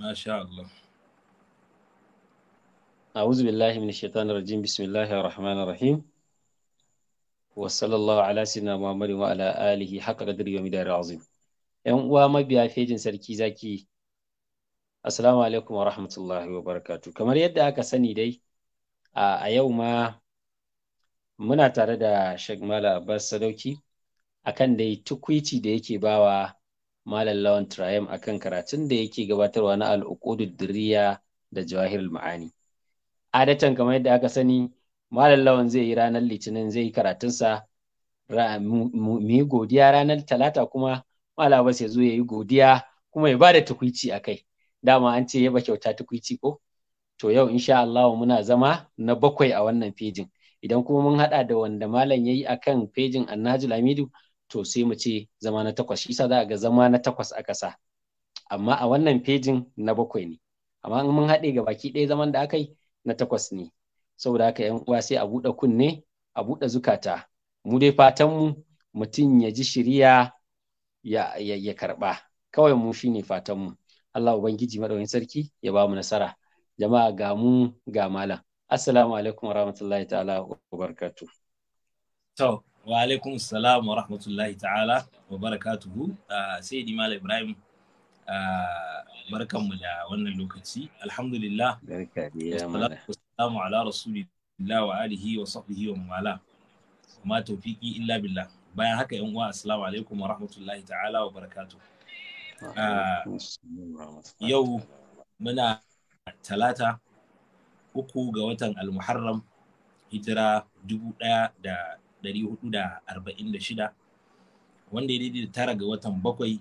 Masha Allah. أعوذ بالله من الشيطان الرجيم بسم الله الرحمن الرحيم وصلى الله على سيدنا محمد وعلى آله حق قدر يوم دار العظيم ‘Yan uwa mabiya fejin sarki zaki, Assalamu alaikum wa rahmatullahi wa barakatu. Kamar yadda aka sani dai, a yau ma muna tare da Sheikh Mala Abbas Sadauki akan dai tukwici da yake bawa Malam Lawan a akan karatun da yake gabatarwa na al'uqudud diriya da jawahir ma'ani. Adatan kamar yadda aka sani Malam Lawan zai yi ranar Litinin zai yi karatunsa mu yi godiya ranar Talata kuma Malam Abbas ya zo ya yi godiya kuma ya ba da tukwici a kai. Dama an ce ya yaba kyauta tukwici ko? To yau insha Allah muna zama na bakwai a wannan fejin. Idan kuma mun haɗa da wanda Malam ya yi a kan fejin Annajul Hamidu to sai mu ce zama na takwas shi sa za a ga zama na takwas aka sa amma a wannan fejin na bakwai ne amma in mun haɗe ga baki ɗaya zaman da aka yi na takwas ne saboda haka yan uwa sai a buɗe kunne a buɗe zukata mu dai fatan mu mutum ya ji shiriya ya, ya, ya karɓa kawai mu shine fatan mu Allah ubangiji madawin sarki ya ba mu nasara jama'a ga mu ga malam assalamu alaikum warahmatullahi ta'ala wa barakatuh to wa alaikum salam wa rahmatullahi ta'ala wa barakatuhu ah, sai ni malam ibrahim ah, barkanmu da wannan lokaci alhamdulillah wassalamu ala rasulillah wa alihi wa sahbihi wa mala ma tawfiqi illa billah bayan haka yan uwa assalamu alaikum wa rahmatullahi ta'ala wa barakatuhu ah, yau muna talata uku ga watan almuharram hijira dubu daya da 446 wanda ya daidai da tara ga watan bakwai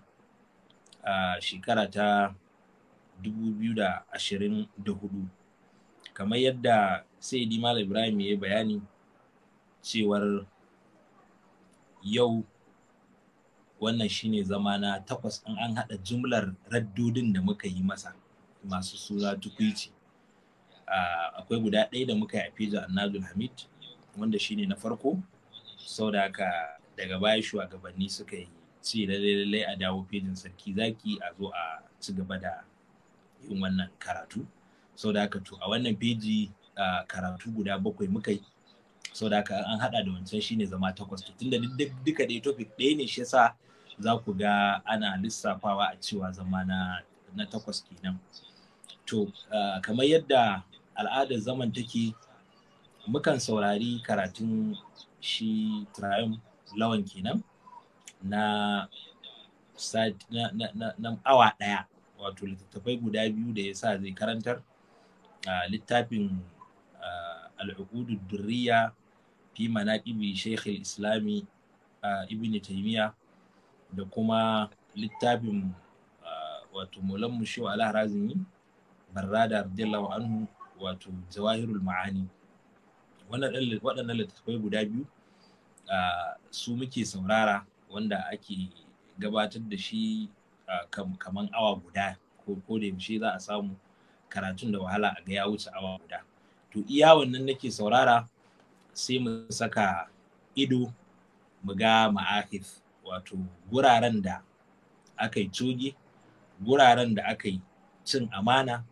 a shekara ta 2024 kamar yadda sai Malam ibrahim ya bayani cewar yau wannan shine zama na takwas in an haɗa jumlar raddodin da muka yi masa masu suna tukwici akwai guda ɗaya da muka yi a pejin annadul hamid wanda shine na farko Sau da haka daga baya shugabanni suka yi ci lallai a dawo fejin sarki zaki a zo a ci gaba da yin wannan karatu Sau da haka to a wannan feji karatu guda bakwai muka yi Sau da haka an hada da wancan shine zama takwas to da duka da topic ɗaya ne shi yasa za ku ga ana lissafawa a cewa zama na takwas kenan to kamar yadda al'adar zaman take mukan saurari karatun shi Trayon lawan kenan na na awa ɗaya wato littattafai guda biyu da ya sa zai karantar a littafin al'ukudu duriya fi ibi shaykh islami ibn taimiya da kuma littafin wato mulan mushewa ala razumi barrada anhu wato jawahirul ma'ani waɗannan littattafai guda biyu su muke saurara wanda ake gabatar da shi kaman awa guda ko da yaushe za a samu karatun da wahala a ga ya wuce awa guda to iya wannan nake saurara sai mu saka ido mu ga ma'akif wato guraren da aka yi coge guraren da aka yi cin amana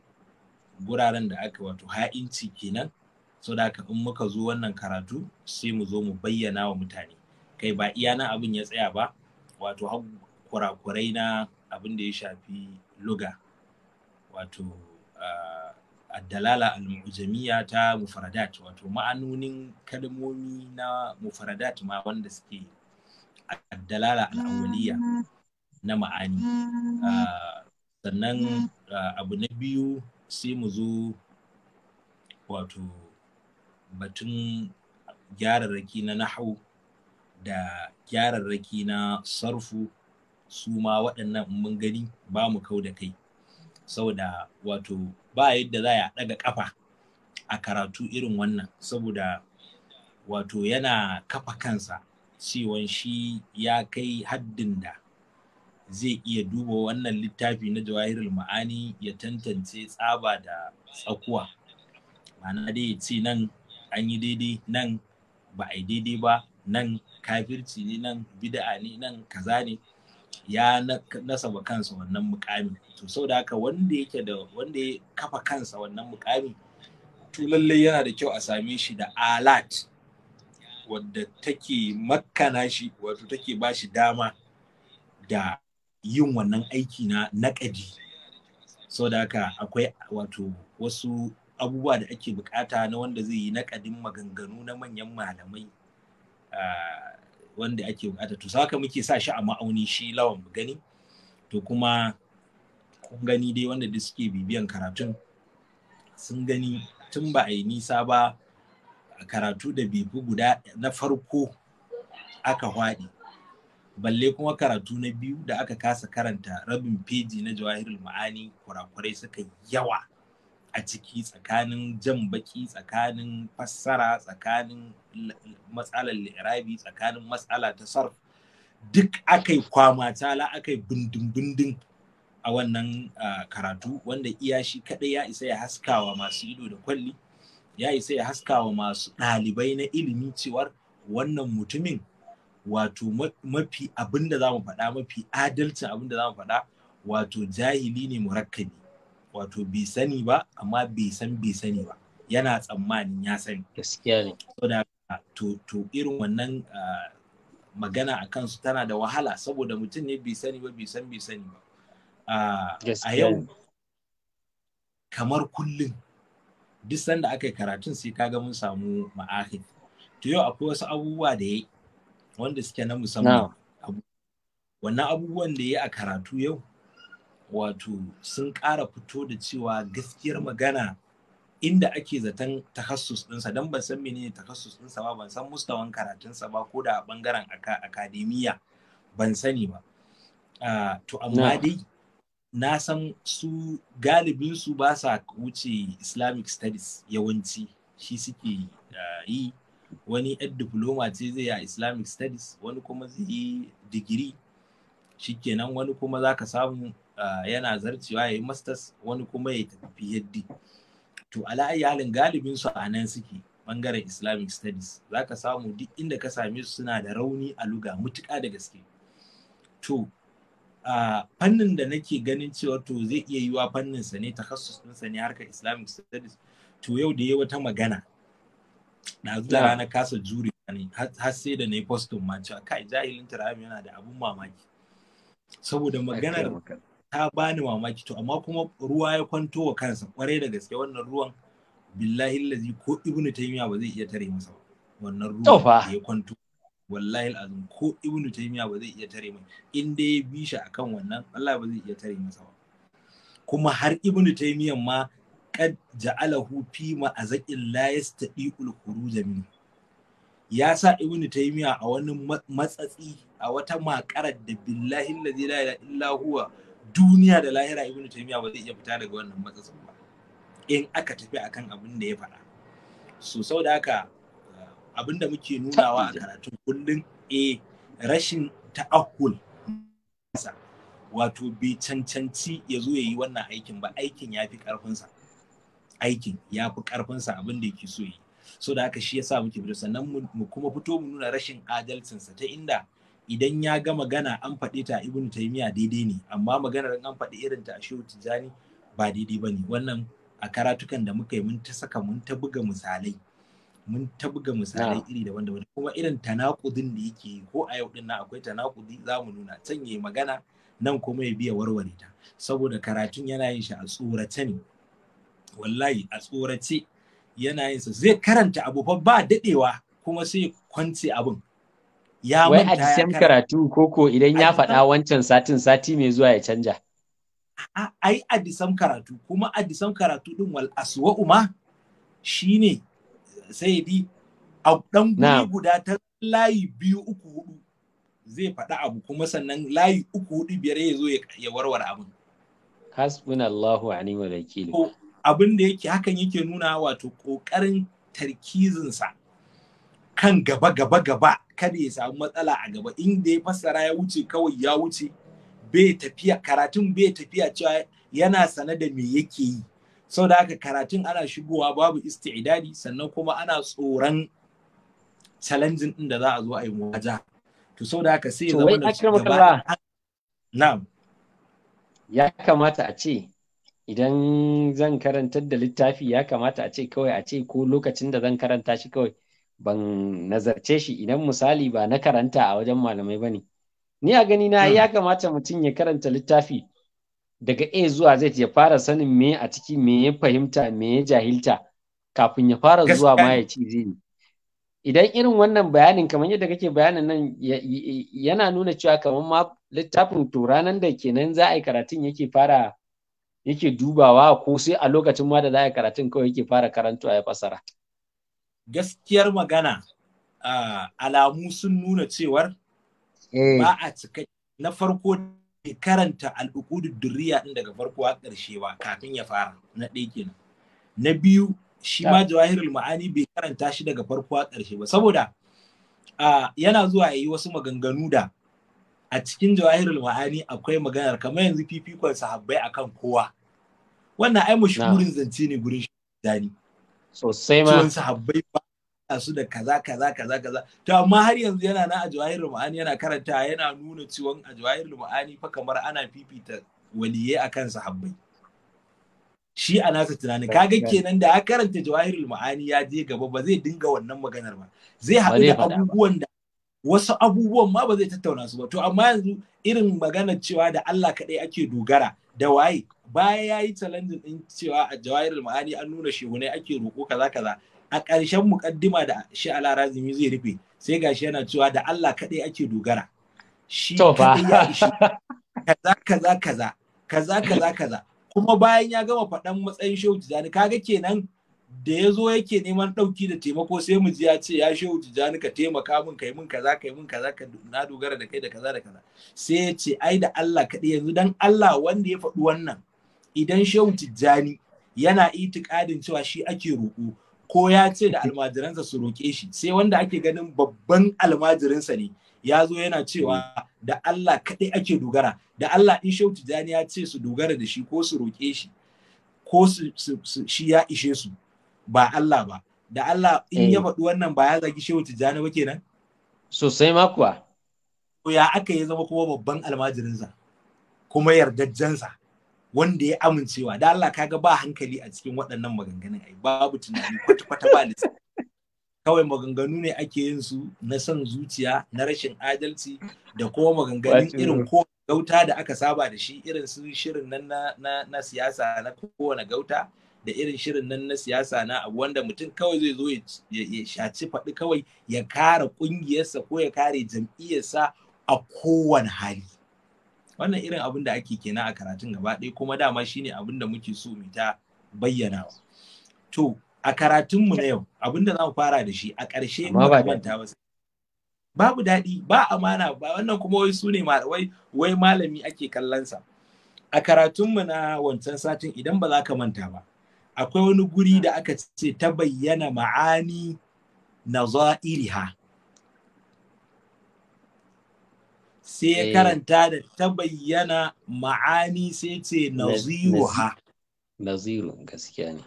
guraren da aka wato ha'inci kenan so da haka in muka zo wannan karatu sai mu zo mu bayyana wa mutane kai ba iya na abin ya tsaya ba wato kurakurai na abin da ya shafi luga wato ah, addalala al mujamiya ta mufaradat wato ma'anonin kalmomi na mufaradat ma wanda suke addalala al na ma'ani ah, sannan ah, abu na biyu sai mu zo wato batun gyararraki na nahau da gyararraki na sarfu su ma waɗannan mun gani ba mu kau da kai saboda wato ba yadda za a ɗaga ƙafa a karatu irin wannan saboda wato yana kafa kansa cewan shi ya kai haddin da zai iya duba wannan littafi na jawahirul ma'ani ya tantance tsaba da tsakuwa ma'ana dai ce nan an yi daidai nan ba a yi daidai ba nan kafirci ne nan bida'a ne nan kaza ne ya nasaba kansa wannan mukamin to sau da haka wanda yake da wanda ya kafa kansa wannan mukamin to lallai yana da kyau a same shi da alat wadda take makana shi wato take ba shi dama da yin wannan aiki na naƙadi sau da haka akwai wato wasu abubuwa da ake bukata na wanda zai yi nakadin maganganu na manyan malamai wanda ake bukata to saka muke sa shi a ma'auni shi lawan mu gani to kuma kun gani dai wanda da suke bibiyan karatun sun gani tun ba a yi nisa ba karatu da bibi guda na farko aka hwaɗi balle kuma karatu na biyu da aka kasa karanta rabin feji na jawahirul ma'ani kurakurai suka yawa a ciki tsakanin jan baki tsakanin fassara tsakanin matsalar lirabi, tsakanin matsala ta sarf duk akai kwamatala akai bindin-bindin a wannan ah, karatu wanda iya shi kaɗai ya isa ya haskawa masu ido da kwalli ya isa ya haskawa masu ɗalibai na ilimi cewar wannan mutumin wato mafi abinda za mu faɗa mafi adalci abinda za mu faɗa wato jahili ne mu murakkabi wato bai sani ba amma bai san bai sani ba yana tsammanin ya sani gaskiya ne saboda to to irin wannan magana a kansu tana da wahala saboda mutum ne bai sani ba bai san bai sani ba a yau kamar kullum duk sanda aka yi karatun sai kaga mun samu ma'ahid to yau akwai wasu abubuwa da ya wanda suke na musamman wannan abubuwan da ya a karatu yau wato sun ƙara fito da cewa gaskiyar magana inda ake zaton takassus ɗinsa don ban san menene takassus ɗinsa ba ban san mustawan karatunsa ba ko da ɓangaren akademiya ban sani ba to amma dai na san su galibin su ba sa wuce islamic studies yawanci shi suke yi wani ɗan diploma ce zai a islamic studies wani kuma zai yi digiri shikenan wani kuma za ka samu Ah, yana zarcewa ya yi masters wani kuma ya tafi phd to ala halin galibin su a nan suke bangaren islamic studies za ka samu duk inda ka same su suna da rauni a luga mutuka da gaske to ah, fannin da nake ganin cewa to zai iya yiwa fannin sa ne takassus ɗinsa ne harkar islamic studies to yau da yi wata magana na zuwa na kasa jure ne har sai da na yi postin ma cewa kai jahilin yana da abun mamaki saboda maganar ta bani mamaki to amma kuma ruwa ya kwanto wa kansa kwarai da gaske wannan ruwan billahi lazi ko ibnu taymiya ba zai iya tare masa ba wannan ruwan ya kwanto wallahi alazim ko ibnu taymiya ba zai iya tare mai in dai ya bi shi akan wannan Allah ba zai iya tare masa ba kuma har ibnu taymiya ma kad ja'alahu fi ma'azaqin la yastadiqul khuruj min ya sa ibnu taymiya a wani matsatsi a wata makarar da billahi lazi la ilaha illa huwa duniya da lahira ibn taymiya ba zai iya fita daga wannan matsatsin ba in aka tafi akan abin da ya faɗa so sau da haka eh, abin da muke nunawa a karatun kullum e rashin ta'akul wato bai cancanci ya zo ya yi wannan aikin ba aikin ya fi ƙarfinsa aikin ya fi ƙarfinsa abin da yake so yi so da haka shi ya sa muke fito sannan mu kuma fito mu nuna rashin adalcinsa ta inda idan ya ga magana an faɗi ta ibn taymiya daidai ne amma maganar an faɗi irin ta a tijani ba daidai ba ne. wannan a karatukan da muka yi mun ta saka mun ta buga misalai mun ta buga misalai iri daban-daban kuma irin tanakudin da yake ko a yau din na akwai tanakudi za mu nuna can yayi magana nan kuma ya biya warware ta saboda karatun yana yin shi a tsorace ne wallahi a tsorace yana yin sa zai karanta abu fa ba dadewa kuma sai kwance abin ya wai a karatu koko idan ya faɗa wancan satin sati mai zuwa ya canja ai a disam karatu kuma a disam karatu din wal aswa uma shine sai di a dan guri guda ta layi biyu uku hudu zai faɗa abu kuma sannan layi uku hudu biyar ya zo ya warware abin hasbunallahu wa wakil abin da yake hakan yake nuna wato kokarin tarkizinsa kan gaba gaba gaba kada ya samu matsala a gaba inda ya fassara ya wuce kawai ya wuce bai tafiya karatun bai tafiya cewa yana sane da me yake yi sau da haka karatun ana shigowa babu isti'idadi sannan kuma ana tsoron challenging din da za a zo a yi waja to sau da haka sai ya zama da shugaba na'am ya kamata a ce idan zan karantar da littafi ya kamata a ce kawai a ce ko lokacin da zan karanta shi kawai ban nazarce shi idan misali ba na karanta a wajen malamai ba ne ni a gani na ya hmm. kamata mutum ya karanta littafi daga A zuwa Z ya fara sanin me a ciki me ya fahimta me ya jahilta kafin ya fara zuwa ma ya ci zini idan irin wannan bayanin kamar yadda kake bayanin nan yana nuna cewa kamar ma littafin to ranar da kenan za a yi karatun yake fara yake dubawa ko sai a lokacin ma da za a yi karatun kawai yake fara karantawa ya fasara gaskiyar magana uh, alamu sun nuna cewar hey. Eh. ba a cika na farko bai karanta al'ukudu duriya din daga farko a ƙarshe ba kafin ya fara na ɗaya na biyu shi ma jawahirul ma'ani bai karanta shi daga farko a ƙarshe ba saboda uh, yana zuwa ya yi wasu maganganu da a cikin jawahirul ma'ani akwai maganar kamar yanzu fifikon sahabbai akan kowa wannan ai gurin zance ne gurin shi sosai ma ciwon sahabbai ba su da kaza kaza kaza kaza to amma har yanzu yana na ajwahirul ma'ani yana karanta yana nuna ciwon ajwahirul ma'ani fa kamar ana fifita waliye akan sahabbai shi a nasa tunanin kaga kenan da ya karanta jawahir ma'ani ya je gaba ba zai dinga wannan maganar ba zai haɗu da abubuwan da wasu abubuwan ma ba zai tattauna su ba to amma yanzu irin maganar cewa da Allah kaɗai ake dogara da waye bayan ya yi challenging din cewa a jawahirul ma'ani an nuna shehunai ake roƙo kaza kaza a ƙarshen muƙaddima da shi ala razumi zai rufe sai gashi yana cewa da Allah kaɗai ake dogara shi ya ishi kaza kaza kaza kaza kaza kaza kuma bayan ya gama faɗan matsayin shehu zani kaga kenan da ya zo yake neman ɗauki da taimako sai mu ji ya ce ya shehu tijani ka taimaka min kai min kaza kai min kaza ka na dogara da kai da kaza da kaza sai ya ce ai da Allah kaɗai yanzu dan Allah wanda ya faɗi wannan idan shehu tijjani yana itikadin cewa shi ake roƙo ko ya ce da almajiransa su roƙe shi sai wanda ake ganin babban almajirinsa ne ya zo yana cewa da Allah kaɗai ake dogara da Allah in shehu tijjani ya ce su dogara da shi ko su roƙe shi ko su shi ya ishe su ba Allah ba da Allah in ya eh. faɗi wannan ba ya zagi shehu tijjani ba kenan sosai ma kuwa ya aka yi zama kuma babban almajirinsa kuma yardajjensa wanda ya amincewa da Allah kaga ba hankali a cikin waɗannan maganganun ai babu tunani kwata-kwata ba kawai maganganu ne ake yin su na son zuciya na rashin adalci da kuma maganganun irin ko gauta da aka saba da shi irin su shirin nan na, na, siyasa na kowane gauta da irin shirin nan na siyasa na abu wanda mutum kawai zai zo ya shaci faɗi kawai ya kare ƙungiyarsa ko ya kare jam'iyyarsa a kowane hali wannan irin abin da ake kenan a karatun gaba ɗaya kuma dama shine abin da muke so mu ta bayyana to a karatunmu na yau abin da za fara da shi a ƙarshe manta ba babu daɗi ba amana ba wannan kuma wai su ne wai malami ake kallonsa a karatunmu na wancan satin idan ba za ka manta ba akwai wani guri da aka ce ta bayyana ma'ani na za'iriha sai ya eh. karanta da ta bayyana ma'ani sai ce naziruha naziru gaskiya ne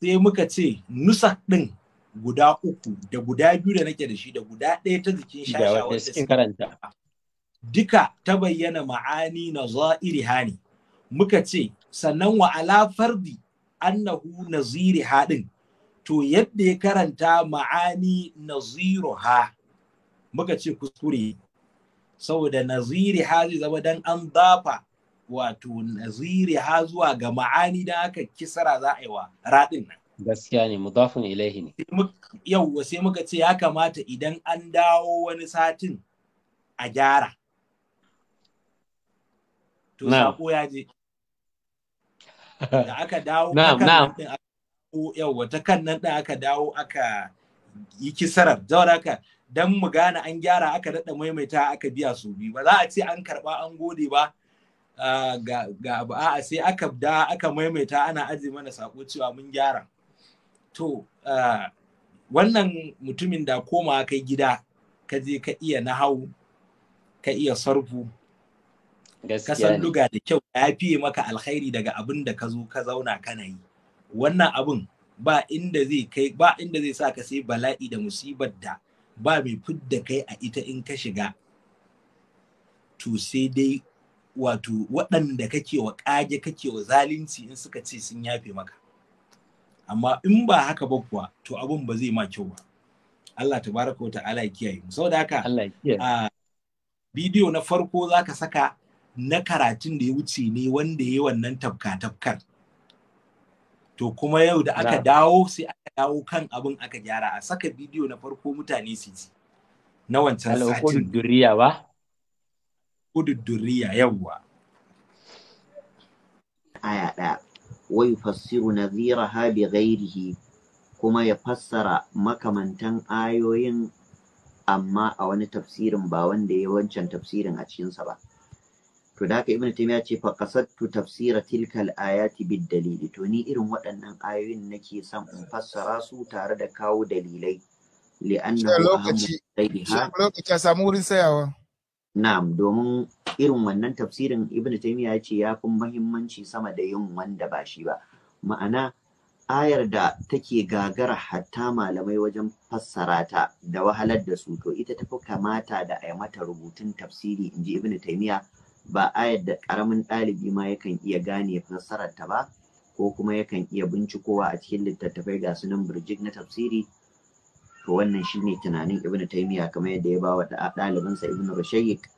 sai muka ce nusak ɗin guda uku da guda biyu da nake da shi da guda ɗaya ta jikin karanta duka ta bayyana ma'ani na za'iri hani muka ce sannan wa alafardi fardi annahu naziri ɗin, to yadda ya karanta ma'ani naziru ha muka ce kuskure saboda naziri ha zai zama dan an dafa wato naziri ha zuwa ga ma'ani da aka kisara za a yi wa raɗin nan gaskiya ne mudafin ilahi ne yau sai muka ce ya kamata idan an dawo wani satin a gyara to sako ya je da aka dawo yau wata kan nan da aka dawo aka yi kisarar zaura aka dan mu gane an gyara aka daɗa maimaita aka biya su biyu ba za a ce an karɓa an gode ba ga abu a sai aka da aka maimaita ana aji mana sako cewa mun gyara to wannan mutumin da koma kai gida ka je ka iya nahau ka iya sarfu ka san duga da kyau ya fiye maka alkhairi daga abin da ka zo ka zauna kana yi wannan abin ba inda zai kai ba inda zai sa ka sai bala'i da musibar da ba mai fidda kai a ita in ka shiga to sai dai wato waɗanda kake wa ƙage kake wa zalunci in suka ce sun yafe maka amma in ba haka ba kuwa to abin ba zai ma kyau ba Allah baraka wata ala ya kiyaye mu da haka a bidiyo na farko za ka saka na karatun da ya wuce ne wanda ya yi wannan tafka tafkar to kuma yau da aka dawo sai aka dawo kan abin aka gyara a saka bidiyo na farko mutane su ji na wancan satin duriya ba kududduriya yawwa aya ɗaya wai yufassiru nadhiraha bi ghairihi kuma ya fassara makamantan ayoyin amma a wani tafsirin ba wanda ya wancan tafsirin a cikinsa ba to da haka ibnu taymiya ce fa qasadtu tafsira tilkal ayati bid dalili to ni irin waɗannan ayoyin nake son in fassara su tare da kawo dalilai li'anna lokaci lokaci samu wurin sayawa na'am domin irin wannan tafsirin ibnu taymiya ya ce ya fi muhimmanci sama da yin wanda ba shi ba ma'ana ayar da take gagara hatta malamai wajen fassara ta da wahalar da su to ita tafi kamata da a mata rubutun tafsiri inji ibnu taymiya ba ayar da ƙaramin ɗalibi ma yakan iya gane nasarar ta ba ko kuma yakan iya bincikowa a cikin littattafai ga sunan birjik na tafsiri to wannan shine tunanin ibnu taymiya kamar yadda ya ba wa ɗalibinsa ibnu rushayyik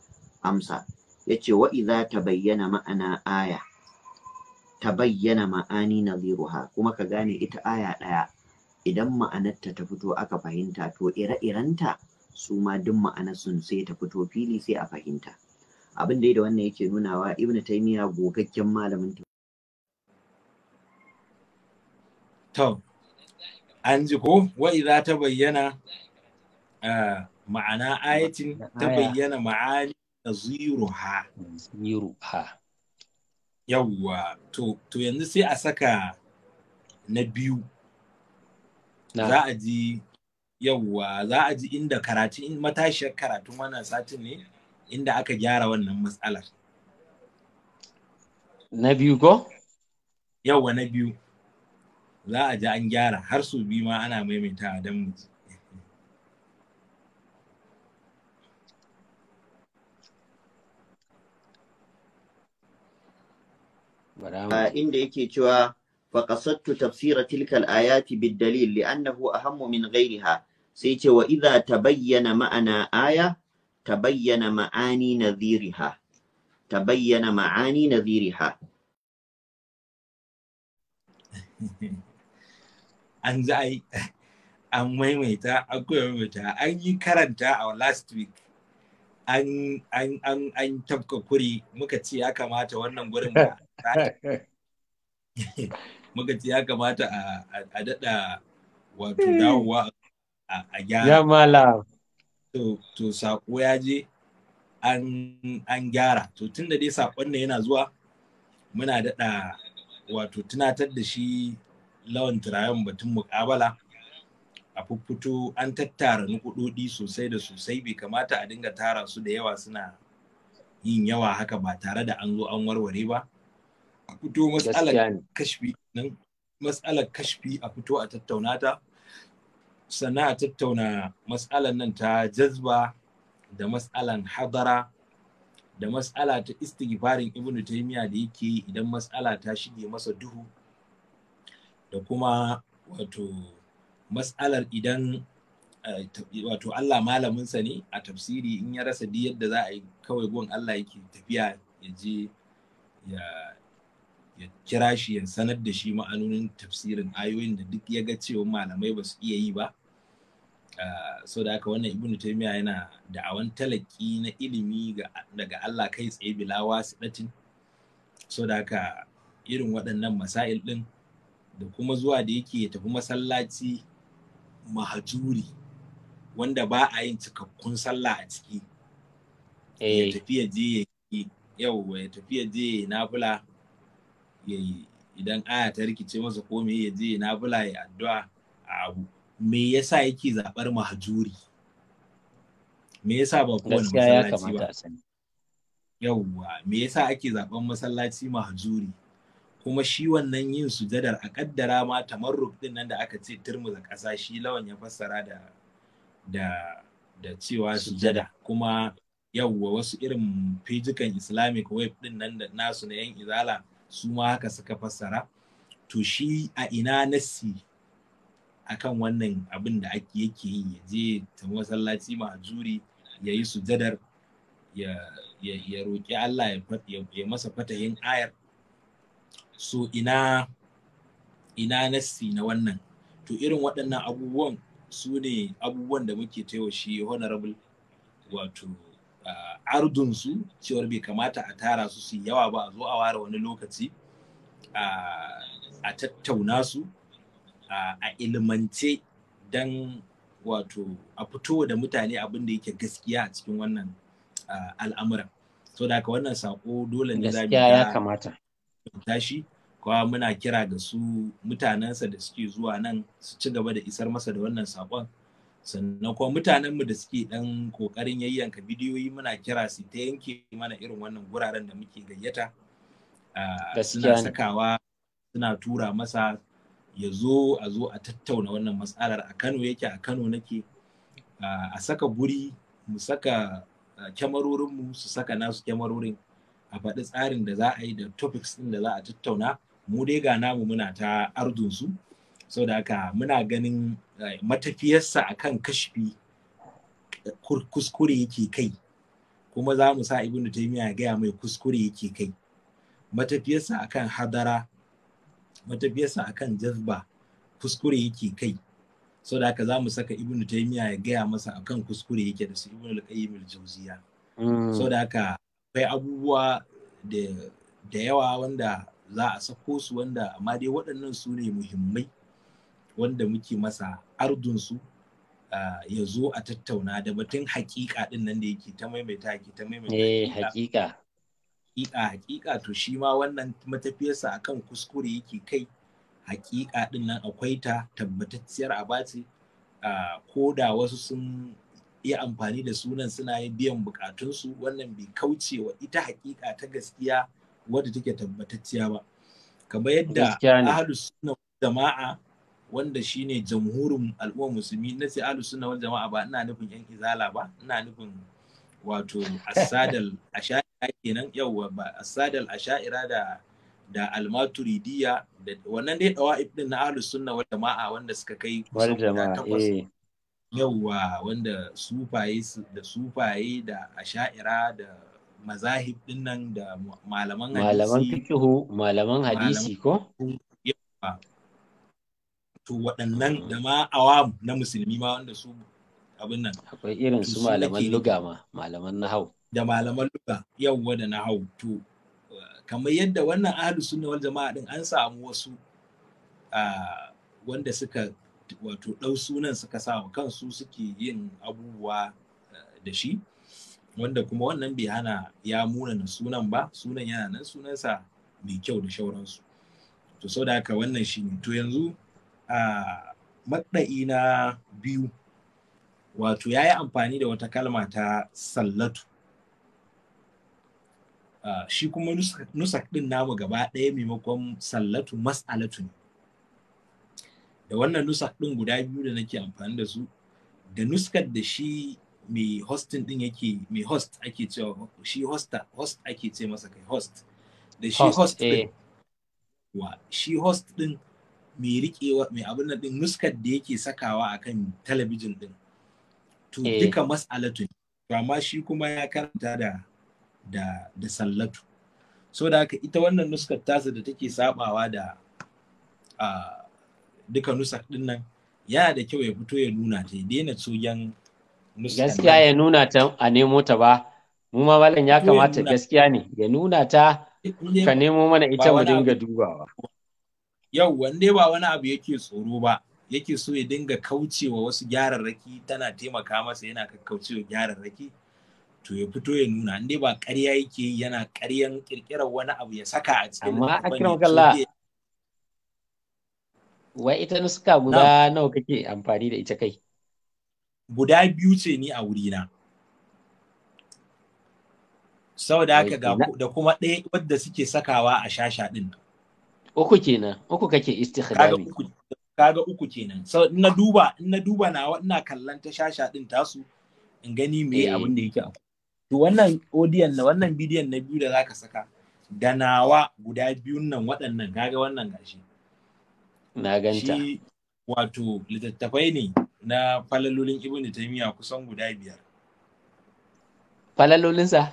amsa yace wa idza tabayyana ma'ana aya tabayyana ma'ani nadhiruha kuma ka gane ita aya ɗaya idan ma'anarta ta fito aka fahimta to ire-irenta su ma duk ma'anar sun sai ta fito fili sai a fahimta abin da da wannan yake nunawa ibnu taymiya gogaggen malamin to an ji ko wa idza ta bayyana eh, ma'ana ayatin ta bayyana ma'ani taziruha taziruha yawwa to to yanzu sai a saka na biyu za a ji yawwa za a ji inda karatu matashiyar karatun wannan satin ne inda aka gyara wannan matsalar na biyu ko yawa na biyu za a ji an gyara har su biyu ma ana maimaita don mu inda yake cewa faƙasattu tafsira tilkal ayati bid dalil annahu ahammu min ghairiha sai ce wa idza tabayyana ma'ana aya tabayyana ma'ani nadhiriha tabayyana ma'ani nadhiriha an za a yi an maimaita an kuma maimaita an yi karanta a last week an tafka kuri muka ce ya kamata wannan gurin ba muka ce ya kamata a daɗa wato dawowa a gyara ya malam to to saƙo ya je an gyara to tun da dai saƙon ne yana zuwa muna daɗa wato tunatar da shi lawan turayen batun mukabala a fuffuto an tattara nukudodi sosai da sosai bai kamata a dinga tara su da yawa suna yin yawa haka ba tare da an zo an warware ba a fito matsalar matsalar kashfi a fito a tattaunata sannan tattauna matsalan nan ta jazba da mas'alan hadara da mas'ala ta istighfarin ibnu taymiya da yake idan mas'ala ta shige masa duhu da kuma wato matsalar idan eh, wato Allah malaminsa ne a tafsiri in ya rasa di yadda za a yi kawai gon Allah yake tafiya ya je ya ya kira shi ya sanar da shi ma'anonin tafsirin ayoyin da duk ya ga cewa malamai ba su iya yi ba ah, so da haka wannan ibnu taymiya yana awan talaki na ilimi daga Allah kai tsaye bilawa su datin? so da haka irin waɗannan masail ɗin da kuma zuwa da yake tafi masallaci mahajuri wanda ba a yin cikakkun sallah a ciki ya eh. tafi ya je ya yau ya tafi ya je idan aya ta rikice masa ko me ya je na bula ya addu'a a abu me yasa yake zabar mahajuri me yasa ba wani masallaci ba yawwa me yasa ake zaben masallaci mahajuri kuma shi wannan yin sujadar a kaddara ma tamarruk din nan da aka ce turmuza ƙasa shi lawan ya fassara da da da cewa sujada kuma yawwa wasu irin fijikan islamic web din nan da nasu na yan izala su ma haka suka fassara to shi a ina nassi akan wannan abin da ake yake yi ya je ta masallaci mahajuri ya yi sujadar ya roƙi Allah ya masa fata yin ayar so ina ina nassi na wannan to irin waɗannan abubuwan su ne abubuwan da muke taiwa shi honorable wato ardunsu cewar bai kamata a tara su su yawa ba a zo a ware wani lokaci a tattauna su a ilimance don wato a fito da mutane abin yake gaskiya a cikin wannan al'amuran so da wannan sako dole ne ya kamata tashi kuma muna kira ga su mutanensa da suke zuwa nan su ci gaba da isar masa da wannan sakon sannan kuma mutanenmu da suke dan kokarin yayyanka bidiyoyi muna kira su ta yanke mana irin wannan guraren da muke gayyata ah, suna sakawa suna tura masa ya zo a zo a tattauna wannan matsalar a kano yake a kano nake ah, a saka guri mu saka ah, kyamarorinmu su saka nasu kyamarorin a faɗi tsarin da za a yi da topics ɗin da za a tattauna mu dai ga namu muna ta ardunsu so da haka muna ganin eh, matafiyarsa a kan kashfi kuskure yake kai kuma za mu sa ibnu taymiya gaya mai kuskure yake kai matafiyarsa a kan hadara matafiyarsa a kan jazba kuskure yake kai so da haka za mu saka ibnu taymiya ya gaya masa a kan kuskure yake da su ibnu al-qayyim al-jawziya hmm. so da haka akwai abubuwa da yawa wanda za a sako su wanda amma dai waɗannan su ne muhimmai wanda muke masa ardunsu ya zo a tattauna da batun hakika din nan da yake ta maimaita yake ta maimaita eh, hakika hakika hakika to shi ma wannan matafiyarsa akan kuskure yake kai hakika din nan akwai ta tabbatacciyar a bace ko da wasu sun yi amfani da sunan suna yi biyan bukatunsu wannan bai kauce wa ita hakika ta gaskiya wadda take tabbatacciya ba kamar yadda ahlus sunna jama'a wanda shine jamhurin al'umma musulmi na sai alu suna wal jama'a ba ina nufin yan izala ba ina nufin wato asadal asha'ira kenan yawa ba asadal asha'ira da da almaturidiya da wannan dai dawa din na alu suna wal jama'a wanda suka kai wal jama'a eh wanda sufaye da sufaye da asha'ira da mazahib din nan da malaman hadisi malaman fiqhu malaman hadisi ko to waɗannan da ma awam na musulmi ma wanda su abin nan akwai irin su malaman luga ma malaman nahau da malaman luga yau da nahau to kamar yadda wannan ahlu sunna wal jama'a din an samu wasu wanda suka wato ɗau sunan suka sa kansu suke yin abubuwa da shi wanda kuma wannan bai hana ya muna na sunan ba sunan yana nan sunansa mai kyau da shauransu to sau da haka wannan shi to yanzu a maɗa'i na biyu wato ya yi amfani da wata kalma ta sallatu Uh, shi kuma nusak ɗin namu gaba ɗaya maimakon sallatu mas'alatu ne da wannan nusak ɗin guda biyu da nake amfani da su da nuskar da shi mai hostin ɗin yake mai host ake cewa shi hosta host ake ce masa kai host da shi host ɗin eh. wa shi host ɗin mai riƙewa mai abin nan din nuskar da yake sakawa akan talabijin din to eh. duka mas'alatu amma shi kuma ya karanta da da da sallatu so da haka ita wannan nuskar tasa da take sabawa da a duka nusa din nan yana da kyau ya fito ya nuna ta ya daina tsogen nuskar gaskiya ya nuna ta a nemo ta ba mu ma malam ya kamata gaskiya ne ya nuna ta eh, ka nemo mana ita mu dinga dubawa yau wanda ba wani abu yake tsoro ba yake so ya dinga kaucewa wasu gyararraki tana taimaka masa yana gyaran gyararraki to ya fito ya nuna inda ba ƙarya yake yi yana ƙaryan ƙirƙirar wani abu ya saka a cikin amma akram kalla wai ita nuska guda nawa kake amfani da ita kai guda biyu ce ni a wurina saboda haka ga da kuma ɗaya wadda suke sakawa a shasha ɗin nan uku kenan uku kake istikhdami kaga uku kenan so na duba na duba na ina kallon ta shasha din tasu in gani me eh. abin da yake akwai to wannan odiyon na wannan bidiyon na biyu da zaka saka da nawa guda biyun nan waɗannan kaga wannan gashi na ganta shi wato littattafai ne na falalolin ibnu taymiya kusan guda biyar sa.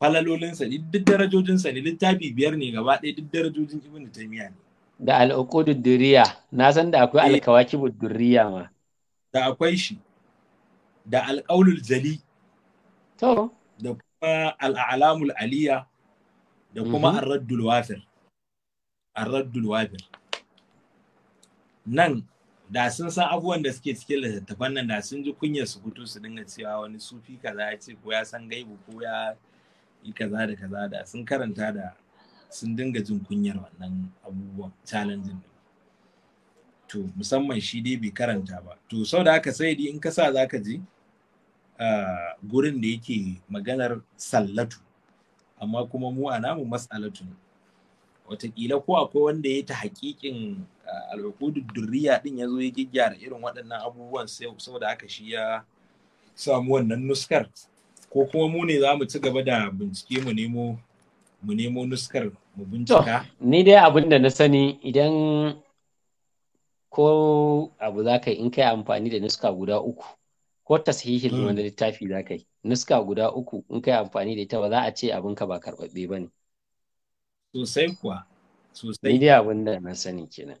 falalolinsa ne duk darajojinsa ne littafi biyar ne gaba ɗaya duk darajojin ibn taymiya ne da al'uqudud duriya na san da akwai eh. alkawakibud duriya ma da akwai shi da alƙaulul jali to da kuma al'alamul aliya da kuma mhm. arraddul wafir arraddul wafir nan da sun san abubuwan da suke cikin littattafan nan da sun ji kunyar su fito su dinga cewa wani sufi kaza ya ce ko ya san gaibu ko ya kaza da kaza da sun karanta da sun dinga jin kunyar wannan abubuwan challenge din to musamman shi dai bai karanta ba to sau da haka sai in ka sa za ka ji gurin da yake maganar sallatu amma kuma mu a namu matsalatu ne watakila ko akwai wanda ya ta hakikin al'ukudu duriya din ya zo ya gyara irin waɗannan abubuwan sau da haka shi ya samu wannan nuskar ko kuma mu ne za mu ci gaba da bincike mu nemo mu nemo nuskar mu bincika ni dai abin da na sani idan ko abu za ka yi in kai amfani da nuska guda uku ko mm. wani littafi za ka yi nuska guda uku in kai amfani da ita ba za a ce ka ba karɓaɓɓe ba ne sosai kuwa sosai ni dai abin da na sani kenan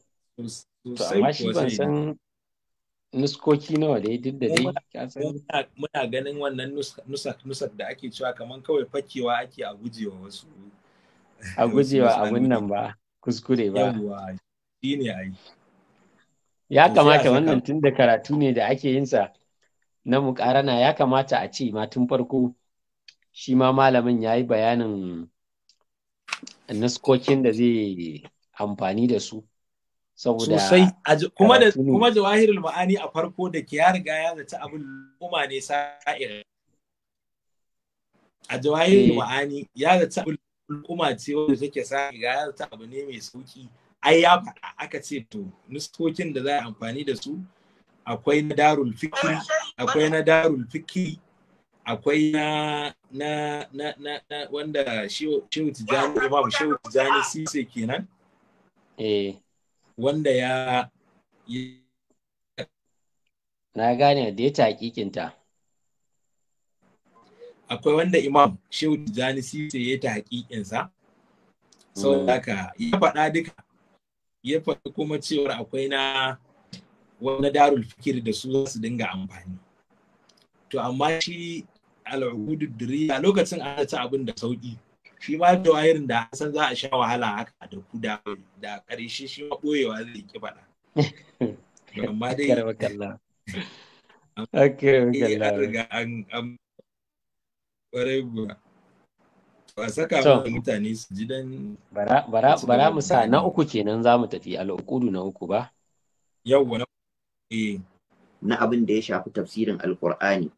to amma shi ban san nuskoki nawa dai duk da dai muna ganin wannan nusak nusak da ake cewa kaman kawai fakewa ake a gujewa wasu a gujewa abun nan ba kuskure ba ya kamata wannan tun da karatu ne da ake yin sa na mukarana ya kamata a ce ma tun farko shi ma malamin ya yi bayanin nuskokin da zai amfani da su saboda sosai kuma da kuma wahirul ma'ani a farko da ke ya riga ya zata abin kuma ne sa'ir a jawahirul eh. ma'ani ya zata abin kuma ce wanda take sa'ir ya zata abu ne mai sauki ai ya faɗa aka ce to nuskokin da za a amfani da su akwai na darul fikri akwai na darul fikri akwai na na na na, na wanda shehu tijani imam shehu tijani sise kenan eh wanda ya na gane da ya taƙiƙinta akwai wanda imam shehu tijjani sise ya ta hakikinsa? sau ka ya faɗa duka ya faɗi kuma cewar akwai na wani darul fikir da su su dinga amfani to amma shi al'udu diriya lokacin ana ta abin da sauƙi shi ma jawahirin da san za a sha wahala haka da ku da da shi ma ɓoyewa zai ki faɗa amma dai ba bara mu sa na uku kenan za mu tafi al'ukudu na uku ba yawwa na eh. na abin da ya shafi tafsirin Alƙur'ani.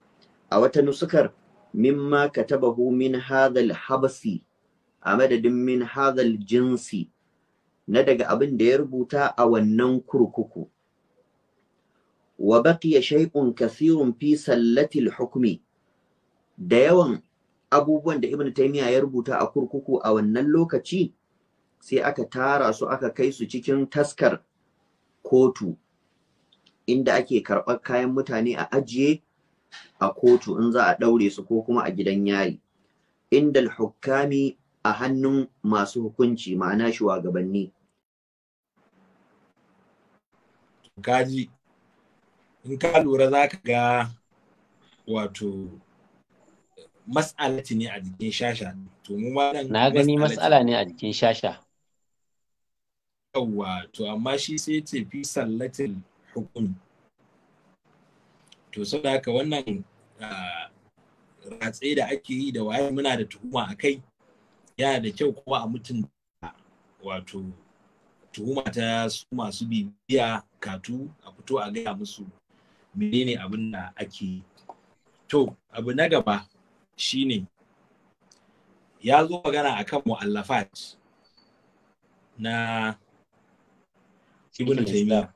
a wata nusukar mimma katabahu min hadha habasi a madadin min hadhal jinsi na daga abin da ya rubuta a wannan kurkuku wa baqiya shay'un kathirun fi sallatil hukmi da yawan abubuwan da ibnu taymiya ya rubuta a kurkuku a wannan lokaci sai aka tara su aka kai su cikin taskar kotu inda ake karɓar kayan mutane a ajiye a kotu in za a ɗaure su ko kuma a gidan yari inda hukami a hannun masu hukunci ma'ana shugabanni gaji in ka lura za ka ga wato matsala ne a jikin shasha to mu ma nan na gani matsala ne a jikin shasha yawwa to amma shi sai ce fi sallatin hukumi to saboda haka wannan ah, ratse da ake yi da waye muna da tuhuma a kai yana da kyau kuma a mutunta wato tuhuma ta su masu bibiya katu a fito a gaya musu menene abin da ake to abu na gaba shine ya zo magana a kan mu'allafat na ibn taymiya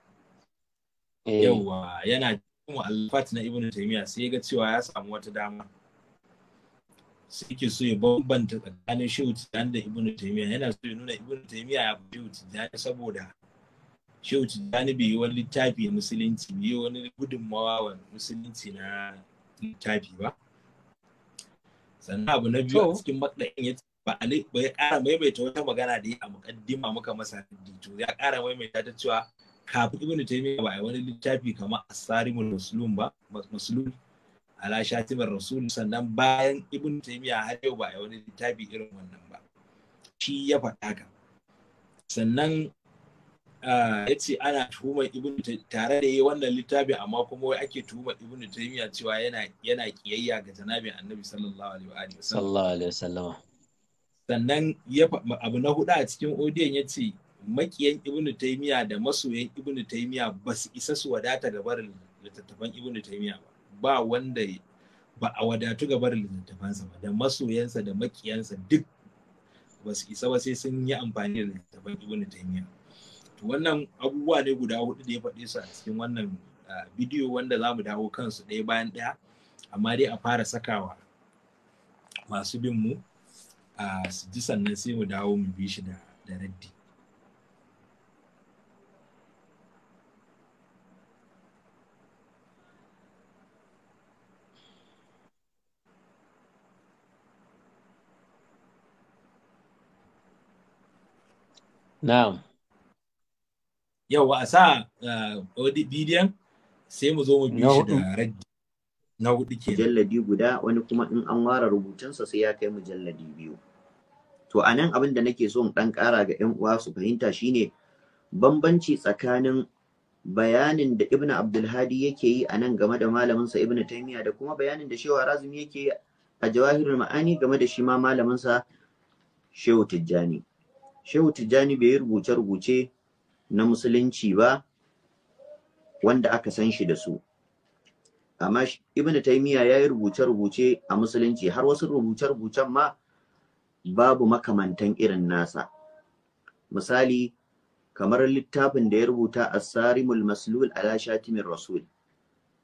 eh. yauwa yana mu'allafat na ibn taymiya sai ga cewa ya samu wata dama suke so ya bambanta tsakanin shehu tijjani da ibnu taimiyya yana so ya nuna ibnu taimiyya ya fi shehu tijjani saboda shehu tijjani bai yi wani littafi na musulunci bai yi wani gudunmawa wa musulunci na littafi ba sannan abu na biyu a cikin maɗayin ya ba ba ya ƙara maimaita wata magana da ya a mukaddima muka masa dito ya ƙara maimaita ta cewa kafin ibnu taimiyya ba a yi wani littafi kamar asarimul muslim ba muslim ala shatibar rasul sannan bayan ibn taymiya har yau ba ya wani littafi irin wannan ba shi ya faɗa ka sannan ah, ya ce ana tuhumar ibn tare da yi wannan littafi amma kuma wai ake tuhumar ibn taymiya cewa yana yana kiyayya ga janabi annabi sallallahu alaihi wa sallallahu alaihi wasallam sannan ya abu na hudu a cikin odiyon ya ce makiyan ibn taymiya da masoyan ibn taymiya ba su isa su wadata ga barin littattafan ibn taymiya ba ba wanda ba a wadatu ga da littattafansa ba da masoyansa da makiyansa duk ba su isa ba sai sun yi amfani da littattafan ibn taymiya to wannan abubuwa ne guda hudu da ya faɗe su a cikin wannan bidiyo wanda za mu dawo kansu ɗaya bayan ɗaya amma dai a fara sakawa masu bin mu su ji sannan sai mu dawo mu bi shi da raddi Na'am. Yau a sa wani uh, bidiyon sai mu zo mu bi shi da raddi. Na hudu ke. Mujalladi guda wani kuma in an ware rubutunsa sai ya kai mu jalladi biyu. To a nan abin da nake so in ɗan ƙara ga 'yan uwa su fahimta shine bambanci tsakanin bayanin da Ibn Abdulhadi yake yi a nan game da malaminsa Ibn Taymiyyah da kuma bayanin da Shehu Razumi yake yi a Jawahirul Ma'ani game da shi ma malaminsa Shehu Tijjani. shehu tijjani bai yi rubuce-rubuce na musulunci ba wanda aka san shi da su amma Ibn taymiya ya yi rubuce-rubuce a musulunci har wasu rubuce-rubucen ma babu makamantan irin nasa misali kamar littafin da ya rubuta as-sarimul maslul ala shatimin rasul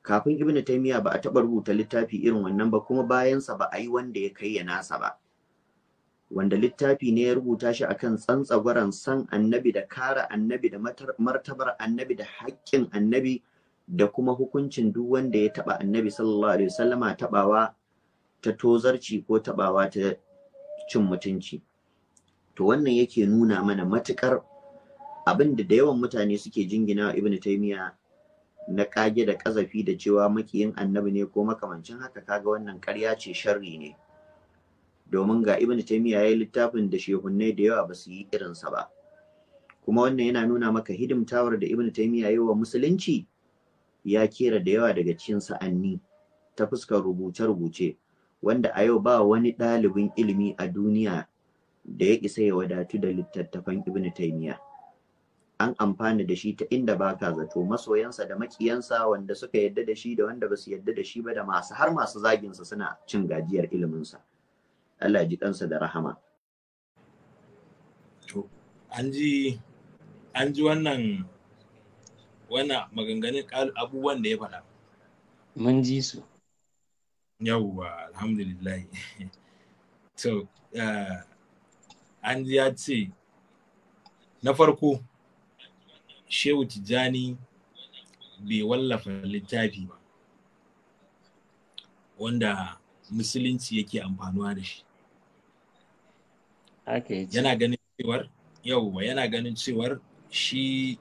kafin Ibn taymiya ba a taɓa rubuta littafi irin wannan ba kuma bayansa ba a yi wanda ya kai ya nasa ba wanda littafi ne ya rubuta shi akan tsantsagwaran san annabi da kara annabi da martabar annabi da haƙƙin annabi da kuma hukuncin duk wanda ya taɓa annabi sallallahu alaihi wasallama taɓawa ta tozarci ko taɓawa ta cin mutunci to wannan yake nuna mana matuƙar abin da yawan mutane suke jingina ibnu taymiya na ƙage da ƙazafi da cewa makiyin annabi ne ko makamancin haka kaga wannan ƙarya ce sharri ne domin ga Ibn taimiya ya yi littafin da shehunne da yawa ba su yi irinsa ba kuma wannan yana nuna maka hidimtawar da ibnu ya yi wa musulunci ya kera da yawa daga cikin sa'anni ta fuskar rubuce-rubuce wanda a yau ba wani ɗalibin ilimi a duniya da ya isa ya wadatu da littattafan Ibn taimiya an amfana da shi ta inda baka zato masoyansa da makiyansa wanda suka yadda da shi da wanda ba su yadda da shi ba da masu har masu zaginsa suna cin gajiyar iliminsa Allah ji kansa da rahama an ji wannan wannan maganganun abubuwan da ya faɗa mun ji su yawwa alhamdulillah to eh, an ji ya ce na farko shehu tijjani bai wallafa littafi ba wanda musulunci yake amfanuwa da shi yana ganin cewar yauwa yana ganin cewar shi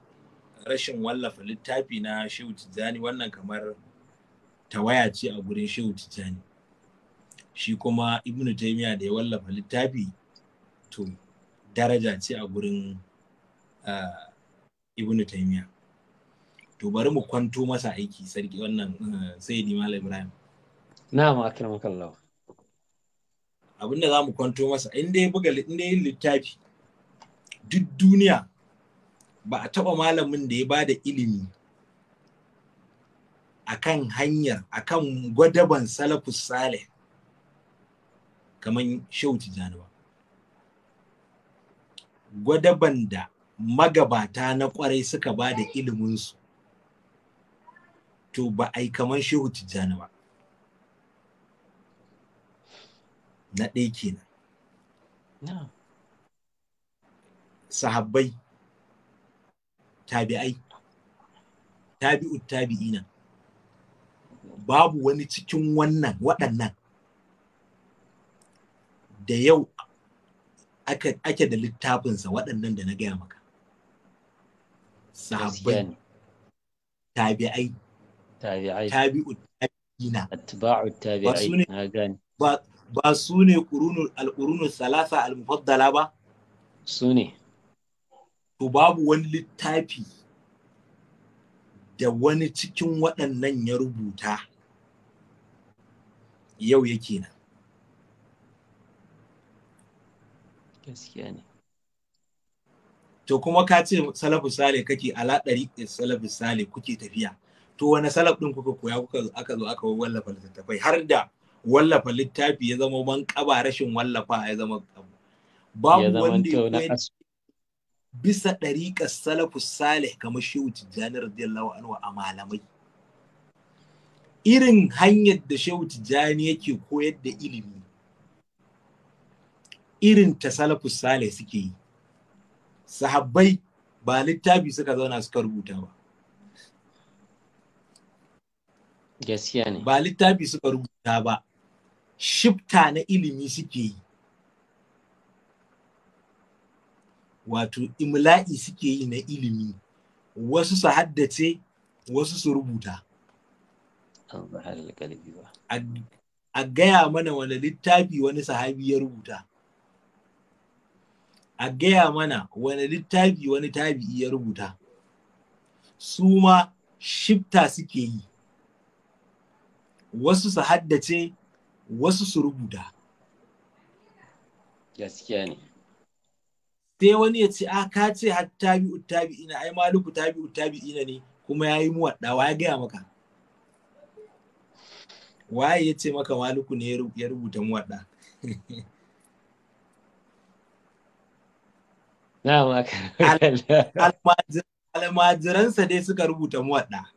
rashin wallafa littafi na shehu tijjani wannan kamar tawaya ce a gurin shehu tijjani shi kuma ibnu taimiya da ya wallafa littafi to daraja ce a gurin uh, ibnu taimiya to bari mu kwanto masa aiki sarki wannan uh, sayyidi malam ibrahim na'am akramakallahu abinda za mu kwanto masa inda ya buga in littafi duk duniya ba a taɓa malamin da ya ba da ilimi akan hanyar akan gwadaban salafus salih kamar shehu tijjani ba gwadaban da magabata na kwarai suka ba da iliminsu to ba yi kamar shehu tijjani ba na ɗaya kenan sahabbai tabi'ai tabi'ut nan, babu wani cikin wannan waɗannan da yau ake da littafinsa waɗannan da na gaya maka sahabbai tabi'ai tabi'ut tabi'ina ba ba su ne al salasa al-mufaddala ba su ne to babu wani littafi da wani cikin waɗannan ya rubuta yau yake nan gaskiya ne to kuma ka ce salafu sale kake aladari ɗari salafu sale kuke tafiya to wani salaf ɗin kuka koya kuka aka zo aka wallafa littattafai har da wallafa littafi ya zama man kaba rashin wallafa ya zama babu wanda ya bisa ɗariƙar salafu salih kamar shehu tijjani radiyallahu anhu a malamai irin hanyar da shehu tijjani yake koyar da ilimi irin ta salafu salih suke yi sahabbai ba littafi suka zauna suka rubuta ba gaskiya ne ba littafi suka rubuta ba shifta na ilimi suke yi wato imla'i suke yi na ilimi wasu su haddace wasu su rubuta a gaya mana wani littafi wani sahabi ya rubuta a gaya mana wani littafi wani tabi'i ya rubuta su ma shifta suke yi wasu su haddace wasu su rubuta gaskiya ne sai wani ya ce a ka ce hatta bi utabi ina ai maluku tabi utabi ina ne kuma ya yi muwadda wa ya gaya maka waye ya ce maka maluku ne ya rubuta muwadda Na'am almajiransa dai suka rubuta muwadda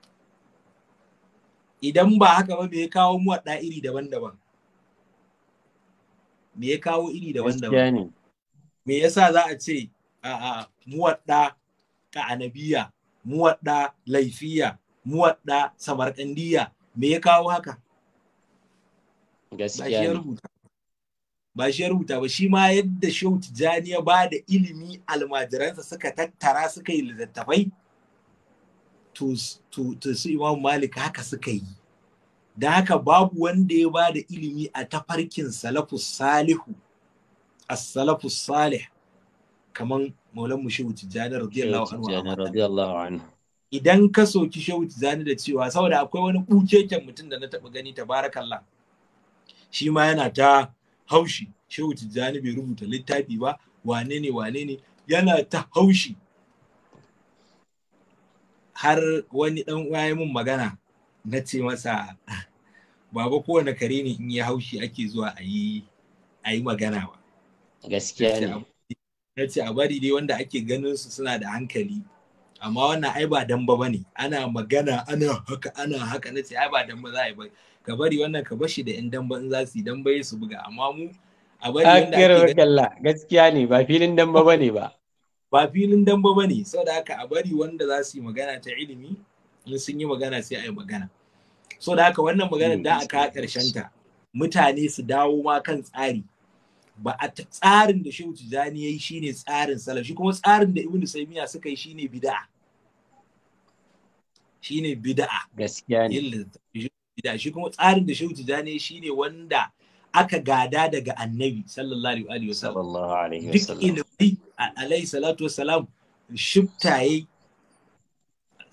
idan ba haka ba me kawo kawo muwadda iri daban-daban me ya kawo iri daban daban me yasa za a ce a a muwadda anabiya muwadda laifiya muwadda samarkandiya me ya kawo haka gaskiya ba shi ya rubuta ba shi ma yadda shehu tijjani ya ba da ilimi almajiransa suka tattara suka yi littattafai to su imam malik haka suka yi da haka babu wanda ya ba da ilimi a tafarkin salafus salihu as-salafus salih kaman maulan mu shehu tijjani radiyallahu anhu idan ka soki shehu tijani da cewa saboda akwai wani kukeken mutum da na taba gani tabarakallah shi ma yana ta haushi shehu tijani bai rubuta littafi ba wane ne wane ne yana ta haushi har wani dan uwa mun magana na ce masa baba kowane kare ne in yi haushi ake zuwa a yi magana ba gaskiya ne na ce a bari dai wanda ake ganin su suna da hankali amma wannan ai ba dan ba ne. ana magana ana haka ana haka na ce ai ba dan ba za a yi ba ka bari wannan ka bashi da yan dan ba in za su yi dan bai su buga amma mu a bari wanda ake ganin gaskiya ne ba filin dan ba ne ba ba filin dan ba bane saboda haka a bari wanda za su yi magana ta ilimi in sun yi magana sai a yi magana so da haka wannan magana hmm, da aka karshen ta mutane su dawo ma kan tsari ba a tsarin da shehu tijani ya yi shine tsarin salaf shi kuma tsarin da ibnu taymiya suka yi shine bid'a shine bid'a gaskiya ne shi kuma tsarin da shehu tijani shine wanda aka gada daga annabi sallallahu alaihi wasallam duk ilimai alaihi salatu wasalam shibtaye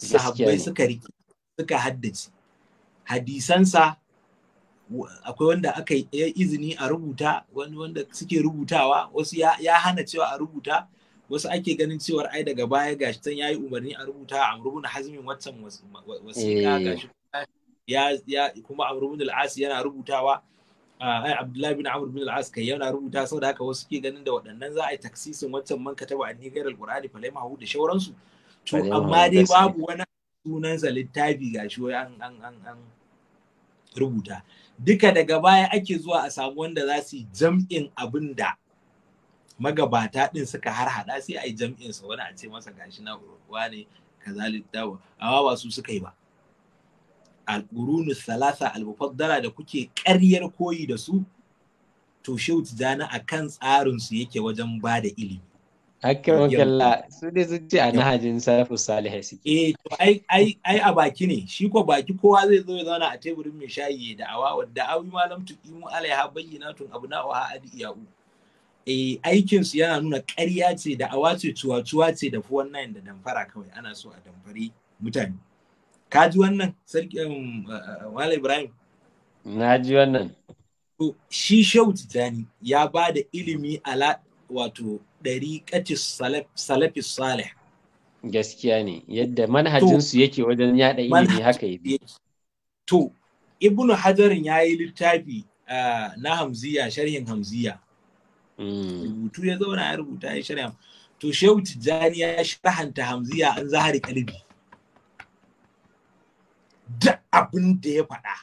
sahabbai suka rike suka haddace hadisansa akwai wanda aka yi izini a rubuta wani wanda suke rubutawa wasu ya, hana cewa a rubuta wasu ake ganin cewar ai daga baya gashi can yayi umarni a rubuta rubuna hazmin waccan wasiƙa eh. gashi ya, ya kuma amrubun al'as yana rubutawa ai abdullahi bin amr bin al'as kai yana rubuta saboda haka wasu suke ganin da waɗannan za a yi taksisin waccan man kataba anni gairal qur'ani falai mahu da shauransu to amma dai babu wani sunansa littafi gashi wai an an an an rubuta duka daga baya ake zuwa a samu wanda za su jam'in abin da magabata din suka har hada sai a yi jam'in sa wani a ce masa gashi na wani ne kaza littafi amma ba su suka yi ba al-qurunu salasa al-mufaddala da kuke ƙaryar koyi da su to shehu tijani akan tsarin su yake wajen bada ilimi la, su ne sun ce a nahajin salafu salihai suke. Eh to ai ai ai a baki ne shi ko baki kowa zai zo ya zauna a teburin mai shayi da awa wadda awi malam tuqimu alaiha bayyinatun abna'uha adiyahu. Eh aikin su yana nuna ƙarya ce da awa ce cuwa-cuwa ce da fuwan nan da damfara kawai ana so a damfari mutane. Ka ji wannan sarki um, uh, uh, uh, Malam Ibrahim? Na ji wannan. Shi Shehu Tijani ya ba da ilimi ala wato ɗariƙati Salafi salih gaskiya ne yadda manhajinsu yake wajen yaɗa ilimi haka yi to ibnu hajarin ya yi littafi na hamziya sharhin hamziya mm. rubutu ya zauna ya rubuta ya sharhin to shehu tijjani ya sharhanta hamziya an zahari kalbi Da abin da ya faɗa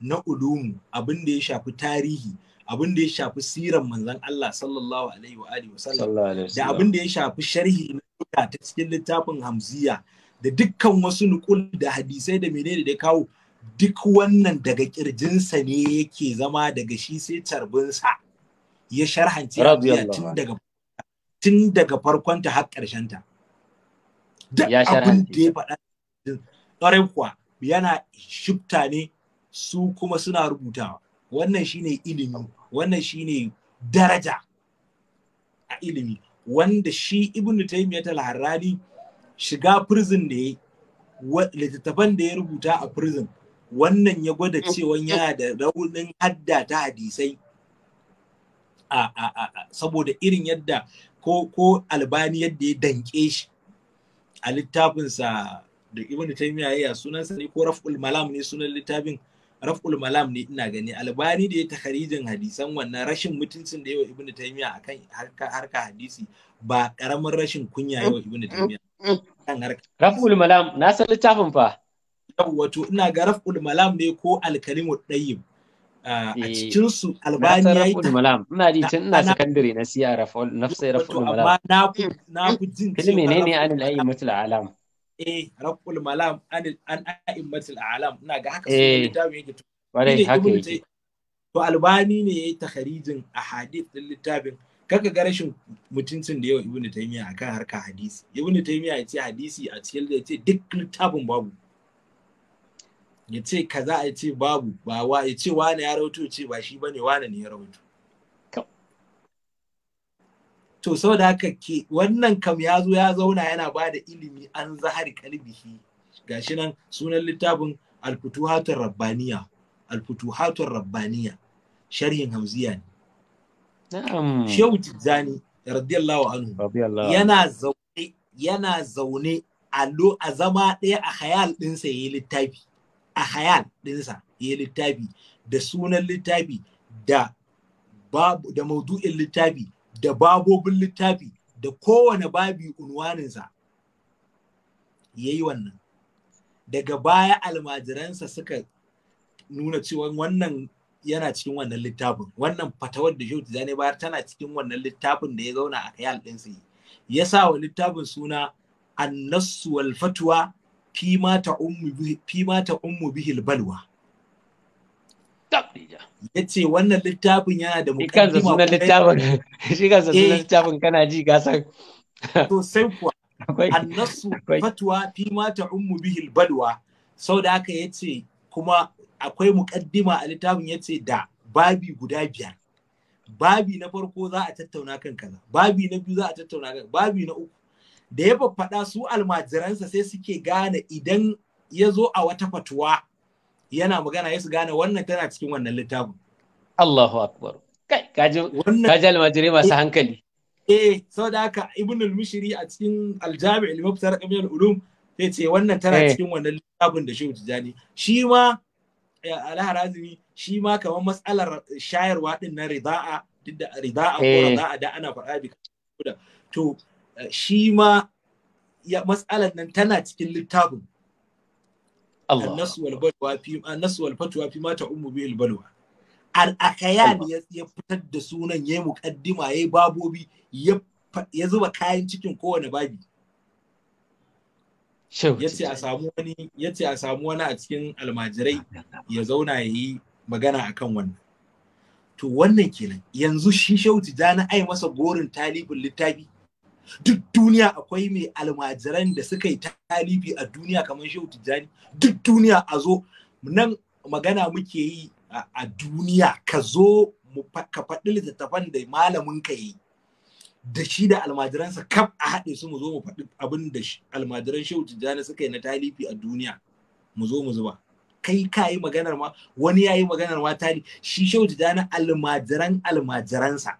na ulumu abin da ya shafi tarihi abin da ya shafi siran manzon Allah sallallahu alaihi wa alihi da abin da ya shafi sharhi na ta cikin littafin Hamziya da dukkan wasu nukul da hadisai da menene da kawo duk wannan daga kirjinsa ne yake zama daga shi sai carbinsa ya sharhance tun daga tun daga farkonta har ta. Da abin da ya faɗa ƙwarai kuwa yana shifta ne su kuma suna rubutawa. Wannan shine ilimi wannan shine daraja a ilimi wanda shi ibnu taymiyyah al-harrani shiga prison da ya littattafan da ya rubuta a prison wannan ya gwada cewa yana da raunin hadda ta hadisai saboda irin yadda ko ko albani yadda ya danke shi a littafinsa da ibnu taymiyyah ya sunansa ne ko raf'ul malam ne sunan littafin raf'ul malam ne ina gani albani da ya takharijin hadisan wannan rashin mutuncin da yawa Ibn taymiya akan harka harka hadisi ba karamin rashin kunya yawa ibnu taymiya kan harka raf'ul malam na san littafin fa wato ina ga raf'ul malam ne ko alkalimu dayyib a eh, cikin su albani yayi raf'ul malam ina ji tun ina sakandare na siya raf'ul nafsai raf'ul malam na ku jin menene anil ayyimatul alam eh rabbul malam an an a'immatul a'lam ina ga haka eh. sunan littafin yake to bare haka yake to albani ne yayi takharijin ahadith din littafin kaka ga rashin mutuncin da yawa ibnu taymiya akan harka hadisi ibnu taymiya ya ce hadisi a cikin da ya ce duk littafin babu ya ce kaza ya ce babu ba wa ya ce wane ya rawato ce ba shi bane wane ne ya rawato to da haka ke wannan kam ya zo ya zauna yana ba da ilimi an zahari kalbihi gashi nan sunan littafin alfutuhatun rabbaniya alfutuhatun rabbaniya sharhin hamziya ne shehu tijjani radiyallahu anhu yana zaune yana zaune a zama ɗaya a hayal ɗinsa ya yi littafi a hayal ɗinsa ya yi littafi da sunan littafi da babu da maudu'in littafi da babobin littafi da kowane babi unwaninsa ya yi wannan daga baya almajiransa suka nuna cewa wannan yana cikin wannan littafin wannan fatawar da shehu tijjani bayar tana cikin wannan littafin da ya zauna a kayal ɗinsa ya sa wa littafin suna annasu wal fatwa fi ma ta ummu bihil balwa Ya ce wannan littafin yana da mukaddima kansa sunan littafin shi kansa sunan eh. littafin kana ji ka to sai kuwa annasu fatwa fi ma ta'ummu bihi albalwa saboda haka yace kuma akwai mukaddima a littafin yace da babi guda biyar babi na farko za a tattauna kan kaza babi na biyu za a tattauna kan babi na uku da ya faɗa su almajiransa sai suke gane idan ya zo a wata fatuwa yana magana ya su gane wannan tana cikin wannan littafin Allahu akbar kai kaji kaji almajiri masu hankali eh da haka ibn al-mushiri a cikin al-jami' al-mubtar al-ulum sai ce wannan tana eh. cikin wannan littafin da Shehu Tijani shi ma eh, al-Harazimi shi ma kamar matsalar shayarwa din na rida'a duk da rida'a ko eh. rida'a da ana faɗa bi to shi ma matsalar nan tana cikin littafin النص والبلوى في النص والفتوى فيما تعم به البلوى ya fitar da sunan ya yi mukaddima ya yi babobi ya zuba kayan cikin kowane babi ya ce a samu wani a cikin almajirai ya zauna ya yi magana akan wannan to wannan kenan yanzu shi shauti da na ai masa gorin talibin littafi duk duniya akwai mai almajiran da suka yi talibi a duniya kamar shehu tijjani duk duniya a zo nan magana muke yi a duniya ka zo ka faɗi littattafan da malamin ka yi da shi da almajiransa kaf a haɗe su mu zo mu faɗi abin da almajiran shehu tijjani suka yi na talifi a duniya mu zo mu zuba kai ka yi maganar ma wani ya yi maganar ma tali shi shehu tijjani almajiran almajiransa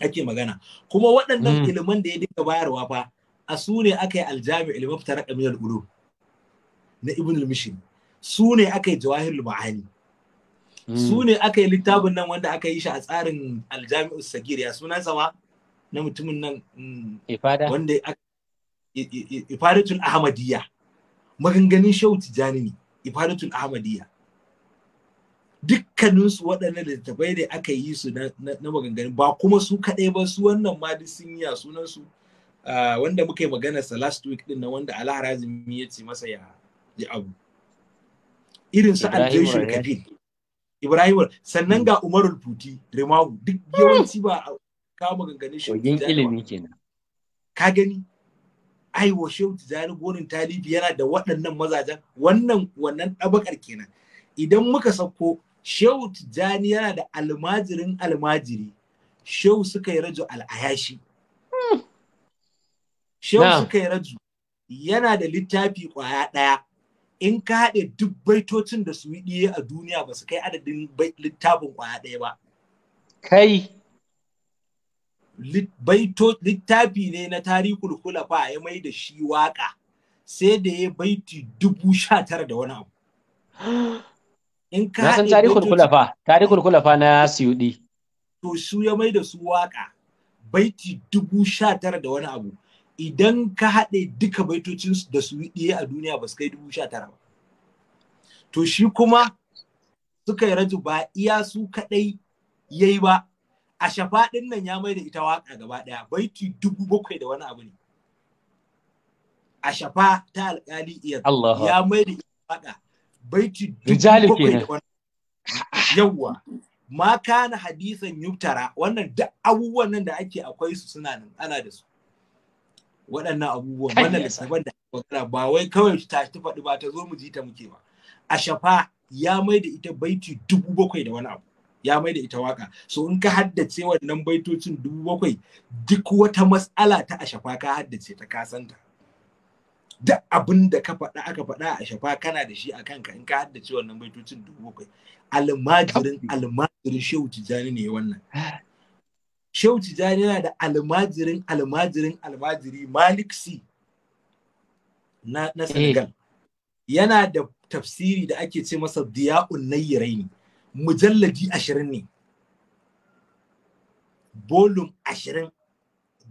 ake magana kuma waɗannan hmm. ilimin da ya dinga bayarwa fa a su ne aka yi aljami ilimin fitar min na ibn al-mishin su ne aka yi jawahir ma'ani hmm. su ne aka yi littafin nan wanda aka yi shi a tsarin aljami sagir ya suna sama na mutumin nan hmm, ifada wanda ifadatul ahmadiyya maganganin shehu tijani ne ifadatul ahmadiyya dukkaninsu waɗannan littattafai da aka yi su na, maganganu ba kuma su kaɗai ba su wannan ma duk sun yi su ah, wanda muka yi magana sa last week din na wanda Allah Razumi ya ce masa ya ji abu irin su Aljeshu Kabir Ibrahim sannan ga Umarul Puti Rimahu duk hmm. yawanci ba kawo maganganun shi ilimi kenan ka gani ai wa shehu tijani gonin talibi yana da waɗannan mazajen wannan wannan ɗabakar kenan idan muka sauko Shehu Tijjani yana da almajirin almajiri. Shehu suka yi raju al'ayashi. Hmm. Shehu suka yi raju yana da littafi ƙwaya ɗaya. In ka haɗe duk baitocin da su ɗiye a duniya ba su kai adadin littafin ƙwaya ɗaya ba. Kai. Littafi ne na tarihul kulafa ya mai da shi waƙa. Sai da ya baiti dubu sha tara da wani abu. in ka na san tarihul kulafa tarihul kulafa na siyudi to su ya mai da su waka baiti dubu sha tara da wani abu idan ka haɗe duka baitocin da su yi a duniya ba su kai dubu sha tara ba to shi kuma suka yi raju ba iya su kaɗai yayi ba a shafaɗin nan ya mai da ita waka gaba ɗaya baiti dubu bakwai da wani abu ne a shafa ta alƙali iya ya mai da ita waka baiti rijali kenan yawwa ma kana hadisan yuftara wannan duk abubuwan nan da ake akwai su suna nan ana da su waɗannan abubuwan wannan lissafin da magana ba wai kawai ta ta faɗi ba ta zo mu ji ta muke ba a shafa ya mai da ita baiti dubu bakwai da wani abu ya mai da ita waka so in ka haddace wannan baitocin dubu bakwai duk wata matsala ta a shafa ka haddace ta kasanta. duk abin da ka faɗa aka faɗa a shafa kana da shi a kanka in ka haddace wannan baitocin dubu bakwai almajirin almajirin shehu tijani ne wannan shehu tijani yana da almajirin almajirin almajiri malik si na, na eh. senegal yana da tafsiri da ake ce masa diya'un ne mujalladi ashirin ne bolum ashirin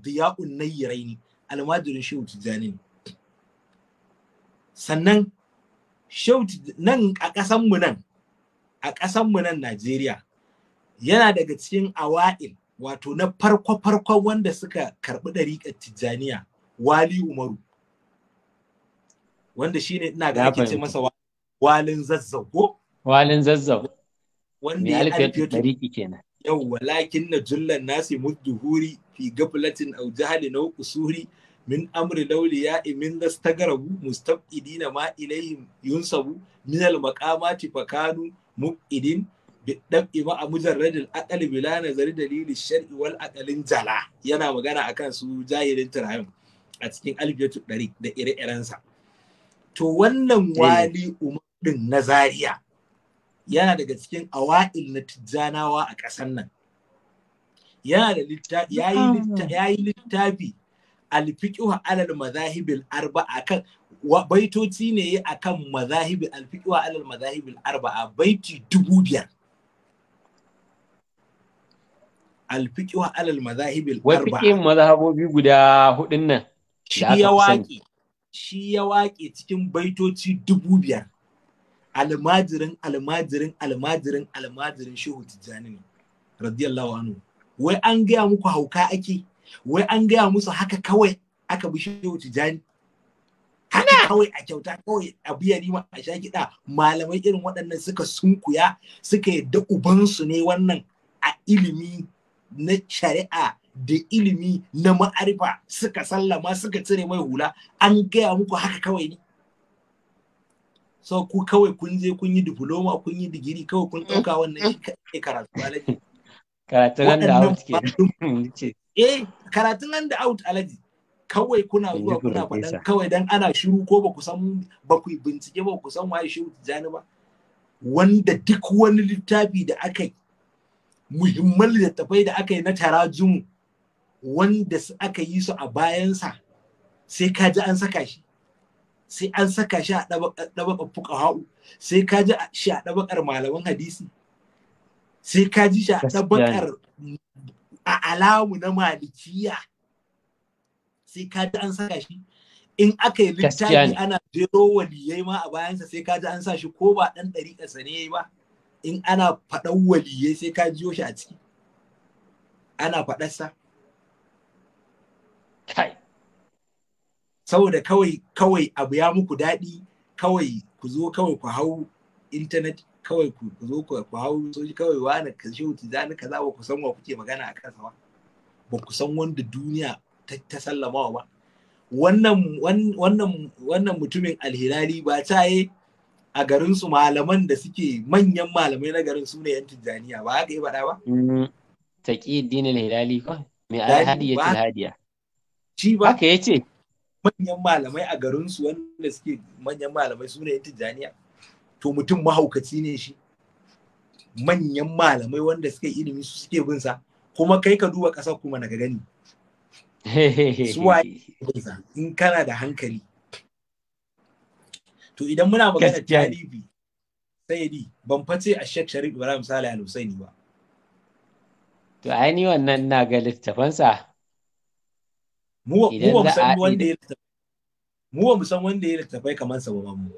diya'un ne almajirin shehu tijani ne sannan nan a ƙasanmu nan a ƙasanmu nan Najeriya yana daga cikin awa'il wato na farko-farko wanda suka karɓi ɗariƙar Tijjaniya Wali Umaru wanda shine ina ga ake ce masa walin zazzago. Walin zazzago Wanda ya alfiyatu ɗariƙi kenan. Yau walakin na jullan nasi mudduhuri fi gaflatin au jahali na kusuri min amri dauliya min nastagarabu mustabidina ma ilaihim yunsabu min al maqamati fakanu mubidin biddabi ma a mujarradil aqali bila nazari dalili shar'i wal aqalin jala yana magana akan su jahilin turayen a cikin alfiyatu ɗari da ire to wannan eh. wali umar din na zaria yana daga cikin awa'il na tijjanawa a ƙasar nan. Yana da ya yi littafi Alfiƙiwa alal mazahibil a kan baitoci ne a kan mazahibi Alfiƙiwa alal mazahibil a baiti dubu biyar Alfiƙiwa alal mazahibil arba. wai mazahabobi guda hudun nan shi ya waƙe shi ya waƙe cikin baitoci dubu biyar almajirin almajirin almajirin almajirin shehu tijjani ne radiyallahu anhu wai an gaya muku hauka ake wai an gaya musu haka kawai aka bi wuce jani. haka kawai a kyauta kawai a biya ma a sha kiɗa malamai irin waɗannan suka sunkuya suka yadda ubansu ne wannan a ilimi na shari'a da ilimi na ma'arifa suka sallama suka cire mai hula an gaya muku haka kawai ne so ku kawai kun je kun yi diploma kun yi digiri kawai kun ɗauka mm-hmm. wannan shi karatu karatu ran da cikin. eh karatun da out alaji kawai kuna zuwa kuna faɗan kawai dan ana shiru ko ba ku san ba ku bincike ba ku san waye shiru tijani ba wanda duk wani littafi da aka yi muhimman littattafai da aka yi na tarajumu wanda aka yi su a bayansa sai ka ji an saka shi sai an saka shi a ɗabakar fuka ha'u sai ka ji shi a ɗabakar malaman hadisi sai ka ji shi a ɗabakar a alamu na malikiya sai ka ji an saka shi in aka yi littafi ana jero waliyai ma a bayansa sai ka ji an sa shi ko ba ɗan ɗariƙarsa ne ya ba in ana faɗan waliyai sai ka jiyo shi a ciki ana faɗarsa kai saboda kawai kawai abu ya muku daɗi kawai ku zo kawai ku hau intanet kawai ku zo ku hau soji kawai na ka shi wuti zani kaza ba ku san wa kuke magana a kansa ba ba ku san wanda duniya ta sallama ba wannan wannan wannan mutumin alhilali ba ta yi a garin su malaman da suke manyan malamai na garin su ne yan tijjaniya ba haka yi bada ba mm, taqi din alhilali ko me alhadi ya tilhadiya shi ba haka yace manyan malamai a garin su wanda suke manyan malamai su ne yan tijaniya to mutum mahaukaci ne shi manyan malamai wanda suka yi ilimi su suke bin sa kuma kai ka duba ƙasar kuma daga gani suwa in kana da hankali to idan muna magana tarihi sayyidi ban face a Sheikh Sharif Ibrahim salih Al-Husaini ba to ni wannan na ga littafansa mu mu san wanda ya littafai mu san wanda ya littafai kamar sa ba mu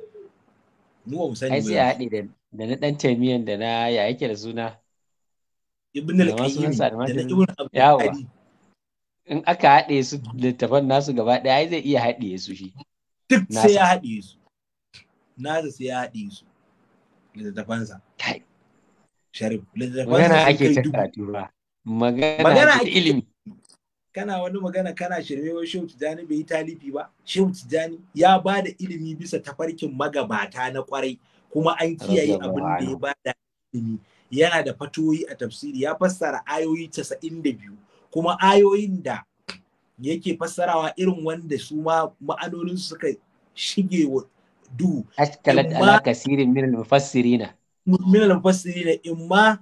mu ba mu sani ba sai haɗe da na ɗan taimiyan da na ya yake da suna ibn al-qayyim da na ibn yawa in aka haɗe su littafan nasu gaba ɗaya ai zai iya haɗe su shi duk sai ya haɗe su nasa sai ya haɗe su littafansa sharif littafansa magana ake ta karatu ba magana ake ilimi kana wani magana kana shirme wa Shehu Tijjani bai yi talifi ba Shehu Tijjani ya ba da ilimi bisa tafarkin magabata na kwarai kuma an kiyaye abin da ya ba da ilimi yana da fatoyi a tafsiri ya fassara ayoyi 92 kuma ayoyin da yake fassarawa irin wanda su ma ma'anonin suka shige wa du askalat ala min al-mufassirina min imma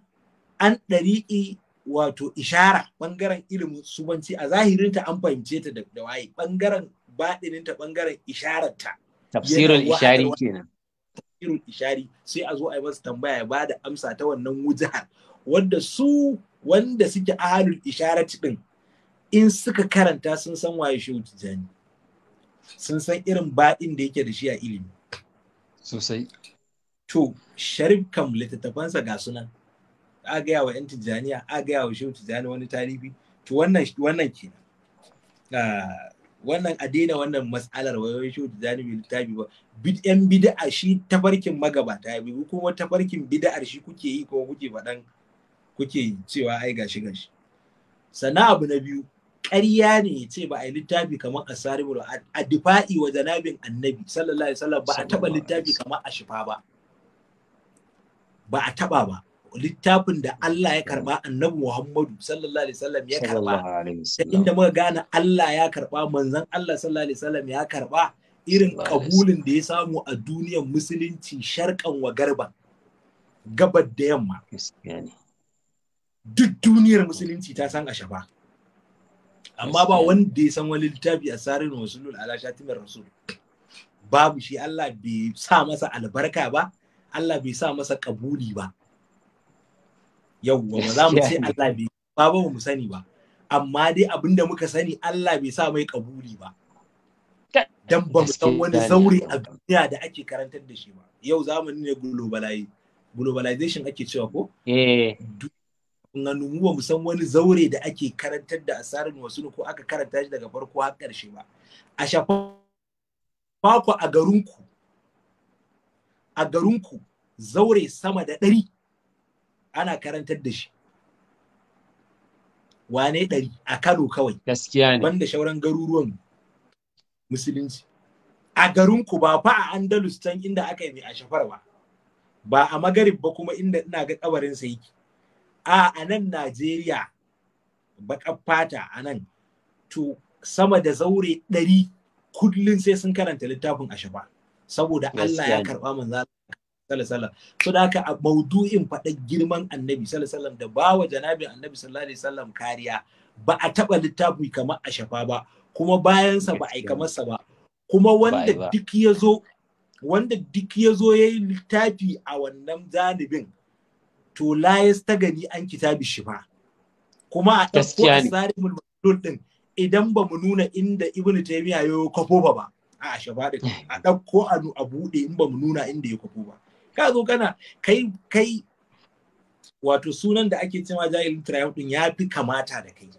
an ɗari'i wato ishara bangaren ilimin subanci a zahirinta an fahimce ta da waye bangaren baɗininta bangaren ishararta tafsirin ishari kenan Tafsirin ishari sai a zo a yi masa tambaya ya bada amsa ta wannan wujahar wanda su wanda suke ahalul isharati din in suka karanta sun san waye shehu tijani sun san irin baɗin da yake da shi a ilimi sosai to sharif kam littattafansa ga sunan a gaya wa 'yan tijjaniya a gaya wa shehu tijjani wani tarihi to wannan wannan kenan ah, wannan a daina wannan matsalar wayoyin shehu tijjani bai littafi ba yan bid'a shi tabarkin magabata ya bi kuma tabarkin bid'ar shi kuke yi kuma kuke faɗan kuke cewa ai gashi gashi sana abu na biyu ƙarya ne ya ce ba a yi littafi kamar a saribul a difa'i wa janabin annabi sallallahu alaihi wasallam ba a taɓa littafi kamar a shifa ba ba a taɓa ba littafin da Allah ya karba annabi Muhammadu sallallahu alaihi wasallam ya karba da inda muka gane Allah ya karba manzon Allah sallallahu alaihi wasallam ya karba irin kabulin da ya samu a duniyar musulunci sharkan wa garba gabar da yamma duk duniyar musulunci ta san ashaba amma ba wanda ya san wani littafi a sarin wasulul ala shatimar rasul babu shi Allah bai sa masa albarka ba Allah bai sa masa kabuli ba yawwa ba za mu ce Allah bai ba ba mu sani ba amma dai abin da muka sani Allah bai sa mai kabuli ba dan ba mu san wani zaure a duniya da ake karantar da shi ba yau zamani ne globalization ake cewa ko eh hannu numu ba mu san wani zaure da ake karantar da asarin wasu ko aka karanta shi daga farko har karshe ba a shafa ku a garinku a garinku zaure sama da ɗari ana karantar da shi wane ɗari a Kano kawai. Gaskiya ne. Wanda shauran garuruwan musulunci. A garinku ba fa a Andalus can inda aka yi a shafar ba. Ba a Magarib ba kuma inda ina ga kabarin sa yake. A a nan Najeriya baƙar fata a nan to sama da zaure ɗari kullum sai sun karanta littafin a Saboda Allah ya karɓa manzo sallallahu so da haka a maudu'in faɗa girman annabi sallallahu da ba wa annabi sallallahu alaihi wasallam kariya ba a taɓa littafi kamar a shafa ba kuma bayansa ba a yi sa ba kuma wanda duk ya zo wanda duk ya zo yi littafi a wannan zanibin to layas ta gani an kitabi shi ba kuma a ɗauko a tsarin ɗin idan ba mu nuna inda ibn taymiya ya yi ba a shafa a ɗauko a buɗe in ba mu nuna inda ya kofofa ba ka zo kana kai kai wato sunan da ake cewa jahilin triumph ya fi kamata da kai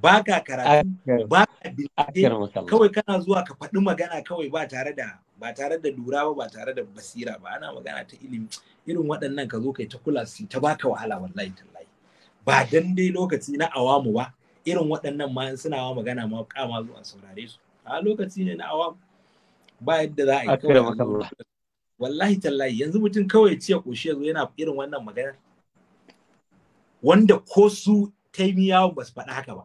ba ka karatu ba ka bincike kawai kana zuwa ka faɗi magana kawai ba tare da ba tare da lura ba ba tare da basira ba ana magana ta ilimi irin waɗannan ka zo kai ta kula su ta baka wahala wallahi tallahi ba dan dai lokaci na awamu ba irin waɗannan ma suna wa magana ma kama zuwa saurare su a lokaci ne na awamu ba yadda za a yi kawai wallahi tallahi yanzu mutum kawai ce ya koshi yanzu yana irin wannan magana wanda ko su taimiyawa ba su faɗa haka ba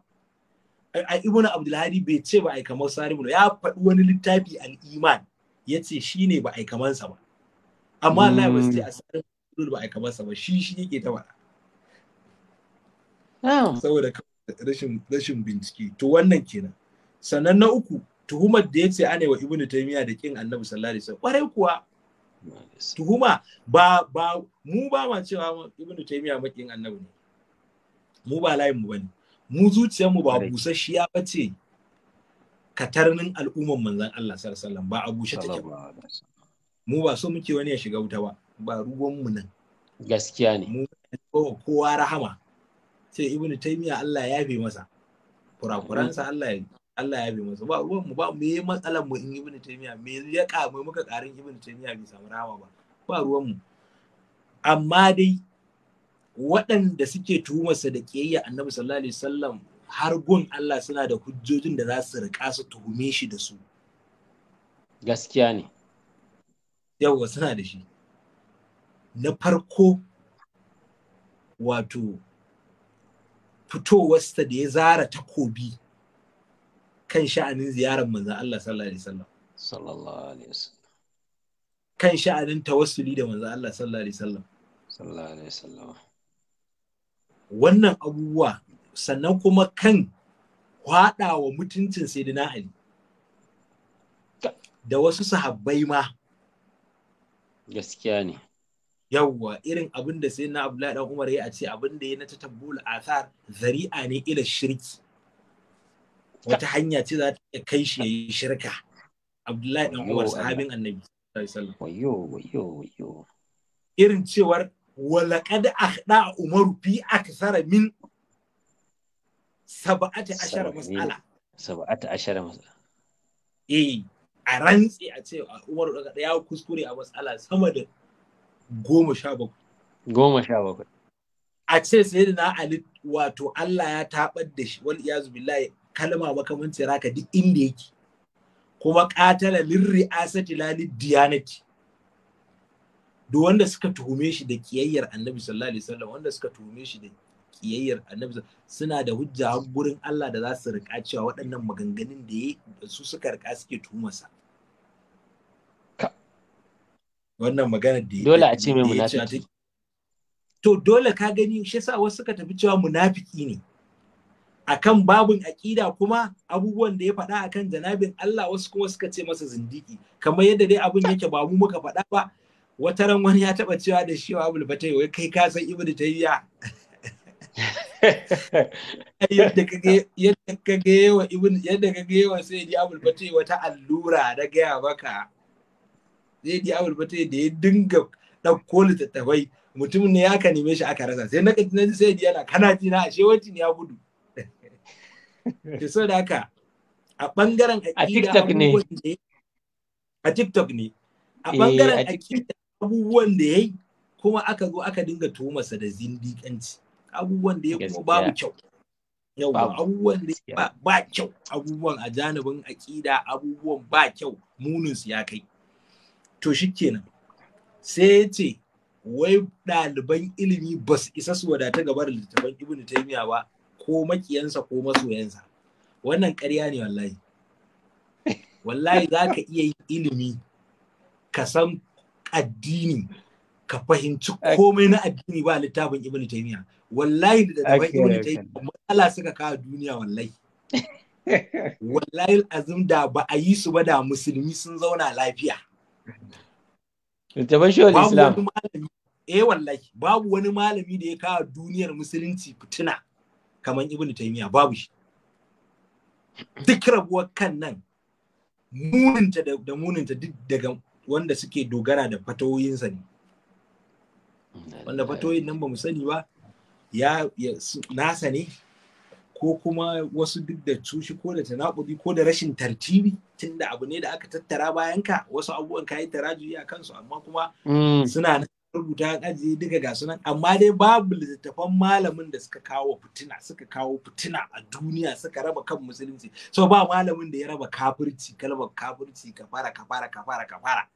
a ibnu abdulhadi bai ce ba ai kamar sarimu ya faɗi wani littafi al'iman. ya ce shi ne ba ai kamar sa ba amma Allah ya su ce a sarimu ba ai kamar sa ba shi shi yake ta faɗa oh. saboda rashin rashin bincike to wannan kenan sannan na uku tuhumar da ya ce ana wa ibnu taimiya da kin annabi sallallahu alaihi wasallam kwarai kuwa tuhuma ba ba mu ba ma cewa ibn taymiya makin annabi ne mu ba layin mu bane mu zuciyar mu ba busasshiya ba ce katarnin al'umman manzan Allah sallallahu alaihi ba a bushe take ba mu ba so muke wani ya shiga wuta ba ba ruwan mu nan gaskiya ne mu kowa rahama sai ibnu taymiya Allah ya yafe masa kurakuransa Allah ya Allah ya bi masa ba ruwan mu ba me matsalan mu in ibnu taymiya me ya kamu muka karin ibnu taymiya bi samu rawa ba ba ruwan mu amma dai waɗanda suke tuhumarsa da kiyayya annabi sallallahu alaihi wasallam har gun Allah suna da hujjojin da za su rika su tuhume shi da su gaskiya ne yawa suna da shi na farko wato fitowarsa da ya zara takobi kan sha'anin ziyarar manzon Allah sallallahu alaihi wasallam sallallahu alaihi wasallam kan sha'anin tawassuli da manzon Allah sallallahu alaihi wasallam sallallahu alaihi wasallam wannan abubuwa sannan kuma kan kwaɗa wa mutuncin sayyidina Ali da wasu sahabbai ma gaskiya ne yawwa irin abin da sai na abdullahi dan umar ya ce abin da ya na tatabbul athar zari'a ne ila shirki wata hanya ce za ta kai shi yayi shirka Abdullahi dan Umar sahabin Annabi wayo wayo wayo irin cewar walaqad akhda Umar fi aksara min sab'ati ashara mas'ala sab'ati ashara mas'ala eh a rantsi a ce Umar ya kuskure a mas'ala sama da goma sha bakwai goma sha bakwai a ce sai da na ali wato Allah ya tabar da shi wal iyazu billahi kalma makamancin raka duk inda yake kuma katala asati lalid diyanati duk wanda suka tuhume shi da kiyayyar annabi sallallahu alaihi wasallam wanda suka tuhume shi da kiyayyar annabi suna da hujja gurin Allah da za su rika cewa waɗannan maganganun da su suka rika suke tuhumarsa wannan magana da ya dole a ce mai munafiki to dole ka gani shi yasa wasu suka tafi cewa munafiki ne akan babin aƙida kuma abubuwan da ya faɗa akan janabin Allah wasu kuma suka ce masa zindiki kamar yadda dai abin yake ba mu muka faɗa ba wata ran wani ya taɓa cewa da shi wa abul Fatai wai kai ka san ibnu Tayyiya yadda kage yadda kage wa ibnu yadda kage wa sai di Abdul Fatai wata allura da gaya maka sai di abul Fatai da ya dinga ɗauko littattafai mutum ne ya ka neme shi aka rasa sai na kaji sai di yana kana ji na ashe wancin ya gudu Ke so da haka a bangaren aƙida abubuwan da a TikTok ne. A bangaren eh, aƙida abubuwan da ya yi kuma aka zo aka dinga tomasa da zindiƙanci. Abubuwan da ya kuma babu kyau. abubuwan da ya ba kyau. Abubuwan a janibin aƙida abubuwan ba kyau muninsu ya kai. To shi kenan. Sai ya ce wai ɗaliban ilimi ba su isa su wadata gabar littattafan Ibn miya ba ko makiyansa ko masoyansa wannan ƙarya ne wallahi wallahi za ka iya yin ilimi ka san addini ka fahimci komai na addini ba littafin Ibn taymiya wallahi da daban Ibn taymiya matsala suka kawo duniya wallahi wallahi azum da ba a yi su ba da musulmi sun zauna lafiya littafin shi islam eh wallahi babu wani malami da ya kawo duniyar musulunci fitina kamar ibn taymiya babu shi duk rabuwar kan nan muninta da muninta duk daga wanda suke dogara da fatawoyinsa ne wanda fatawoyin nan ba mu sani ba ya nasa ne ko kuma wasu duk da cushi ko da tanakudi ko da rashin tartibi tunda abu ne da aka tattara bayan ka wasu abubuwan ka yi tarajuyi a kansu amma kuma mm. suna rubuta an ajiye duka ga sunan amma dai babu littattafan malamin da suka kawo fitina suka kawo fitina a duniya suka raba kan musulunci so ba malamin da ya raba kafirci kalmar kafirci kafara kafara kafara kafara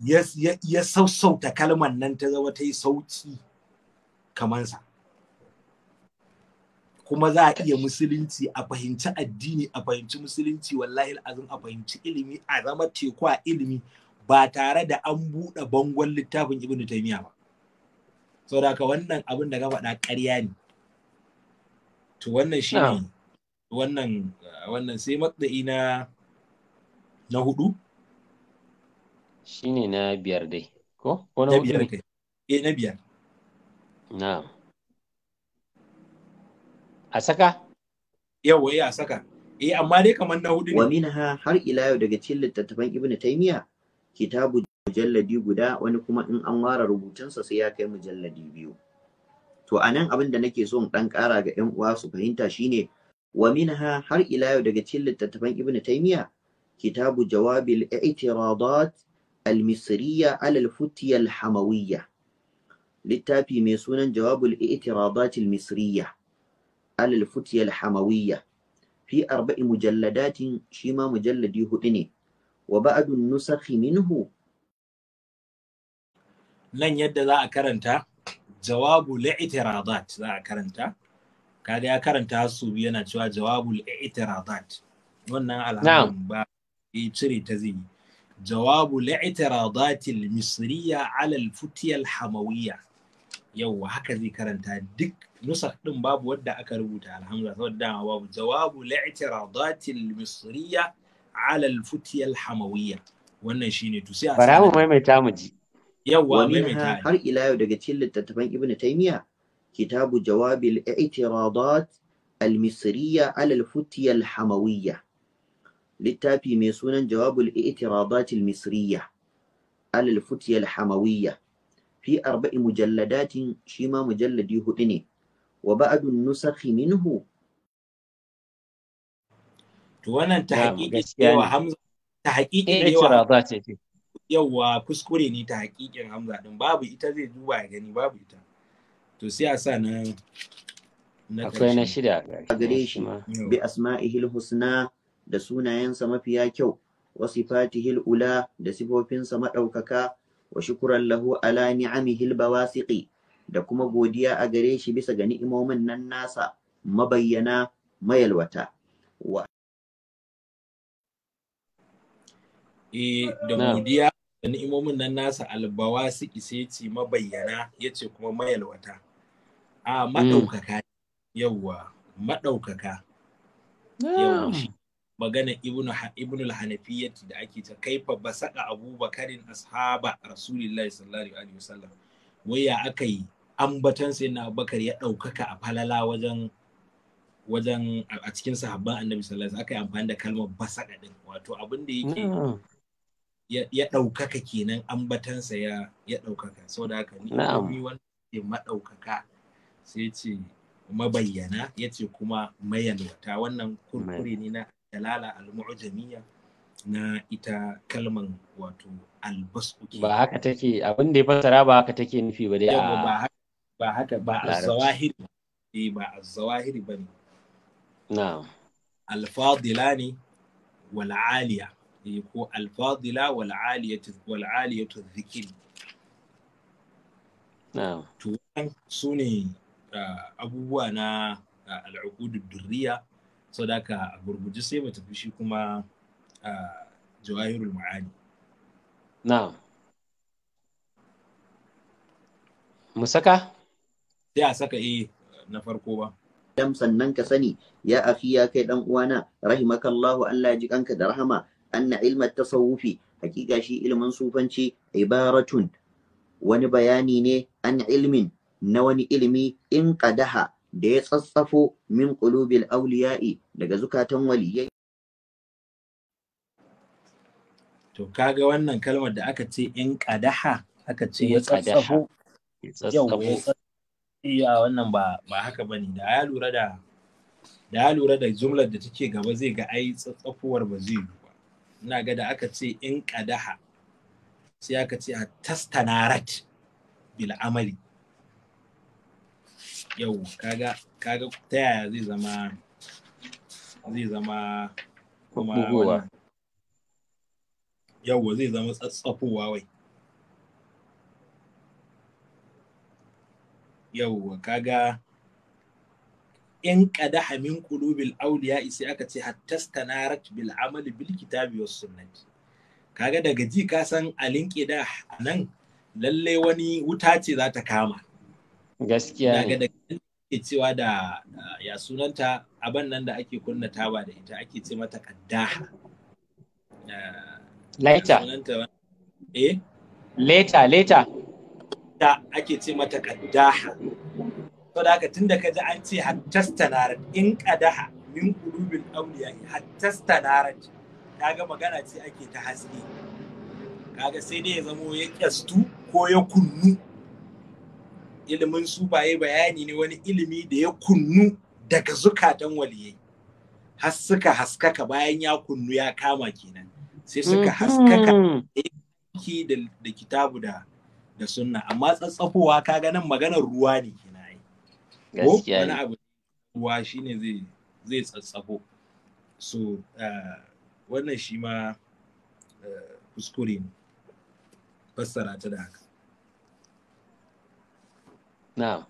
ya sassauta kalmar nan ta zama ta yi sauki kamansa kuma za a iya musulunci a fahimci addini a fahimci musulunci wallahi azum a fahimci ilimi a zama teku a ilimi ba tare da an buɗe bangon littafin ibn taimiyya ba da ka wannan abin da ka faɗa ƙarya ne to wannan shi ne wannan wannan sai matsayi na na hudu shine na biyar dai ko na biyar kai eh na biyar na a saka yawa eh a saka eh amma dai kamar na hudu ne wa minha har ila yau daga cikin littattafan ibnu taymiyyah kitabu mujalladi guda wani kuma in an ware rubutunsa sai ya kai mujalladi biyu to anan abin da nake so in dan kara ga yan uwa su fahimta shine wa minha har ila yau daga cikin littattafan ibnu taymiya kitabu jawabil i'tiradat al misriya ala al futiya al-hamawiyya littafi mai sunan jawabul i'tiradat al misriya ala al futiya al-hamawiyya fi arba'i mujalladatin shi mujalladi hudu ne وبعد النسخ منه nan yadda za a karanta jawabu li'tiradat za a karanta kada ya karanta su yana cewa jawabu li'tiradat wannan alhamdulillah ba ya cire ta zai jawabu li'tiradat al-misriya ala al-futiya al-hamawiyya yawwa haka zai karanta duk nusar ɗin babu wadda aka rubuta alhamdulillah saboda babu jawabu misriya ala futiyal hamawiyya wannan shine to sai a maimaita mu ji yawa maimaita har ila yau daga cikin littattafan ibnu taymiya kitabu jawabil i'tiradat al misriya Alal futiyal hamawiyya littafi mai sunan jawabul i'tiradat al-misriyya Alal futiyal hamawiyya fi arba'i mujalladatin shi ma mujalladi hudu ne wa ba'dun nusakhi minhu to wannan ta haƙiƙi cewa hamza ta haƙiƙi yawa eh, yawa kuskure ne ta haƙiƙin hamza din babu ita zai duba ya gani babu ita to sai a sa na akwai na shida gare shi bi asma'ihil husna da sunayensa mafiya kyau wa sifatihil ula da sifofinsa maɗaukaka wa shukran lahu ala ni'amihil bawasiqi da kuma godiya a gare shi bisa ga ni'imomin nan nasa mabayyana mayalwata wa e da godiya da ni'imomin nan nasa albawa su ya ce mabayyana ya ce kuma mayalwata a mm. maɗaukaka yawwa maɗaukaka magana ibnu hanafiyyati da ake ta kaifa basaka abubakarin ashaba rasulillahi sallallahu alaihi wasallam waya aka yi ambatan sai na abubakar ya ɗaukaka a falala wajen wajen a cikin sahabban annabi sallallahu alaihi wasallam aka amfani da kalmar basaka din wato abin da yake ya ɗaukaka kenan ambatansa ya ya ɗaukaka da haka ni komi wani ke maɗaukaka sai ce mabayyana ya ce kuma mayanwata wannan kurkure ne na dalala al-mu'jamiyya na ita kalman wato albasu ba haka take abin da ya fassara ba haka take nufi ba dai a ba haka ba az-zawahiri eh ba az-zawahiri bane na'am al-fadila ne wal aliya ko alfadila wal'aliyatu zikiri to su ne abubuwa na al'ukudu durriya sau da ka gurguji sai mata fushi kuma jawahirul ma'ani na mu saka sai a saka eh na farko ba dam sannan ka sani ya afi ya kai dan uwana rahimakallahu Allah ji kanka da rahama anna علم tasawufi hakika shi ilimin sufanci ibaratun wani bayani ne an ilmin na wani ilmi in qadaha da ya tsatsafo min qulubil awliya'i daga zukatan waliyai to kaga wannan kalmar da aka ce in qadaha aka ce ya tsatsafo iya wannan ba ba haka bane da ya lura da da ya lura da jumlar da take gaba zai ga ai tsatsafuwar ba zai yi ina ga da aka ce in kadaha sai aka ce a tastanarat bil amali yau kaga kaga ta yaya zai zama zai zama kuma yau zai zama tsatsafowa wai yau kaga in kada hamin kulubil auliya sai aka ce hattasta na bil amal bil kitabi was sunnati kaga daga ji ka san alinki da nan lalle wani wuta ce za ta kama gaskiya daga da cewa da ah, ya sunanta abin nan da ake kunna taba da ita ake ce mata kaddaha ah, later eh later later da ake ce mata kaddaha tun da kaji an ce hattastanarat in kadaha min qulubil awliya ta kaga magana ce ake ta haske kaga sai dai ya zamo ya kyastu ko ya kunnu ilimin su baye bayani ne wani ilimi da ya kunnu daga zukatan waliyai har suka haskaka bayan ya kunnu ya kama kenan sai suka mhm. haskaka da kitabu da sunna amma tsatsafowa kaga nan maganar ruwa ne kenan gaskiya wani abu wa shi ne zai tsatsabo so eh, wannan shi ma eh, kuskure ne fassara ta da haka na'am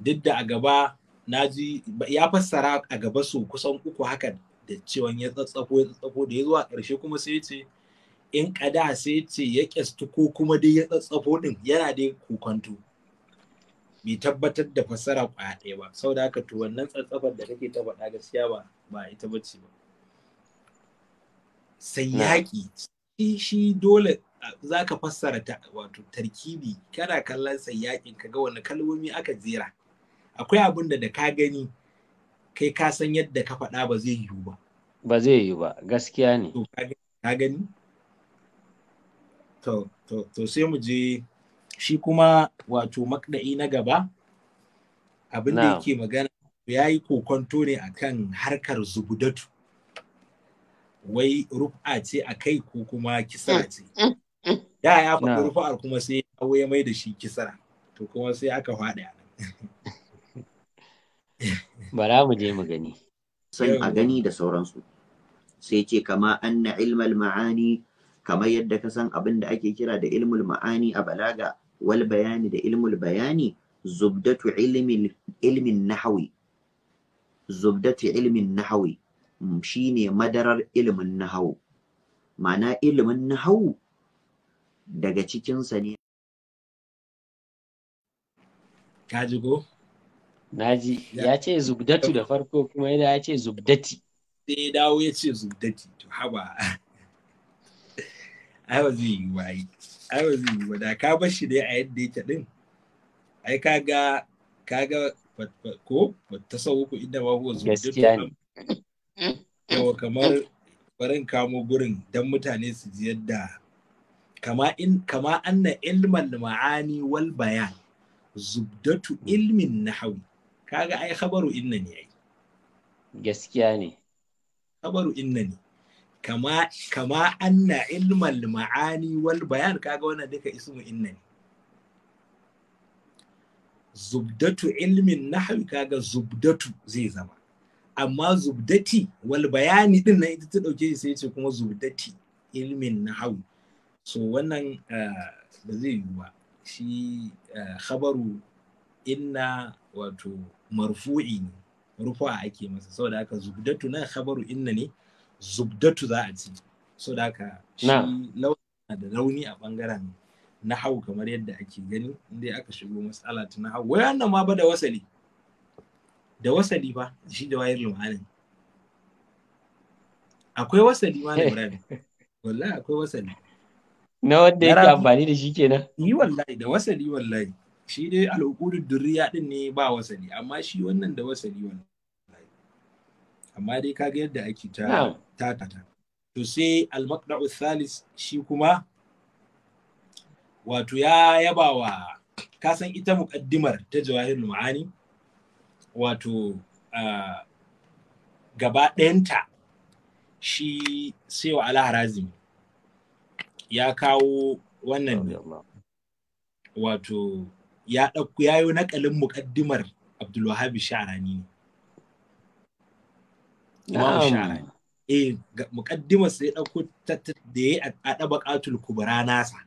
duk da a gaba na ji ya fassara a gaba su kusan uku hakan da cewa ya tsatsako ya tsatsako da ya zuwa ƙarshe kuma sai ce in kada sai ce ya kyastu ko kuma dai ya tsatsako din yana dai kokonto bi tabbatar da fassara kwaya ɗaya ba sau da haka to wannan tsatsafar da kake ta faɗa gaskiya ba ba ita bace ba sai yaƙi shi dole za ka fassara ta wato tarkibi kana kallon sai yaƙin ka wani kalmomi aka jera akwai abin da da ka gani kai ka san yadda ka faɗa ba zai yiwu ba ba zai yiwu ba gaskiya ne ka gani to to to sai mu je shi kuma wato makda'i na gaba abin da yake magana ya yi kokonto ne akan harkar zubudatu wai rufa ce a kai ko kuma kisara mm, ce mm, mm. da ya faɗi rufa'ar kuma sai ya ya mai da shi kisara to kuma sai aka faɗi a nan bara mu je mu gani san a gani da sauransu sai ce kama anna ilmal ma'ani kamar yadda ka san abin da ake kira da ilmul ma'ani a balaga wal bayani da ilmul bayani zubdatu ilmin ilmin nahawi zubdatu ilmin nahawi mm, shine madarar ilmin nahawu ma'ana ilimin nahawu daga cikinsa ne kaji ko naji ya ce zubdatu da farko kuma ya ce zubdati sai ya dawo ya ce zubdati to haba ai ba zai yi ai ba zai yi ba da ka bar shi dai a yadda yake din ai ka ga ka ga ko ta sau uku inda ba ku zuwa yawa kamar barin kamo gurin don mutane su ji yadda kama in kama anna ilmal ma'ani wal bayan zubdatu ilmin nahawi kaga ai khabaru inna ne ai gaskiya ne khabaru inna ne kama kama anna ilmal ma'ani wal bayan kaga wannan duka ismu inna ne zubdatu ilmin nahwi kaga zubdatu zai zama amma zubdati wal bayani din nan ita ta dauke shi sai ce kuma zubdati ilmin nahwi so wannan eh, ba zai yi ba shi eh, khabaru inna wato marfu'i ne rufa ake masa saboda haka zubdatu nan khabaru inna ne zubdatu za a ci so da ka shi da rauni a bangaren hau kamar yadda ake gani inda aka shigo matsala ta nahau wayannan ma ba da wasali da wasali ba shi da wayar lumanin akwai wasali ma na Ibrahim wallahi akwai wasali na wanda yake amfani da shi kenan yi wallahi da wasali wallahi shi dai al'ukurin durriya din ne ba wasali amma shi wannan da wasali wallahi amma dai kaga yadda ake ta ta ta to sai al-maqda'u thalis shi kuma wato ya yabawa kasan ita muƙaddimar ta jawahirul ma'ani wato gaba ɗayanta shi sai wa alaharazim ya kawo wannan wato ya ɗauku ya yi naƙalin muƙaddimar abdulwahabi sha'arani ne. Imam eh muqaddimar sai dauko da yayi a dabaqatul kubra nasa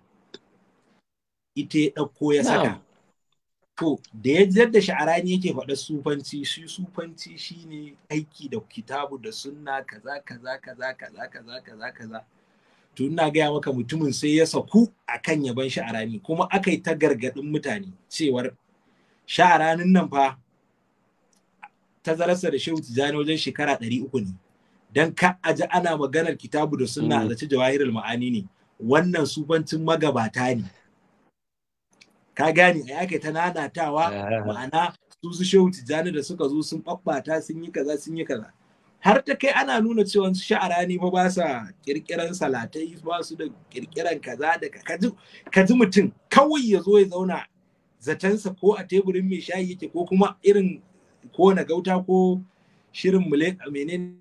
ita ya dauko ya saka to da ya yadda sha'arani yake faɗa sufanci shi sufanci shine aiki da kitabu da sunna kaza kaza kaza kaza kaza kaza kaza to ina gaya maka mutumin sai ya saku akan yaban sha'arani kuma aka yi ta gargaɗin mutane cewar sha'aranin nan fa tazararsa da shehu tijjani wajen shekara ɗari uku ne dan ka aji ana maganar kitabu da sunna mm. a zaci jawahirul ma'ani ne wannan subancin magabata ne ka gane a yake ta nanatawa eh. ma'ana su su shehu tijjani da suka zo sun babbata sun yi kaza sun yi kaza har ta kai ana nuna cewa su sha'ara ne ba sa kirkiran salatai ba su da kirkiran kaza da ka ji mutum kawai ya zo ya zauna zatensa ko a teburin mai shayi yake ko kuma irin ko na gauta ko shirin mulek menene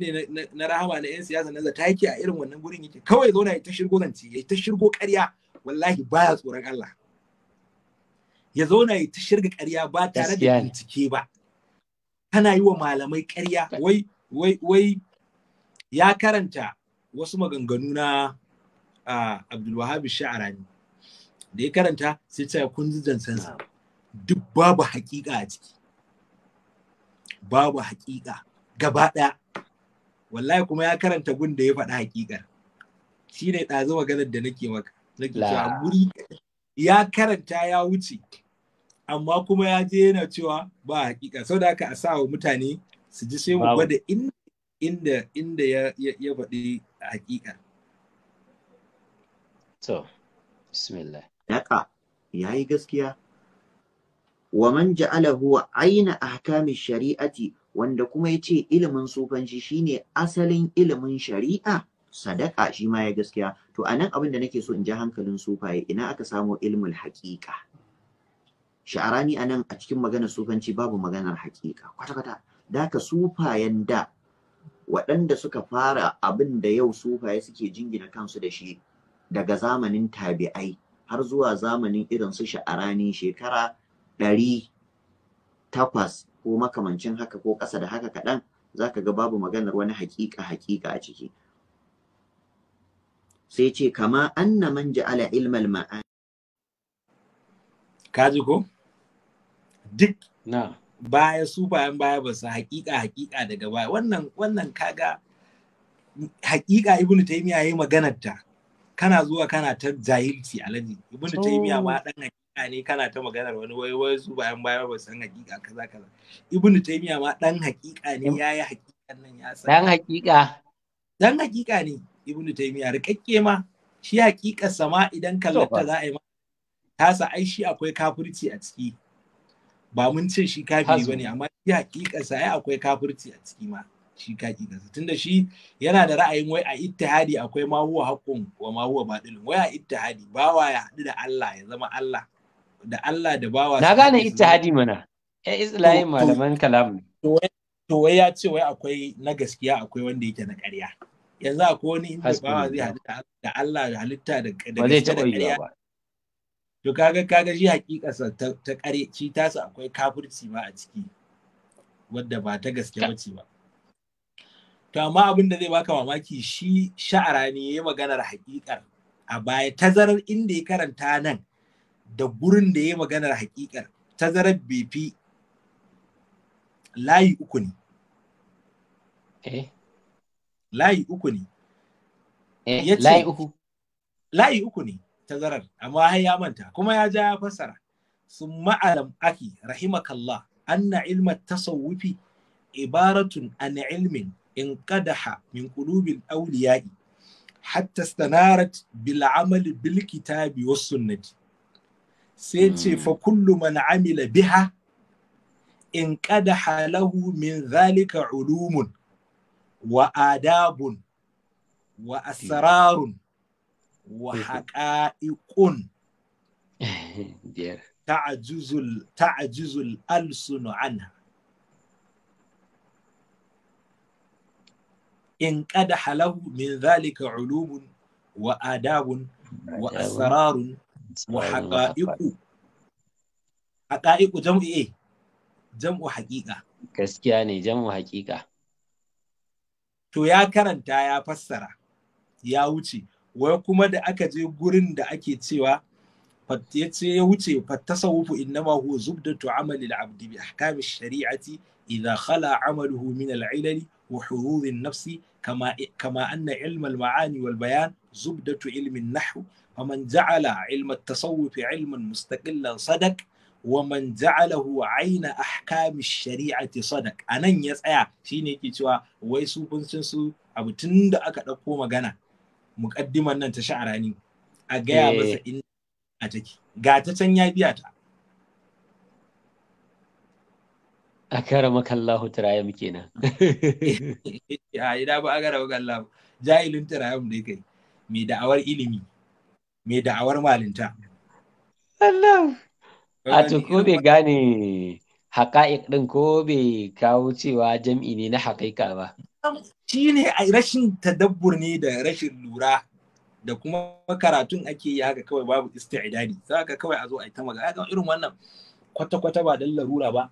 ne na rahama na 'yan siyasa na zata yake a irin wannan gurin yake kawai zo na ya ta shirgo zance ya ta shirgo ƙarya wallahi baya tsoron Allah ya zauna ya ta shirga ƙarya ba tare da bincike ba kana yi wa malamai ƙarya wai wai wai ya karanta wasu maganganu na Abdulwahabi Sha'arani da ya karanta sai ta kun ji zancensa duk babu haƙiƙa a ciki babu haƙiƙa gaba ɗaya wallahi kuma ya karanta gun da ya faɗa hakikar shi ne ɗazu maganar da nake maka nake cewa guri ya karanta ya wuce amma kuma ya je yana cewa ba hakika sau da haka a sa wa mutane su ji sai mu gwada inda inda ya faɗi hakika to bismillah yaka yayi gaskiya wa man ja'alahu ayna ahkami shari'ati wanda kuma ya ce ilimin sufanci shine asalin ilimin shari'a sadaka shi ma ya gaskiya to a nan abin da nake so in ji hankalin sufaye ina aka samo ilimin haƙiƙa sha'arani a nan a cikin maganar sufanci babu maganar haƙiƙa kwata-kwata da ka sufayen da waɗanda suka fara abin da yau sufaye suke jingina kansu da shi daga zamanin tabi'ai har zuwa zamanin irin su sha'arani shekara ɗari takwas ko makamancin haka ko ƙasa da haka kaɗan za ka ga babu maganar wani haƙiƙa haƙiƙa a ciki sai ce kama anna man ja'ala ilmal ma'ani ji ko duk na baya su bayan baya ba su haƙiƙa haƙiƙa daga baya wannan wannan kaga haƙiƙa ibnu taymiya ya maganar ta kana zuwa kana ta jahilci alaji Ibn taymiya ma haƙiƙa. ne kana ta maganar wani wai wai su bayan baya ba san hakika kaza kaza ibnu taymiya ma dan hakika ne yayi hakikan nan ya san dan hakika dan hakika ne ibnu taymiya rikakke ma shi hakika sama idan kallata za a yi tasa ai shi akwai kafirci a ciki ba mun ce shi kafiri bane amma shi hakika sa ai akwai kafirci a ciki ma shi kaki kansa tunda shi yana da ra'ayin wai a ittihadi akwai ma huwa haqqun wa ma huwa batilun wai a ittihadi wa ya hadu da Allah ya zama Allah da Allah da bawa na gane hadi mana ya eh, islahi malaman kalam to wai ya ce wai akwai na gaskiya akwai wanda yake na ƙarya yanzu akwai wani inda bawa zai halitta da Allah da halitta da gaskiya da ƙarya to kaga kaga shi hakikarsa ta ta ƙare shi tasa akwai kafirci ma a ciki wadda ba ta gaske bace ba to amma abin da zai baka mamaki shi sha'ara ne ya maganar hakikar a baya tazarar inda ya karanta nan da gurin da ya maganar hakikar tazarar BP layi uku ne eh. layi uku ne eh, layi uku layi uku ne tazarar amma har ya manta kuma ya ja ya fassara sun ma'alam aki rahimakallah anna ilma tasawufi ibaratun an ilmin in qadaha min qulubil auliyai hatta istanarat bil amali bil kitabi was sunnati sai ce hmm. fa kullu man amila biha in kada halahu min zalika ulumun wa adabun wa asrarun wa hmm. haƙa'iƙun ta'ajuzul alsunu anha in kada halahu min zalika ulumun wa adabun wa asrarun jam'i eh, gaskiya ne to ya karanta ya fassara ya wuce wai kuma da aka je gurin da ake cewa ya ce ya wuce fattasawufu innama huwa zubdatu amali al-abdi bi ahkamin shari'ati idha khala amaluhu min al-ilali wa nafsi kama kama anna ilma al-ma'ani wal bayan zubdatu ilmi an-nahw فمن جعل علم التصوف علما مستقلا صدق ومن جعله عين احكام الشريعه صدق انن يا تsaya shine yake cewa wai su kunsun su abu tunda aka dauko magana muqaddiman nan ta sha'arani a ga ya masa in a take ga ta can ya biya ta akara kallahu turaya muke nan ya ida ba akara makallahu jahilin turaya mu dai kai mai da'awar ilimi mai da'awar malinta Allah a to ko bai gane haƙa'iq ɗin ko bai kawo cewa jam'i ne na haƙiƙa ba shi ne rashin tadabbur ne da rashin lura da kuma karatun ake yi haka kawai babu isti'dadi za ka kawai a zo a yi ta magana Ya irin wannan kwata-kwata ba dan larura ba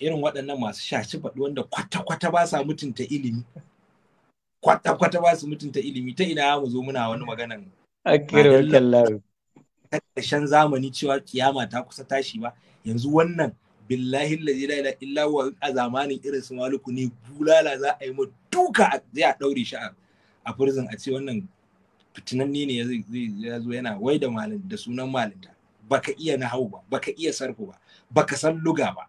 irin waɗannan masu shashi faɗi wanda kwata-kwata ba sa mutunta ilimi kwata-kwata ba su mutunta ilimi ta ina mu zo muna wani maganan a kirwakallahu shan zamani cewa kiyama ta kusa tashi ba yanzu wannan billahi la ila illa wa a zamanin irin su maluku ne bulala za a yi ma duka zai a daure shi a prison a ce wannan fitinanne ne ya zo yana wai da malin da sunan malinta baka iya nahau ba baka iya sarfu ba baka san luga ba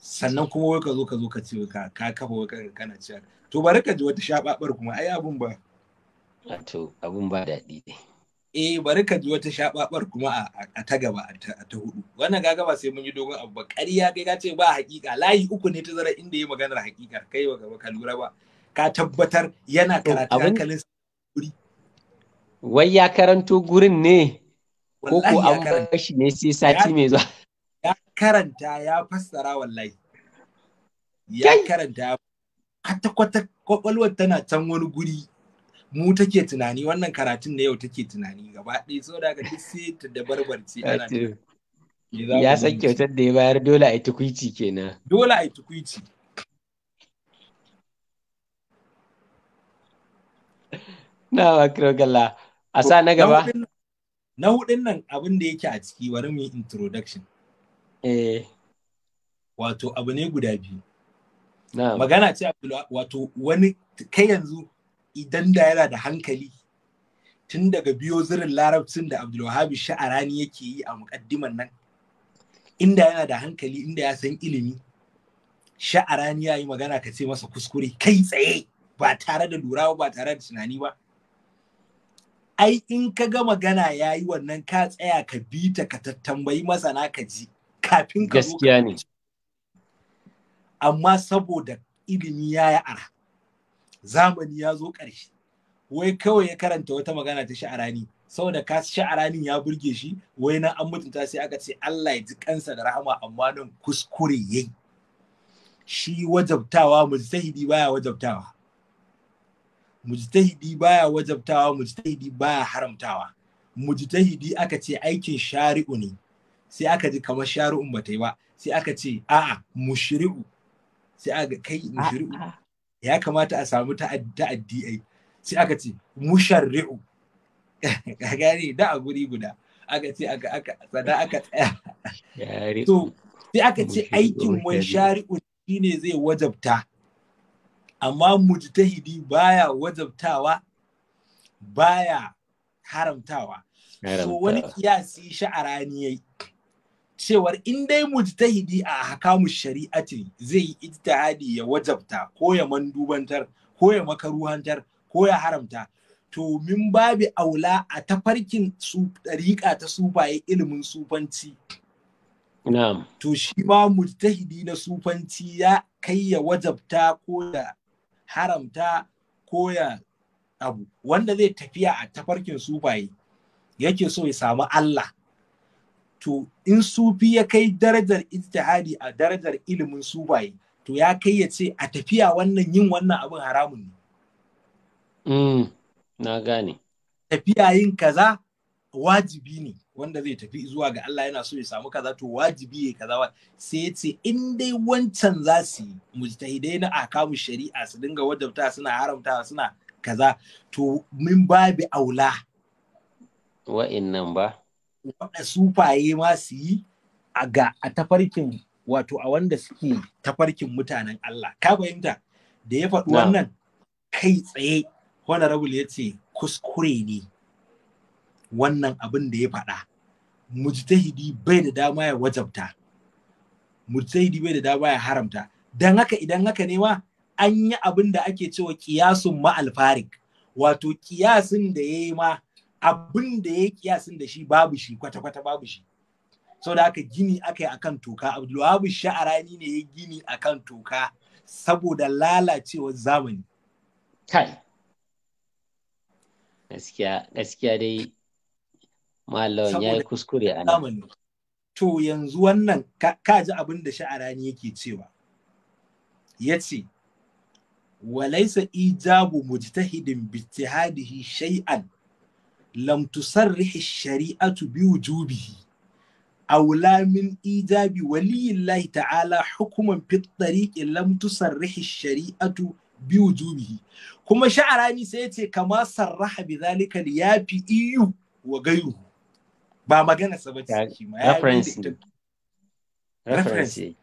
sannan kuma wai ka zo ka zo ka ce ka kafa wai kana cewa to bari ka ji wata shababar kuma ai abun ba wato abun ba daɗi ne eh bari ka ji wata shababar kuma a ta gaba a ta hudu wannan gaga sai mun yi dogon abu ba ƙarya kai ka ce ba hakika layi uku ne ta zara inda yi maganar hakika kai ba ka lura ba ka tabbatar yana karatu hankalin guri wai ya karanto gurin ne ko ko an kashi ne sai sati mai zuwa ya karanta ya fassara wallahi ya karanta kwata kwata kwakwalwar tana can wani guri mu take tunani wannan karatun na yau take tunani gaba ɗaya so da ka sai ta dabarbarci ana ya san kyautar da ya bayar dole a yi tukuici kenan dole a yi tukuici na makarogalla a sa na gaba na hudun nan abin da yake a ciki wani mu yi introduction eh wato abu ne guda biyu magana ce wato wani kai yanzu idan da yana da hankali tun daga biyo zirin larabcin da abdulwahabi sha'arani yake yi a mukaddiman nan inda yana da hankali inda ya san ilimi sha'arani ya yi magana ka ce masa kuskure kai tsaye ba tare da lura ba tare da tunani ba ai in ka ga magana ya yi wannan ka tsaya ka bi ta ka tattambayi masana ka ji kafin ka gaskiya ne amma saboda ilimi ya yi ara zamani ya zo ƙarshe wai kawai ya karanta wata magana ta sha'arani saboda ka sha'arani ya burge shi wai na an mutunta sai aka ce Allah ya ji kansa da rahama amma nan kuskure yayi shi wajabtawa mujtahidi baya wajabtawa mujtahidi baya wajabtawa mujtahidi baya haramtawa mujtahidi aka ce aikin shari'u ne sai aka ji kamar shari'un ba ta yi ba sai aka ce a'a mushri'u sai aka kai mushri'u ya kamata a samu ta'addi ai sai aka ce musharri'u ka gane da a guri guda aka ce aka aka tsada aka tsaya to sai aka ce aikin wani shari'u shine zai wajabta amma mujtahidi baya wajabtawa baya haramtawa so wani kiyasi sha'arani yayi cewar in dai mujtahidi a hakamu shari'ati zai yi ijtihadi ya wajabta ko ya mandubantar ko ya makaruhantar ko ya haramta to min babi aula a tafarkin ɗariƙa ta sufaye ilimin sufanci Na'am. To shi ma mujtahidi na sufanci ya kai ya wajabta ko ya haramta ko ya abu wanda zai tafiya a tafarkin sufaye yake so ya samu Allah to in sufi ya kai darajar ijtihadi a darajar ilimin subaye to ya kai ya ce a tafiya wannan yin wannan abin haramun ne mm, na gane tafiya yin kaza wajibi ne wanda zai tafi zuwa ga Allah yana so ya samu kaza to wajibi ya kaza sai ya ce in dai wancan za su yi mujtahidai na akamu shari'a su dinga wajabta suna haramta suna kaza to min babi aula wa'innan ba wanda sufaye ma su yi a ga a tafarkin wato a wanda suke tafarkin mutanen Allah ka fahimta da ya faɗi wannan kai tsaye honorable ya ce kuskure ne wannan abin da ya faɗa mujtahidi bai da dama ya wajabta mujtahidi bai da dama ya haramta dan haka idan haka ne ma an yi abin da ake cewa kiyasun ma'alfarik wato kiyasin da ya yi ma abin da ya kiyasin da shi babu shi kwata-kwata babu shi sau da aka gini aka yi akan toka abdulwahab sha'arani ne ya gini akan toka saboda lalacewar zamani kai gaskiya gaskiya dai mallawan ya yi kuskure a nan to yanzu wannan ka ji abin da sha'arani yake cewa ya ce walaisa ijabu mujtahidin bittihadihi shay'an lam tusarrihi shari'atu bi wujubihi aw la min ijabi waliyillahi ta'ala hukuman fi tariqi lam tusarrihi shari'atu bi wujubihi kuma sha'arani sai yace kama sarraha bi zalika li yafi iyu wa gayru ba magana sabata shi ma ya reference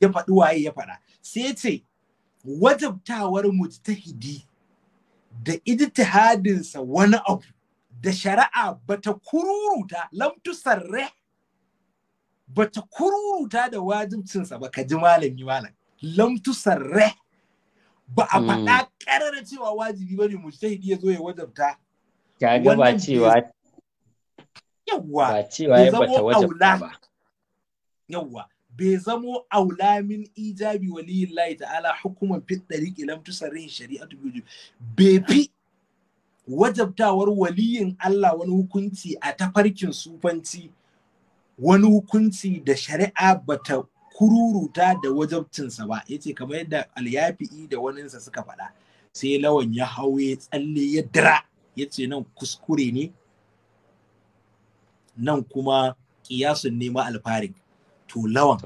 ya faɗi waye ya faɗa sai yace wajabtawar mujtahidi da ijtihadin sa wani abu da shari'a bata kururuta lamtusar re bata kururuta da wajibcinsa ba ka ji malami malam lamtusar re ba a hmm. faɗa da cewa wajibi ba ne mujtahidi ya zo ya wajabta ya ga ba cewa yawwa ba cewa ya bata wajabta ba yawwa bai zamo aula min ijabi waliyin layi ta'ala hukuman fit ɗariƙi lam tusarrihin shari'atu biyu bai fi wajabtawar waliyin Allah wani hukunci a tafarkin sufanci wani hukunci da shari'a bata kururuta da wajabcinsa ba Ya ce kamar yadda alyafi'i da waninsa suka faɗa sai lawan ya hau ya tsalle ya dira ce nan kuskure ne nan kuma kiyasun nema alfarin to lawan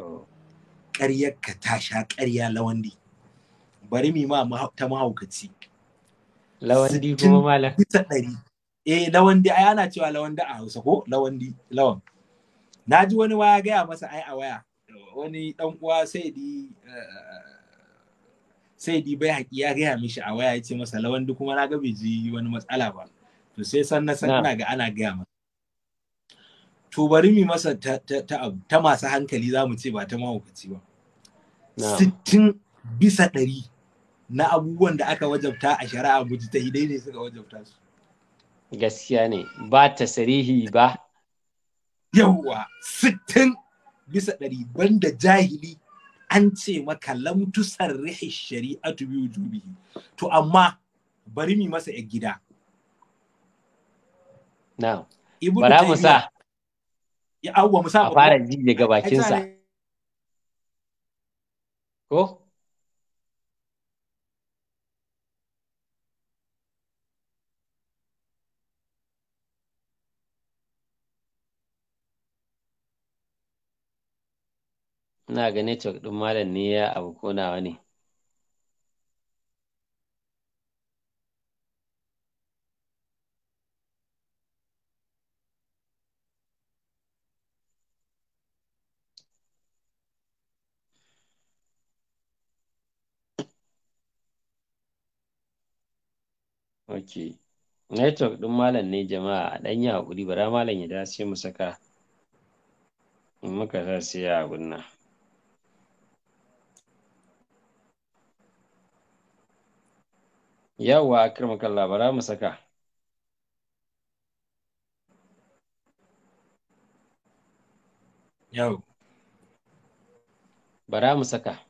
ka ta sha ƙarya ne. bari mi ma ta mahaukaci lawandi kuma malam kusa ɗari eh lawandi ai ana cewa lawandi a Hausa ko lawandi lawan na ji wani waya gaya masa ai a waya wani dan uwa sai di eh, sai di bai haƙi ya gaya mishi a waya ya ce masa lawandi kuma na ga bai ji wani matsala ba to sai san na san ina ga ana gaya masa to bari mi masa ta, ta, ta, ta masu hankali za mu ce ba ta mahaukaci ba sittin bisa ɗari na abubuwan da aka wajabta a shari'a mujtahidai ne suka wajabta su gaskiya ne ba ta sarihi ba yawwa sittin bisa ɗari banda jahili an ce maka lam tusarrihi shari'atu biyu jubihi to amma bari mi masa yan gida na'am bara mu sa ya awwa musa a fara ji daga bakinsa. sa ina ga network ɗin malam ne ya abu ko nawa ne Okay. Network ɗin malam ne jama'a a ɗan yi haƙuri bara malam ya dace mu saka in muka sa sai ya Yawwa akramakan labara mu saka. Yau. Bara mu saka.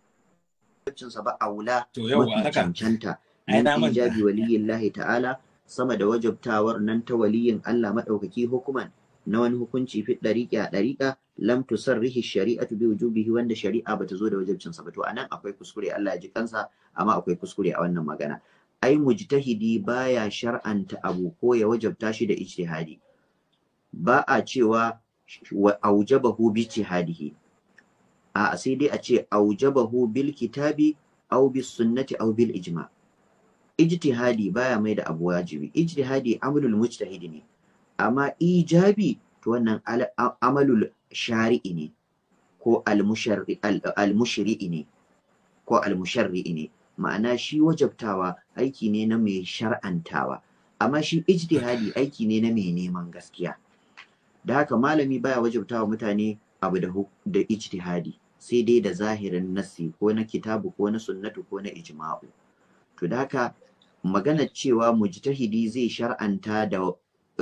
Waccinsa ba a wula mafi cancanta. Min ijabi waliyyillahi ta'ala sama da wajabtawar nan ta waliyin Allah maɗaukaki hukuman na wani hukunci fi ɗariƙa a ɗariƙa lam tusarrihi shari'atu bi wujubihi wanda shari'a bata zo da wajibcin sa ba to anan akwai kuskure Allah ya ji kansa amma akwai kuskure a wannan magana ai mujtahidi baya shar'anta abu ko ya wajabta shi da ijtihadi ba a cewa aujabahu bi ijtihadihi a sai dai a ce aujabahu bil kitabi aw bis sunnati aw bil ijma ijtihadi baya mai da abu wajibi ijtihadi amalul mujtahidi ne amma ijabi to wannan amalul shari'i ne ko al ne ko al ne ma'ana shi wajabtawa aiki ne na mai shar'antawa amma shi ijtihadi aiki ne na mai neman gaskiya da haka malami baya wajabtawa mutane abu da da ijtihadi sai dai da zahirin nasi ko na kitabu ko na sunnatu ko na ijma'u to da haka magana cewa mujtahidi zai shar'anta da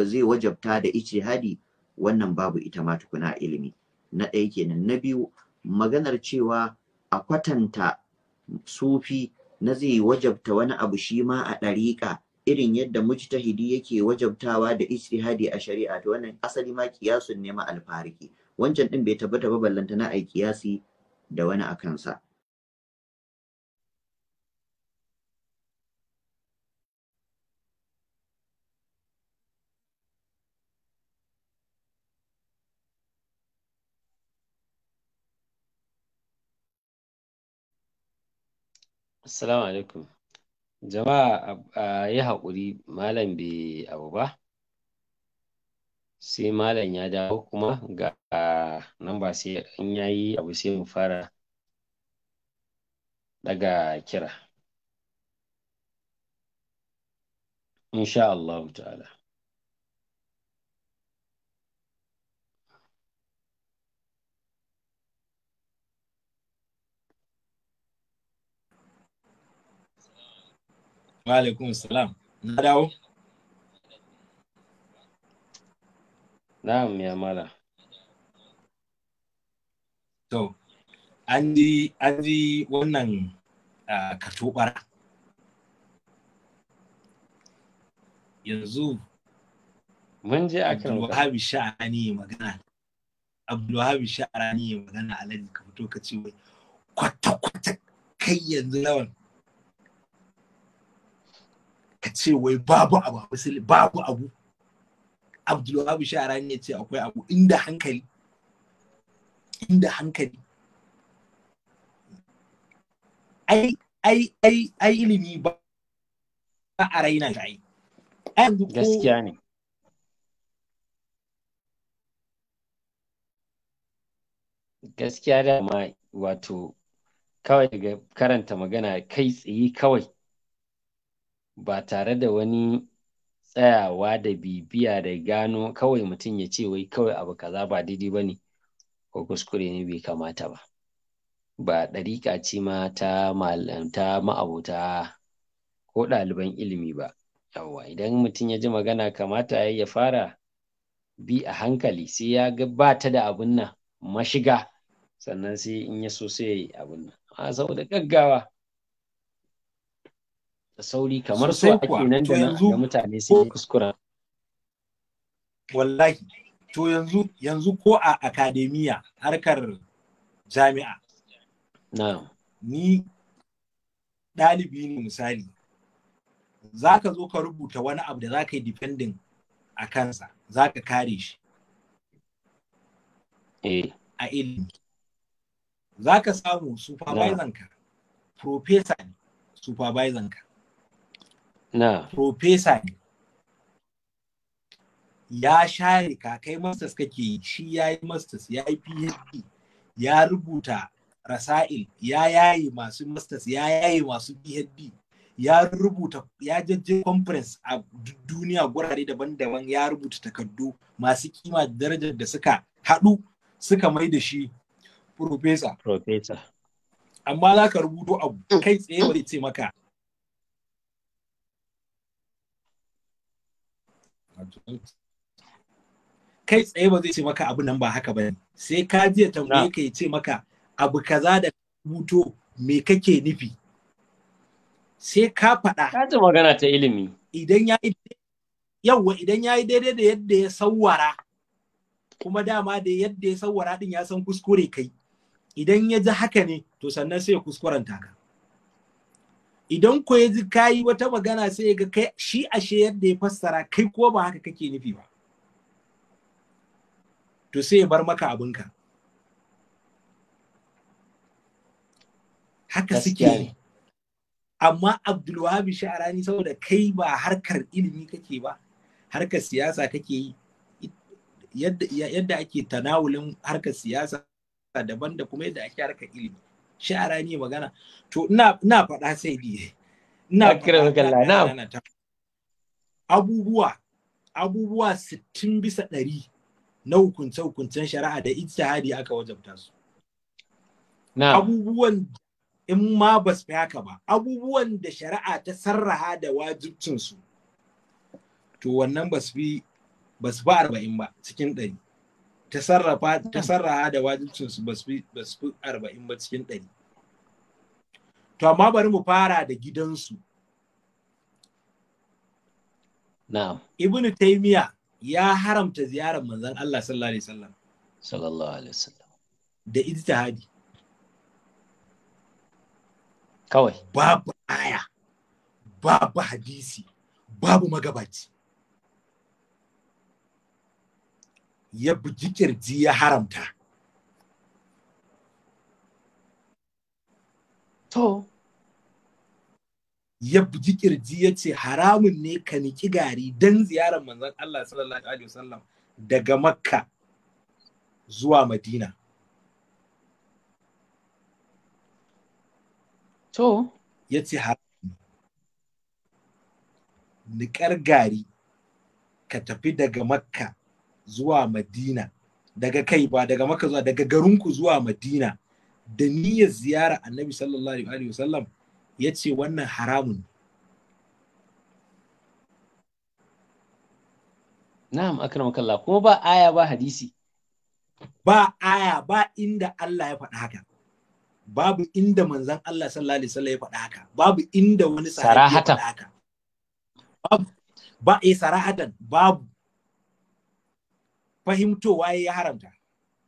zai wajabta da ijtihadi wannan babu ita ma tukuna ilimi na ɗaya kenan na biyu maganar cewa a kwatanta sufi na zai wajabta wani abu shi ma a ɗariƙa irin yadda mujtahidi yake wajabtawa da ijtihadi a shari'a to wannan asali ma kiyasun ne ma alfariki wancan ɗin bai tabbata ba ballantana ai kiyasi da wani a kansa. Assalamu alaikum. Jama'a a yi haƙuri malam bai abu ba, sai malam ya dawo kuma ga nan ba sai in yi abu sai mu fara daga kira. Insha allahu ta'ala. Wa salam. Na dawo? Na'am ya mala. To, an ji wannan katobara. Yanzu Mun je a kan Abdulwahabi sha'ani magana. Abdulwahabi sha'ani magana alaji ka fito ka ce wai kwata-kwata kai yanzu lawan kace wai babu abu misali babu abu abdullahi sharani ya ce akwai abu inda hankali inda hankali ai ai ai ai ilimi ba a raina ta ai gaskiya ne gaskiya da ma wato kawai daga karanta magana kai tsaye kawai ba tare da wani tsayawa da bibiya da gano kawai mutum ya ce wai kawai abu kaza ba daidai ba ne ko kuskure ne bai kamata ba ba ɗariƙa ce ma ta ma'abota ko ɗaliban ilimi ba yawwa idan mutum ya ji magana kamata ya fara bi a hankali sai ya ga ba ta da abun nan mashiga sannan sai in ya so sai ya yi abun nan a saboda gaggawa da sauri kamar su ake nan da nan ga mutane su yi kuskura. Wallahi, to yanzu yanzu ko a akademiya harkar jami'a. Ni ɗalibi ne misali, za ka zo ka rubuta wani abu da za ka yi depending a kansa, za ka kare shi. Eh. A ilimi. Za ka samu supervisor ka, professor ne, supervisor ka. na profesa ya share kakai masters kake shi ya yi masters ya yi phd ya rubuta rasa'il ya yayi masu masters ya yayi masu phd ya rubuta ya jajje conference a duniya gurare daban-daban ya rubuta takardu masu kima da darajar da suka haɗu suka mai da shi professor Amma za ka rubuto abu kai tsaye ba bai ce maka kai tsaye ba zai ce maka abu nan ba haka ba sai ka je tambaye ka ya ce maka abu kaza da hutu me kake nufi sai ka faɗa ka ji magana ta ilimi idan ya yi idan ya daidai da yadda ya sawwara kuma dama da yadda ya sawwara din ya san kuskure kai idan ya ji haka ne to sannan sai ya kuskuranta ka idan ko ya ji kayi wata magana sai ya ga kai shi ashe yadda ya fassara kai ko ba haka kake nufi ba to sai ya bar maka abinka haka suke amma abdulwahabi sha'arani saboda kai ba harkar ilimi kake ba harkar siyasa kake yi yadda ake tanawulin harkar siyasa daban da kuma yadda ake harkar ilimi shara ne magana to ina ina faɗa sai bi ina faɗa abubuwa abubuwa 60 bisa ɗari na hukunce hukuncen shari'a da ijtihadi aka wajabta su abubuwan in ma ba su haka ba abubuwan da shari'a ta sarraha da wajibcinsu to wannan ba su fi arba'in ba cikin ɗari ta sarrafa ta hmm. sarrafa da wajibcin su ba su fi arba'in ba cikin ɗari to amma bari mu fara da gidansu na'am ibnu taymiya ya haramta ziyarar manzan Allah sallallahu alaihi wasallam sallallahu alaihi wasallam da ijtihadi kawai babu aya babu hadisi babu magabaci ya bugi kirji ya haramta to ya bugi kirji ya ce haramun ne ka niki gari don ziyarar manzon Allah sallallahu alaihi wasallam daga makka zuwa madina to ya ce haramun nikar gari ka tafi daga makka zuwa madina daga kai ba daga maka zuwa daga garinku zuwa madina da niyyar ziyara annabi sallallahu alaihi wasallam ya ce wannan haramun Na'am akramakallah kuma ba aya ba hadisi ba aya ba inda Allah ya faɗa haka babu inda manzan Allah sallallahu alaihi wasallam ya faɗa haka babu inda wani sahabi ya faɗa haka babu ba eh, sarahatan babu fahimtowa ya haramta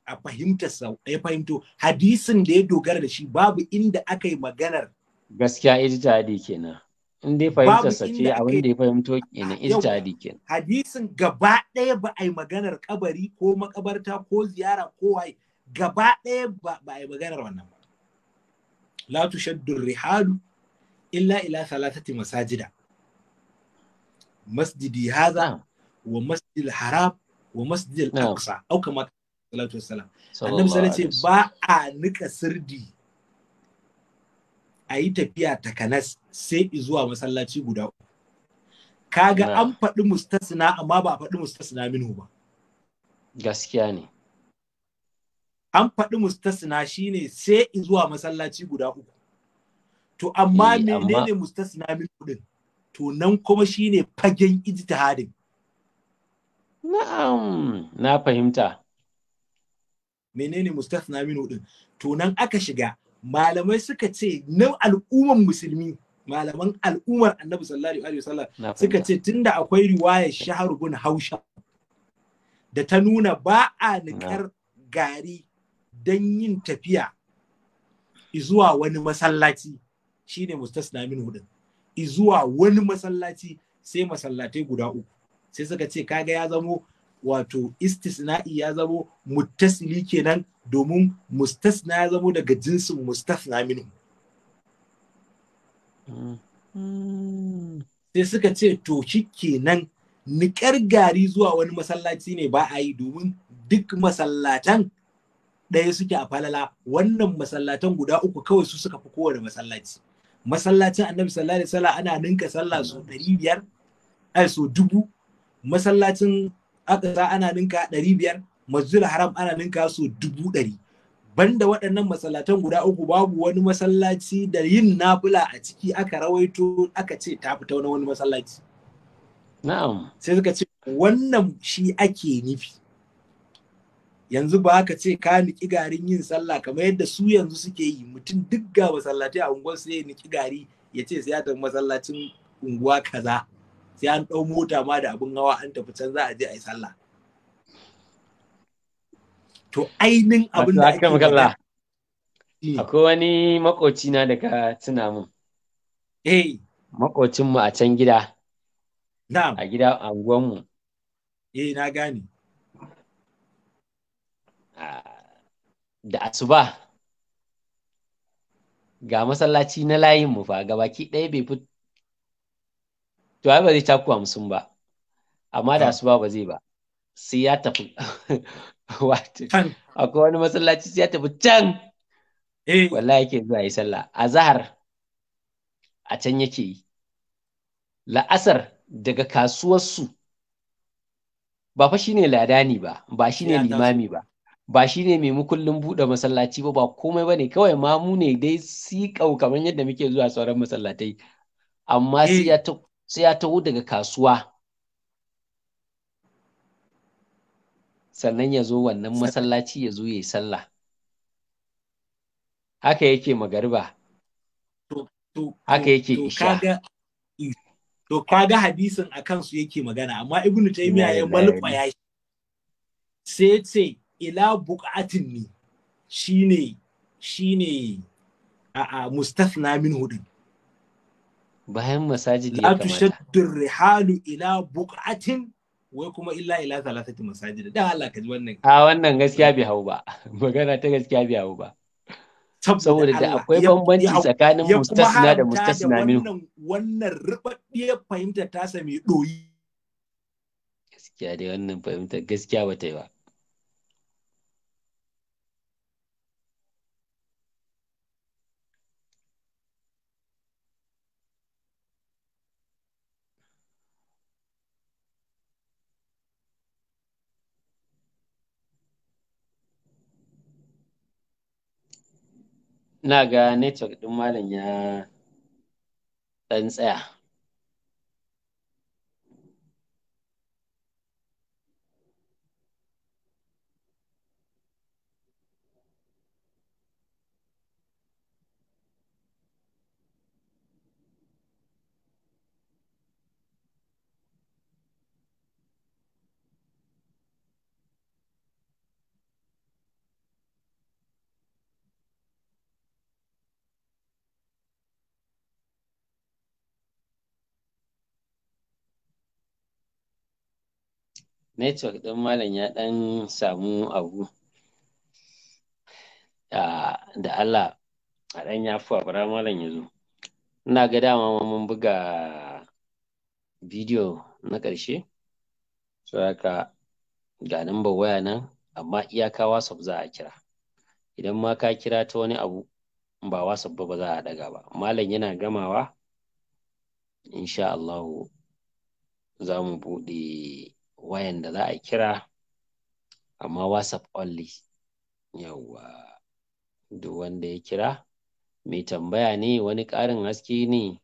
a fahimtarsa ya fahimto hadisin da ya dogara da shi babu inda aka yi maganar gaskiya ijtihadi kenan in dai fahimtarsa ce abin da ya fahimto kenan ijtihadi kenan hadisin gaba ɗaya ba a yi maganar kabari ko makabarta ko ziyara ko waye gaba ɗaya ba a yi maganar wannan ba la tushaddu rihalu illa ila salatati masajida masjidi hadha wa masjidil haram wa masjidil aqsa au kama salatu wassalam annabi sallallahu ce ba a nika sirdi a yi tafiya takanas sai zuwa masallaci guda uku kaga an faɗi mustasna amma ba a faɗi mustasna minhu ba gaskiya ne an faɗi mustasna shine sai zuwa masallaci guda uku to eh, amma menene mustasna minhu din to nan kuma shine fagen ijtihadin Na'am, na fahimta. Menene mustathna minhu din? To nan aka shiga malamai suka ce na al'umman musulmi malaman al'ummar annabi sallallahu alaihi wasallam suka ce tunda akwai riwaya shahar hausha da ta nuna ba a nikar gari don yin tafiya izuwa wani masallaci shine mustasna min hudun izuwa wani masallaci sai masallatai guda uku sai suka ce kaga ya zamo wato istisna'i ya zamo muttasili kenan domin mustasna ya zamo daga jinsin mustasna minu. sai suka ce to shi kenan niƙar gari zuwa wani masallaci ne ba a yi domin duk masallatan ɗaya suke a falala wannan masallatan guda uku kawai su suka fi kowane masallaci masallacin annabi sallallahu alaihi wasallam ana ninka sallah su ɗari biyar ai so dubu masallacin aƙasa ana ninka ɗari biyar masjidul haram ana ninka su dubu ɗari banda waɗannan masallatan guda uku babu wani masallaci da yin nafila a ciki aka rawaito aka ce ta fita na wani masallaci na'am sai suka ce wannan shi ake nufi yanzu ba ka ce ka niki garin yin sallah kamar yadda su yanzu suke yi mutum duk ga masallaci a unguwar sai ya niki gari ya ce sai ya tafi masallacin unguwa kaza sai an ɗau mota ma da abin hawa an tafi can za a je a yi sallah to ainin abin da ake magana akwai wani makoci na daga tuna mun eh makocin mu a can gida na'am a gida anguwan mu eh na gane da asuba ga masallaci na layin mu fa baki ɗaya bai fi to ai ba zai taku hamsin ba amma da ah. asuba ba zai ba sai ya tafi wato akwai wani masallaci sai ya tafi can eh. wallahi yake zuwa yi sallah a zahar a can yake yi la'asar daga kasuwarsu ba fa shine ladani ba ba shine limami ba ba shine mai mukullin buɗe masallaci ba ba komai ne kawai mamu ne dai si kamar yadda muke zuwa sauran masallatai amma sai eh. ya ta sai ya taho daga kasuwa sannan ya zo wannan masallaci ya zo ya yi sallah haka yake magariba haka yake isha to kaga hadisin a kansu yake magana amma ibnu taymiya ya malfa ya shi sai ce ila buƙatin ni shine shine a a mustafna min hudin bayan masajidi ya kamata la tushaddu rihalu ila buqatin wai kuma illa ila thalathati masajid dan Allah ka ji wannan a wannan gaskiya bai hau ba magana ta gaskiya bai hau ba saboda da akwai bambanci tsakanin mustasna da mustasna min wannan rubaddiyar fahimta ta same doyi gaskiya dai wannan fahimta gaskiya ba ta yi ba na ga network ɗin malam ya ɗan tsaya. network ɗin malam ya ɗan samu abu da Allah a ɗan ya fi abura malam ya zo ina ga dama mun buga bidiyo na ƙarshe so haka ga lambar waya nan amma iyaka wasaf za a kira idan ma ka kira ta wani abu ba wasaf ba ba za a ɗaga ba malam yana gamawa insha Allah za mu buɗe wayan da za a kira amma whatsapp only yawwa duk wanda ya kira mai tambaya ne wani ƙarin haske ne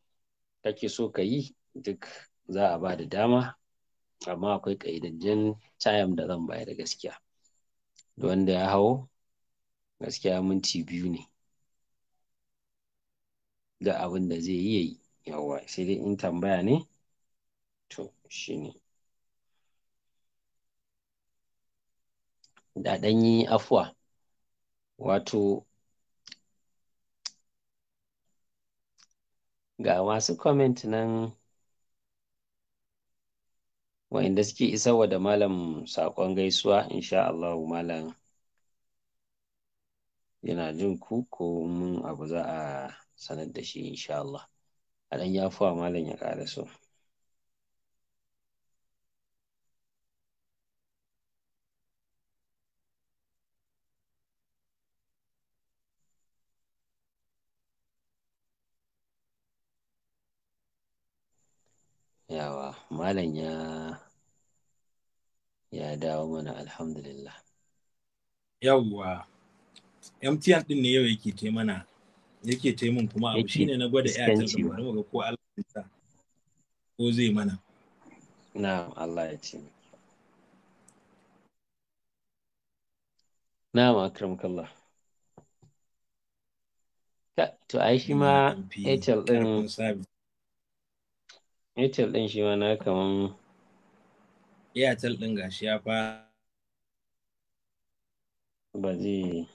kake so ka yi duk za a ba da dama amma akwai ƙaidajjen tayam da zan bayar gaskiya duk wanda ya hau gaskiya minti biyu ne da abin da zai yi yayi yawa sai dai in tambaya ne to shi ne. da ɗan afuwa wato ga masu comment nan wa'inda suke isa wa da malam saƙon gaisuwa insha Allahu malam yana jin ku ko mun abu za a sanar da shi insha Allah a ɗan afuwa malam ya ƙara so malam ya ya dawo mana alhamdulillah yawwa mtn din ne yau yake te mana yake te min kuma abu shine na gwada ya ta bari mu ga ko Allah ya sa ko zai mana na'am Allah ya ci na'am akramakallah to ai shi ma HL din Airtel ɗin shi ma na kaman. Airtel ɗin gashi ya fa. Ba zai.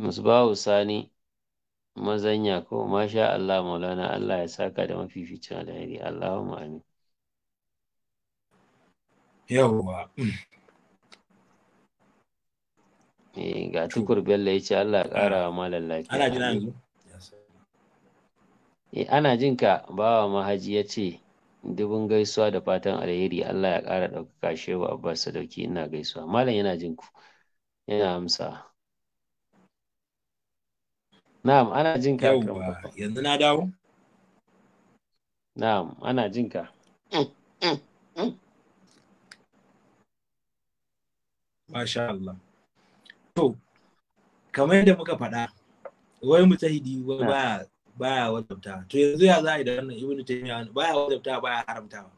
Musbahu Sani mazanya ko masha Allah Maulana Allah ya saka da mafificin alheri Allahumma amin. Yawwa. Eh, ga tukur bello ya ce Allah ƙara wa malam lafiya ana jin eh, ana jin ka bawa mahaji ya ce dubun gaisuwa da fatan alheri Allah ya ƙara ɗaukaka shehu Abbas Sadauki ina gaisuwa malam yana jin ku yana amsa na'am ana jin ka yanzu na dawo na'am ana jin ka Masha Allah. to kamar yadda muka faɗa wai mutahidi ba baya wajabta to yanzu ya za a yi da wannan ibnu taymiya ya wajabta baya haramtawa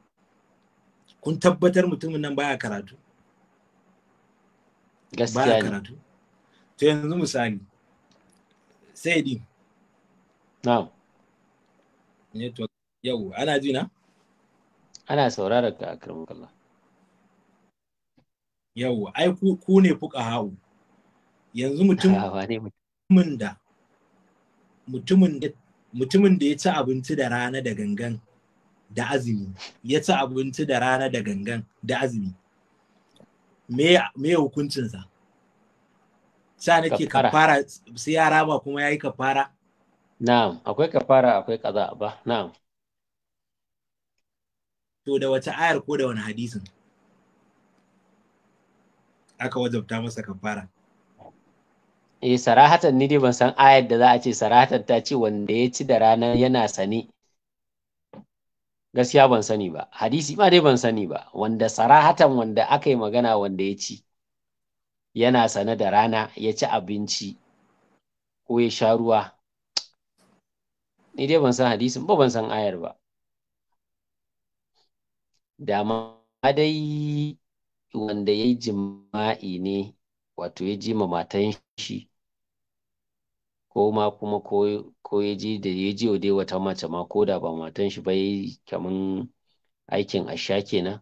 kun tabbatar mutumin nan ba ya karatu gaskiya ya karatu to yanzu misali sai din na'am ne to yau ana ji na ana sauraron ka akramukallah yau ai ku ne fuka ha'u yanzu mutumin da mutumin da mutumin da ya ci abinci da rana da gangan da azumi ya ci abinci da rana da gangan da azumi me hukuncinsa sa nake kafara sai ya raba kuma ya yi kafara na'am akwai kafara akwai kaza ba na'am to da wata ayar ko da wani hadisin aka wajabta masa kafara eh sarahatan ni dai ban san ayar da za a ce sarahatan ta ce wanda ya ci da rana yana sani. gaskiya ban sani ba hadisi ma dai ban sani ba wanda sarahatan wanda aka yi magana wanda ya ci yana sane da rana ya ci abinci ko ya sha ruwa ni dai ban san hadisin ba ban san ayar ba dama dai wanda ya yi jima'i ne wato ya je ma matan shi ko ma kuma ko ya ji da ya ji dai wata mace ma ko da ba matan shi ba ya yi aikin asha kenan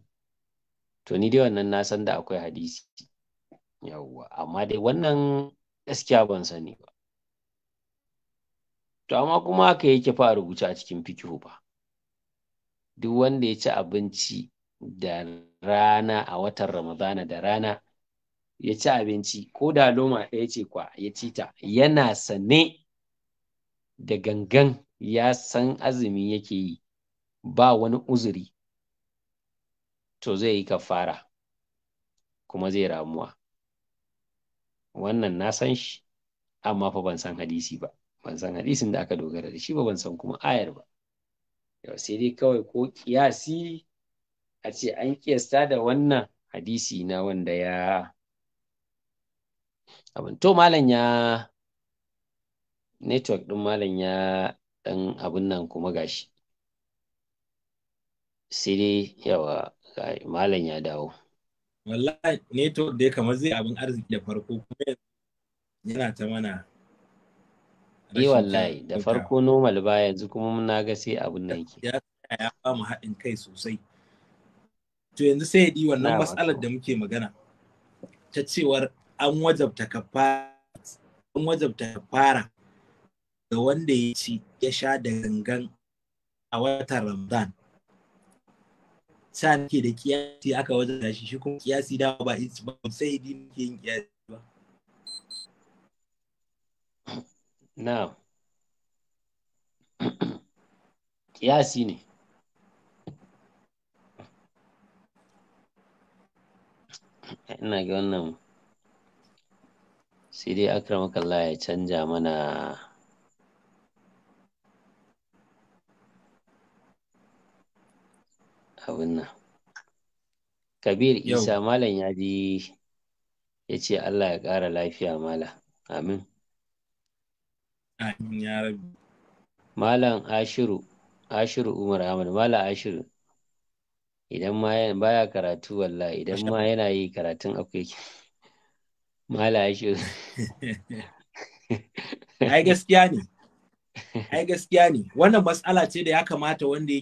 to ni dai wannan na san da akwai hadisi yawwa amma dai wannan gaskiya ban sani ba to amma kuma haka yake fa rubuce a cikin fikihu ba duk wanda ya ci abinci da rana a watan ramadana da rana ya ci abinci ko da loma ɗaya ce kwa ya ci ta yana sane da gangan ya san azumi yake yi ba wani uzuri to zai yi kafara kuma zai ramuwa wannan na san shi amma fa ban san hadisi ba ban san hadisin da aka dogara da shi ba ban san kuma ayar ba yau sai dai kawai ko kiyasi a ce an kiyasta da wannan hadisi na wanda ya abin to malam ya network ɗin malam ya ɗan abin nan kuma gashi sai dai yawa malam ya dawo wallahi network dai kamar zai abin arziki da farko kuma yana ta mana Eh wallahi da farko normal ba yanzu kuma mun ga sai abin nan yake ya ba mu haɗin kai sosai to yanzu sai ya ɗi wannan matsalar da muke magana ta cewar an wajabta kafara an wajabta kafara ga wanda ya ci ya sha da gangan a watan Ramadan sa ke da kiyasi aka wajabta shi shi kuma kiyasi da ba ba sai din ke yin kiyasi ba Na. kiyasi ne ina ga wannan sai dai Allah ya canja mana abin nan kabir isa malam ya ji ya ce allah ya ƙara lafiya malam amin amin ya rabi malam ashiru ashiru umar ahmad malam ashiru idan ma baya karatu wallahi idan ma yana yi karatun akwai mala ya shiru ai gaskiya ne ai gaskiya ne wannan matsala ce da ya kamata wanda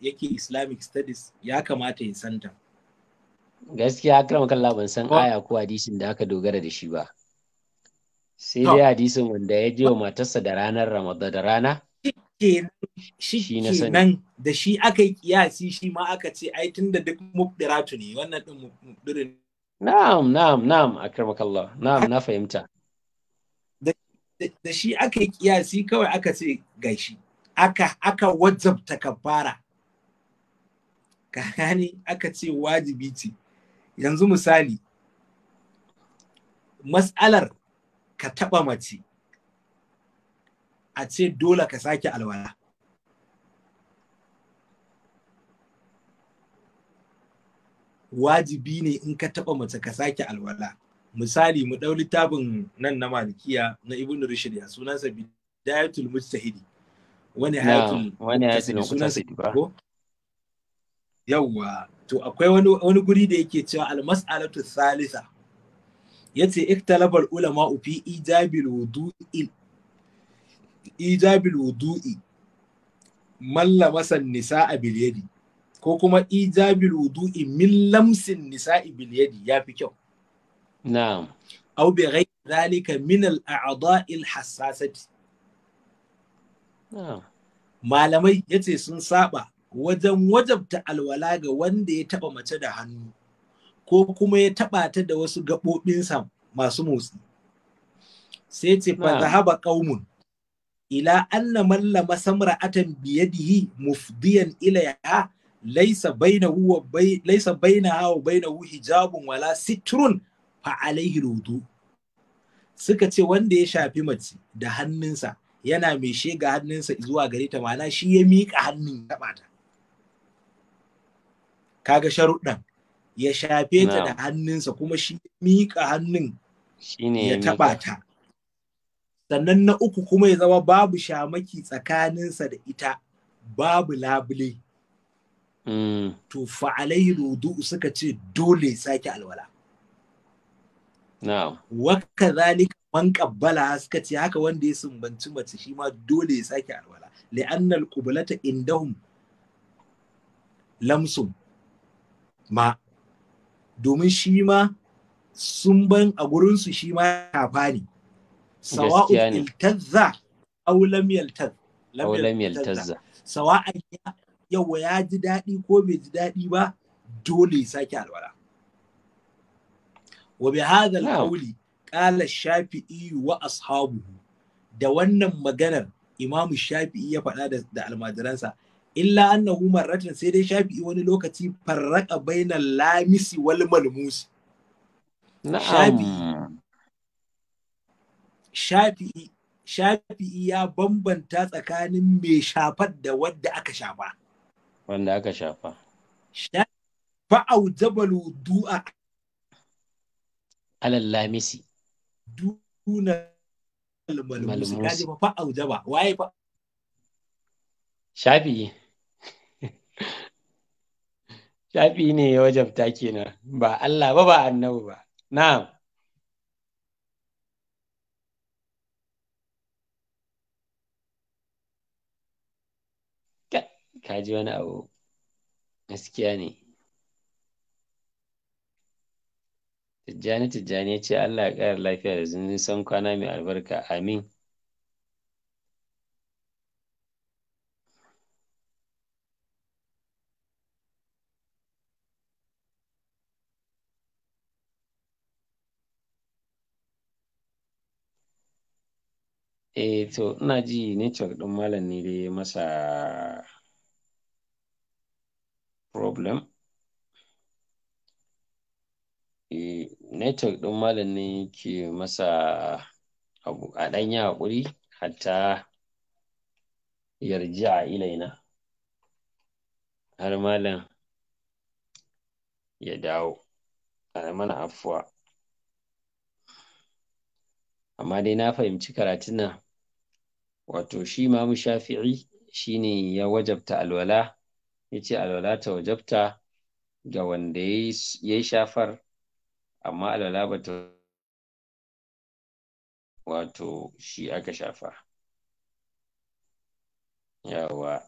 yake islamic studies ya kamata ya santa gaskiya akram kallah ban san aya ko hadisin da aka dogara da shi ba sai dai hadisin wanda ya je wa matarsa da ranar ramadan da rana shi kenan da shi aka yi kiyasi shi ma aka ce ai tun da duk mubdiratu ne wannan din mubdirin Na'am, na'am, na'am, akramakallah. Na'am, na fahimta. Da shi aka yi kiyasi kawai aka ce gashi. Aka aka wajabta kafara. Ka gani aka ce wajibi ce. Yanzu misali, matsalar ka taɓa mace a ce dole ka sake alwala. wajibi ne in ka taɓa mace ka sake alwala misali mu ɗau littafin nan na malikiya na ibn rushd ya sunansa bidayatul mujtahidi wani hayatul wani hayatul sunansa ko yawwa to akwai wani wani guri da yake cewa al mas'alatu thalitha yace iktalabal ulama fi ijabil wudu'i ijabil wudu'i mallama san nisa'a bil yadi ko kuma ijabil wudu'i min lamsin nisa'i bil yadi ya fi kyau na'am aw bi ghairi zalika min al al hassasati na'am malamai yace sun saba wajen wajabta alwala ga wanda ya taba mace da hannu ko kuma ya taba ta da wasu gaɓoɓinsa masu motsi sai ce fa zahaba qaumun ila anna man lamasa mar'atan yadihi mufdiyan ilayha laisa baina hawa baina hu hijabun wala sitrun fa alaihi rudu suka ce wanda ya shafi mace da hannunsa yana mai shega hannunsa zuwa gare ta mana shi ya miƙa hannun taɓa ta kaga sharuɗan ya shafe ta da hannunsa kuma shi ya miƙa hannun ya taɓa ta sannan na uku kuma ya zama babu shamaki tsakaninsa da ita babu labule to fa alaihi wudu suka ce dole sake alwala na'am wa kadhalika man qabbala suka ce haka wanda ya sumbanci mace shi ma dole ya sake alwala li'anna al-qiblata indahum lamsum ma domin shi ma sumban a gurinsu shi ma kafa ne sawa'u iltazza aw lam yaltaz lam yaltazza sawa'an yawa ya ji daɗi ko bai ji daɗi ba dole ya sake alwala wa bi hadha al-qawli qala shafi'i wa ashabuhu da wannan maganar imamu shafi'i ya faɗa da almajiransa illa annahu marratan sai dai shafi'i wani lokaci farraka bainal lamisi wal malmusi shafi'i shafi'i ya bambanta tsakanin mai shafar da wadda aka shafa wanda aka shafa fa'au jabalu du'a alal lamisi duna malmusi fa fa'au jaba waye fa shafi shafi ne ya wajabta kenan ba Allah ba ba annabu ba na'am ka ji wani abu gaskiya ne tijjani tijjani ya ce allah ya ƙara lafiya da zunzun kwana mai albarka amin eh to ina ji network ɗin malam ne dai masa problem e network ɗin malam ne ke masa abu a danya hakuri hatta yarji a ilaina har malam ya dawo a mana afuwa amma dai na fahimci karatun nan wato shi mamu shafi'i shine ya wajabta alwala ya ce alwala ta wajabta ga wanda ya yi shafar amma alwala ba ta wato shi aka shafa yawa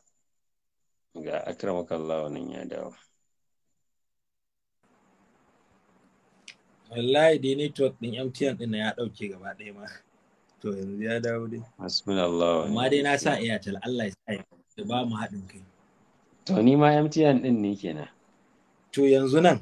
ga akramakallah wannan ya dawo wallahi dai network din MTN din ya dauke gaba ɗaya ma to yanzu ya dawo dai hasbunallahu amma dai na sa iyatal Allah ya sa ya ba mu haɗin kai to ni ma mtn din ne kenan to yanzu nan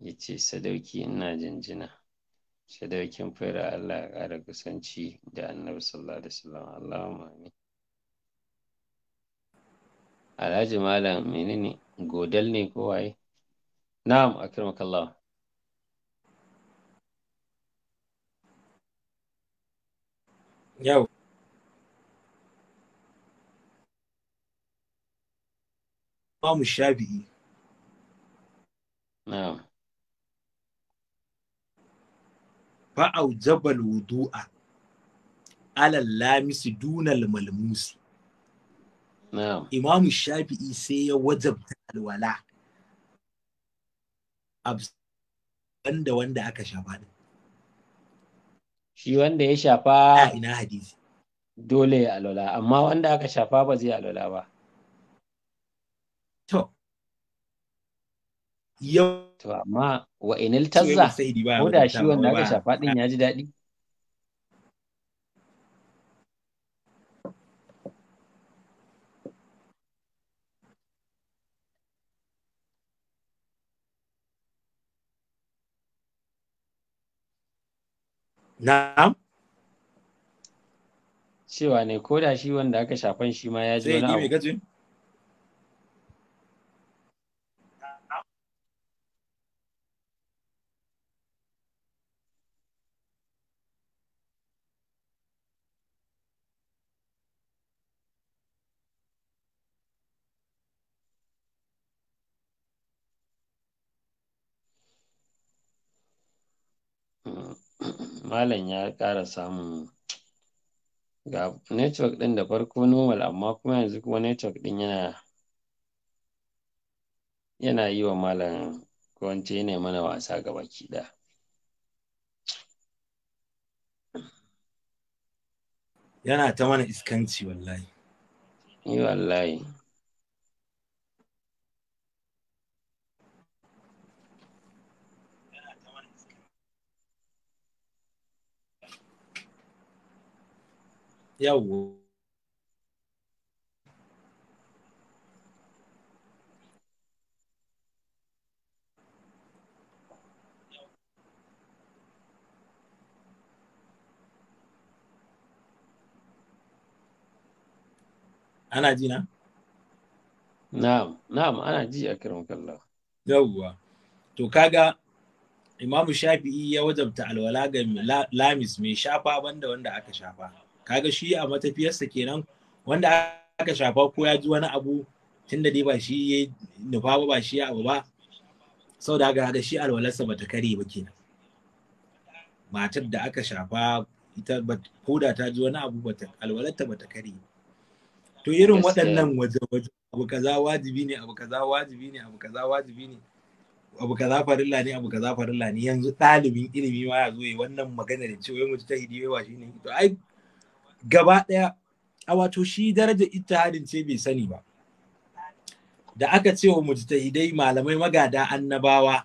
ya ce sadauki ina jinjina sadaukin fara Allah ya ƙara kusanci da annabi sallallahu alaihi wasallam Allahumma amin Alhaji Malam menene godal ne ko waye Na'am Allah Yau ba mu shabi Na'am fa'au jabal wudu'a alal lamisi dunal malmusi imamu shafi'i sai ya wajabta alwala banda wanda aka shafa din shi wanda ya shafa ina hadisi dole ya alwala amma wanda aka shafa ba zai alwala ba yau to amma wa inil tazza ko da shi wanda aka shafa din ya ji daɗi Na'am. Cewa ne ko da shi wanda aka shafan shi ma ya ji wani abu. malam ya ƙara samun ga network ɗin da farko normal amma kuma yanzu kuma network ɗin yana yana yi wa malam ko yana yana mana wasa gabaki ɗaya yana ta mana iskanci wallahi Yi wallahi yawo ana ji na? Na'am, na'am ana ji a kiran kalla. Yawwa. To kaga Imamu Shafi'i ya wajabta alwala ga lamis mai shafa banda wanda aka shafa. kaga shi a matafiyarsa kenan wanda aka shafa ko ya ji wani abu da dai ba shi ya nufa ba ba shi ya abu ba sau da ga shi alwalarsa ba ta kare ba kenan matar da aka shafa ita ko da ta ji wani abu alwalarta ba ta kare to irin waɗannan waje waje abu kaza wajibi ne abu kaza wajibi ne abu kaza wajibi ne abu kaza farilla ne abu kaza farilla ne yanzu ɗalibin ilimi ma ya zo yi wannan maganar da yi mutu ta hidiyewa shi ne to ai gaba ɗaya a wato shi daraja ittihadin ce bai sani ba da aka ce wa mujtahidai malamai magada annabawa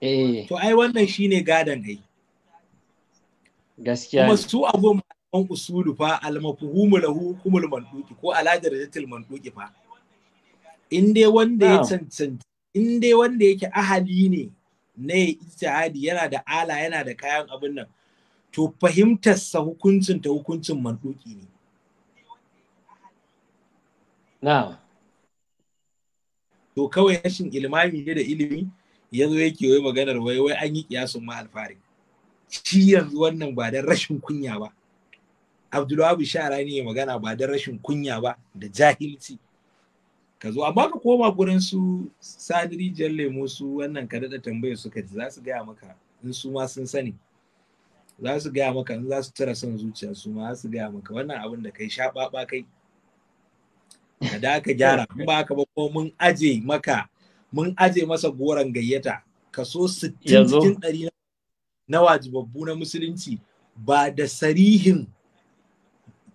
eh to ai wannan shine gadan ai gaskiya kuma su abun an usulu fa almafhumu lahu hukumul manduki ko ala darajatil manduki fa in dai wanda ya cancanci in dai wanda yake ahali ne na ittihadi yana da ala yana da kayan abin nan to fahimtarsa hukuncin ta hukuncin manduki ne na'am to kawai rashin ilmami ne da ilimi ya zo yake wai maganar wai wai an yi kiyasun ma alfari shi yanzu wannan ba don rashin kunya ba abdulwabu shara ne magana ba don rashin kunya ba da jahilci ka zo amma ka koma gurin su sadiri Jalle lemo wannan ka daɗa su suka ji za su gaya maka in su ma sun sani za su gaya maka in za su cire son zuciya su ma su gaya maka wannan abin da kai shaɓaɓa kai ka da ka gyara in ba ka ba ko mun aje maka mun aje masa goron gayyata Ka so 60 cikin ɗari na wajibabbu na musulunci ba da sarihin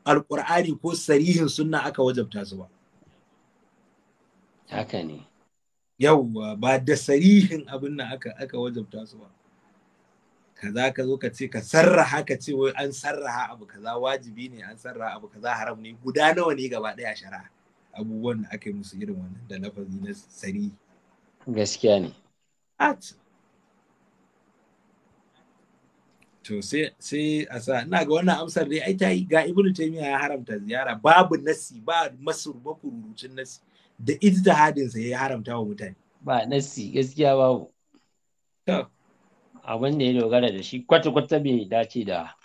alƙur'ani ko sarihin sunna aka wajabta su ba haka ne yau ba da sarihin abin nan aka wajabta su ba kaza ka zo ka ce ka sarraha ka ce wai an sarraha abu kaza wajibi ne an sarraha abu kaza haram ne guda nawa ne gaba daya shari'a abubuwan da aka yi musu irin wannan da lafazi na sari gaskiya ne at to sai sai a sa ina ga wannan amsar dai ai ta yi ga ibnu taymiya ya haramta ziyara babu nasi ba masur makururucin nasi da ijtihadin sa ya haramta wa mutane ba nasi gaskiya babu to abin da ya dogara da shi kwata-kwata bai dace da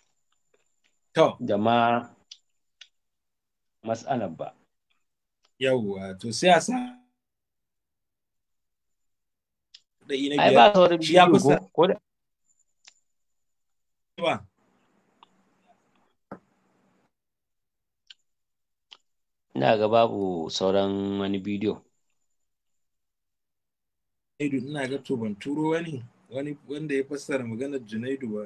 da ma matsalar ba yawwa to sai a sa da ina ai ba sauran bidiyo ko da ba ina ga babu sauran wani bidiyo ina ga to ban turo wani wani wanda ya fassara maganar junaidu ba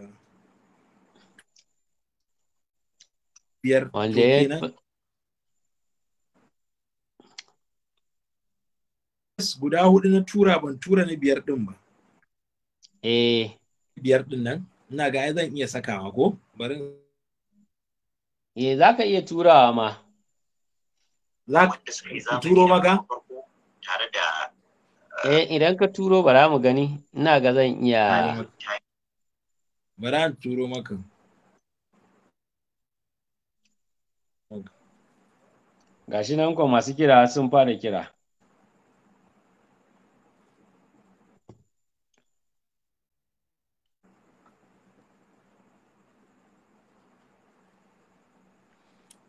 biyar wanda ya guda hudu na tura ban tura na biyar din ba eh biyar din nan ina ga zan iya sakawa ko bari eh za ka iya turawa ma za ka turo maka tare da Eh idan ka turo bara mu gani ina ga zan iya bara turo maka gashi nan kuma masu kira sun fara kira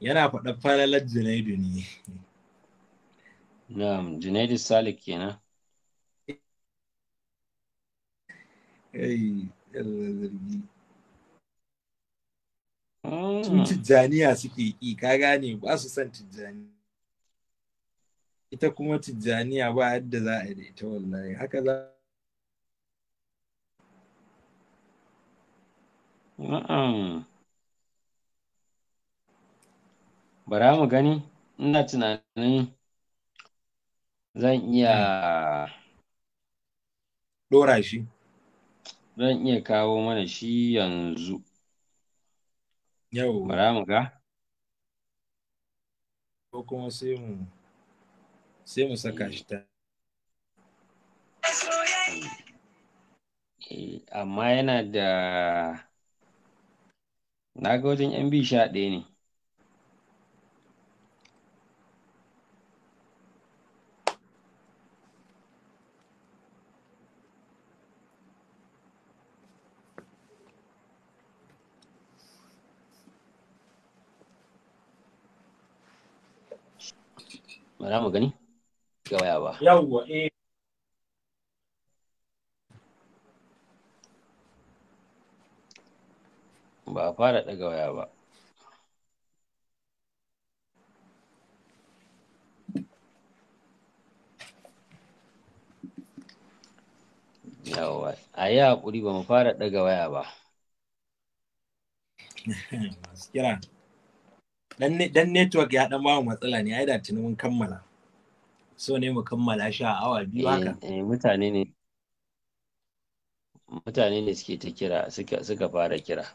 yana faɗa falalar junaidu ne na'am junaidu salik kenan eh Allah zargi ah. su tijjaniya suke ƙi ka gane ba su son tijjani ita kuma tijjaniya ba yadda za a da ita wallahi haka za bara mu gani ina tunanin zan iya ɗora shi zan iya kawo mana shi yanzu yau bara mu ga ko kuma sai mu sai mu saka shi ta eh, amma yana da na ga wajen yan bi sha ɗaya ne bara mu gani ga waya ba yawwa eh ba a fara daga waya ba yawwa a yi haƙuri ba mu fara daga waya ba kira dan network ya dan bamu matsala ne ai da tuni mun kammala so ne mu kammala sha awa biyu haka eh, eh mutane ne mutane ne suke ta kira suka suka fara kira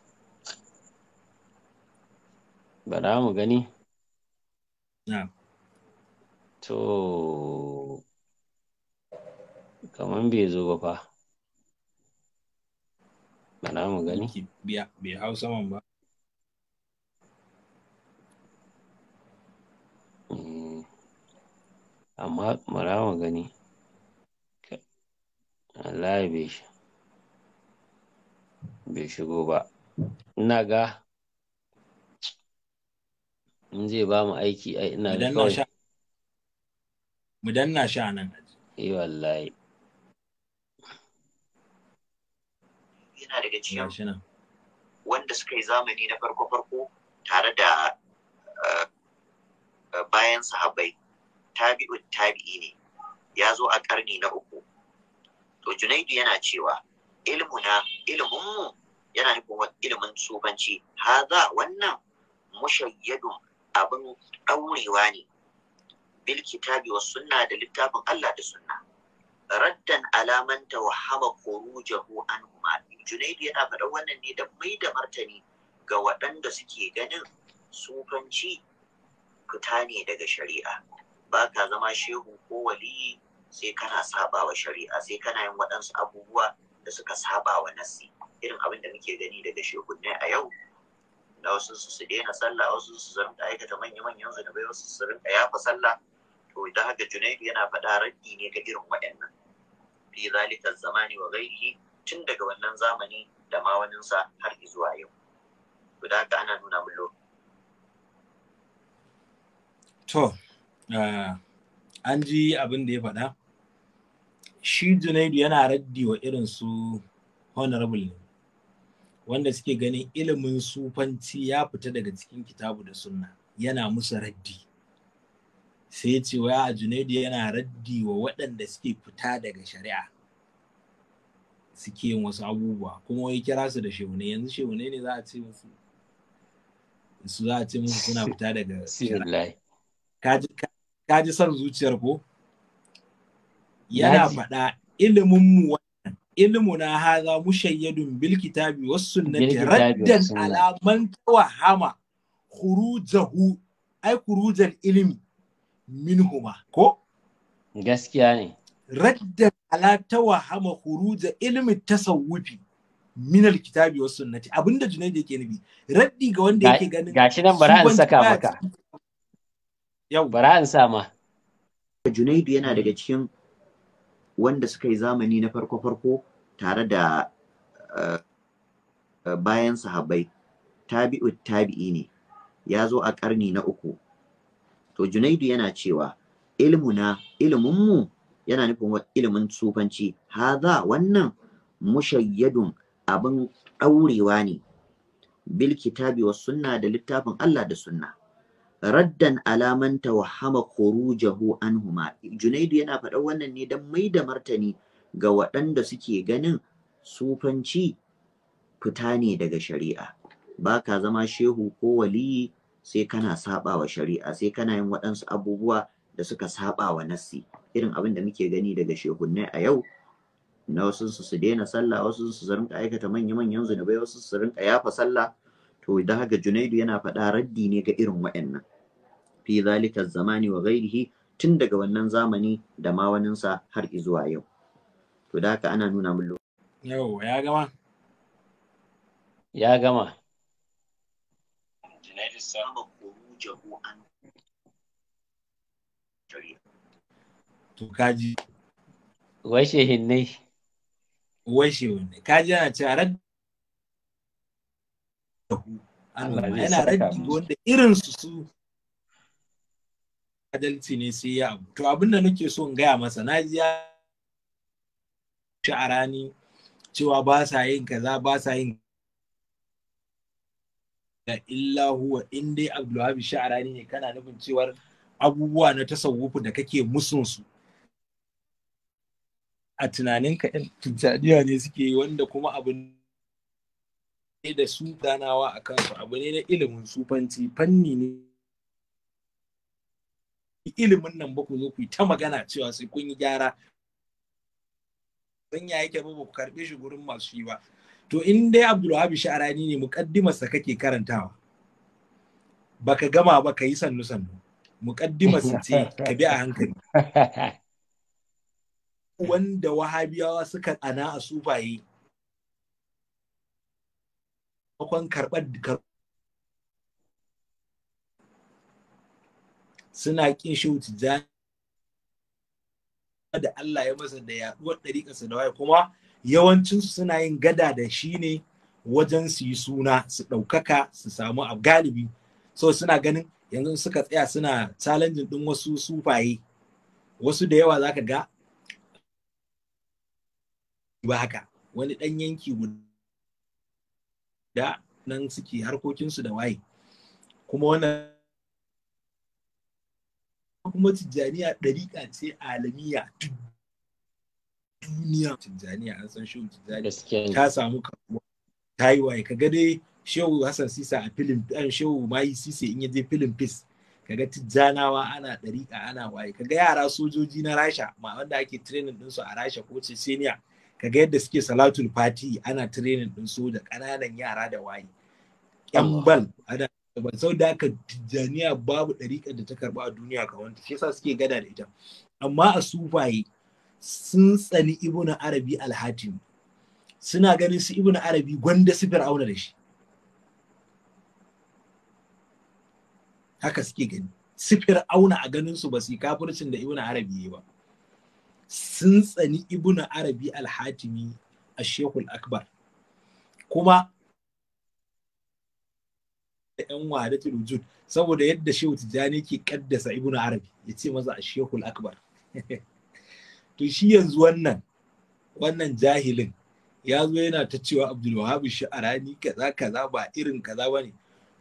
bara mu gani na to kaman bai zo ba fa Bana mu gani bai hausa man ba amma mara mu gani wallahi bai bai shigo ba ina ga in zai ba mu aiki ai ina ga kawai mu danna sha nan eh wallahi yana daga cikin wanda suka yi zamani na farko-farko tare da eh, eh, bayan sahabai tabi'un tabi'i ne ya zo a karni na uku to junaidu yana cewa ilmuna ilmunmu yana nufin ilimin tsufanci haza wannan mushayyadun abin ɗaurewa ne bil kitabi wa sunna da littafin Allah da sunna raddan alaman tawahama khurujahu anhuma junaidu yana faɗa wannan ne da mai da martani ga waɗanda suke ganin tsufanci fita ne daga shari'a ba ka zama shehu ko waliyi sai kana saba wa shari'a sai kana yin waɗansu abubuwa da suka saba wa nasi irin abin da muke gani daga shehunai a yau da wasu su su daina sallah wasu su rinka aikata manya-manyan zunubai wasu su rinka yafa sallah to da haka junaidu yana faɗa raddi ne ga irin waɗannan fi zalika zamani wa ghairihi tun daga wannan zamani da ma waninsa har zuwa yau to da haka ana nuna mun to Ah, an ji abin da ya faɗa shi junaidu yana raddi wa irin su honorable wanda suke ganin ilimin sufanci ya fita daga cikin kitabu da sunna yana musu raddi sai ce wa a junaidu yana raddi wa waɗanda suke fita daga shari'a suke yin wasu abubuwa kuma wai kira su da shehune yanzu shehune ne za a ce musu su za a ce musu suna fita daga shari'a ka ka ji son zuciyar ko yana faɗa ilimin mu wannan ilimu na haza mushayyadun bil kitabi was sunnati raddan ala man tawahama khurujahu ai khurujal ilmi minhuma ko gaskiya ne raddan ala hama khuruja ilmi tasawufi minal kitabi was sunnati abinda Junaid yake nubi raddi ga wanda yake ganin gashi nan bara an saka maka yau bara an Junaidu yana daga cikin wanda suka yi zamani na farko-farko tare da eh, eh, bayan sahabbai tabi'u tabi'i ne ya zo a ƙarni na uku to junaidu yana cewa ilmuna ilminmu yana nufin ilimin tsufanci haza wannan mushayyadun abin ɗaurewa ne bil kitabi wa sunna da littafin Allah da sunna raddan alaman tawahama khurujahu anhuma junaidu yana faɗa wannan ne don mai da martani ga waɗanda suke ganin sufanci fita ne daga shari'a ba ka zama shehu ko waliyi sai kana saba wa shari'a sai kana yin waɗansu abubuwa da suka saba wa nassi irin abin da muke gani daga ne a yau na wasu su daina sallah wasu su rinka aikata manya-manyan zunubai wasu su rinka yafa sallah to da haka junaidu yana faɗa raddi ne ga irin wa'annan fi zalika zamani wa ghairihi tun daga wannan zamani da ma sa har zuwa yau to da haka ana nuna mun yau ya gama ya gama junaidu saba kurujahu an to kaji wai ne wai ne kaji ana cewa raddi ku yana raddi wanda irin su su adalci ne sai ya abu to abin da nake so in gaya masa na ji ya cewa ba sa yin kaza ba sa yin ga illa huwa in dai Abdulwahab sha'arani ne kana nufin cewar abubuwa na tasawufu da kake musun su a tunaninka 'yan tijjaniya ne suke yi wanda kuma abin ne da su ganawa a kansu abu ne na ilimin sufanci fanni ne ilimin nan ba ku zo ku ta magana cewa sai kun yi gyara zan ya yake ba ku karɓe shi gurin masu yi ba to in dai abdulwahabi sha'arani ne mukaddimarsa kake karantawa baka gama ba ka yi sannu sannu mukaddimarsa ce ka bi a hankali wanda wahabiyawa suka tsana a sufaye sakamakon karɓar suna ƙin shehu tijjani da Allah ya masa da yaduwar ƙasa da waye kuma yawancinsu suna yin gada da shi ne wajen su yi suna su ɗaukaka su samu a galibi so suna ganin yanzu suka tsaya suna challenge ɗin wasu sufaye wasu da yawa za ka ga ba haka wani ɗan yanki guda da nan suke harkokinsu da waye kuma wannan kuma tijjaniya ɗariƙa ce alamiya duniya tijjaniya an san shi tijjaniya ta samu kawo ta yi waye kaga dai shehu hassan sisa a filin ɗan shehu mayi sise in yaje filin fis kaga tijjanawa ana ɗariƙa ana waye kaga yara sojoji na rasha ma wanda ake training ɗinsu a rasha ko senior kaga yadda suke salatul fati ana training din soja ƙananan yara da waye yan bal ana ban sau da aka tijjaniya babu dariƙar da ta karɓa a duniya ka wanda shi yasa suke gada da ita amma a sufaye sun tsani ibnu arabi alhatim suna ganin su ibnu arabi gwanda su fir'auna da shi haka suke gani su fir'auna a ganin su ba su kafircin da ibnu arabi yi ba sun tsani ibnu arabi alhatimi a shekul akbar kuma da yan wahadatul wujud saboda yadda shehu tijjani ke kaddasa ibnu arabi ya ce maza a shekul akbar to shi yanzu wannan wannan jahilin ya zo yana ta cewa abdul wahab sha'arani kaza kaza ba irin kaza ba ne.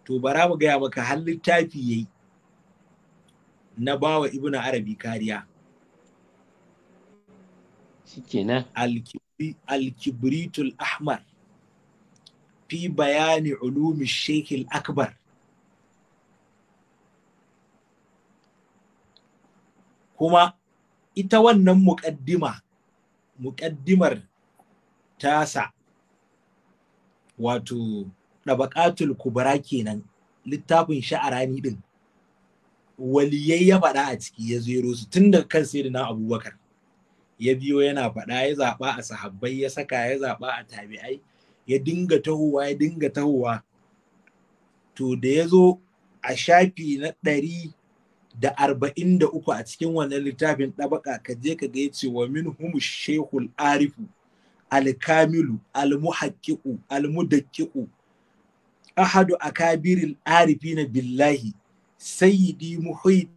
to bara mu gaya maka har littafi yayi na bawa ibnu arabi kariya shikenan al-kibritul ahmar fi bayani ulumi shekil akbar kuma ita wannan muƙaddima muƙaddimar tasa wato ɗabaƙatul kubra kenan littafin sha'arani ɗin waliyai ya faɗa a ciki ya zero su tun daga kan sai na abubakar ya biyo yana faɗa ya zaɓa a sahabbai ya saka ya zaɓa a tabi'ai ya dinga tahowa ya dinga tahowa to da ya zo a shafi na ɗari da arba'in da uku a cikin wannan littafin ɗabaka ka je ka ga ce wa min humu shehul arifu alkamilu almuhaqqiqu almudaqqiqu ahadu akabiril na billahi sayyidi muhyi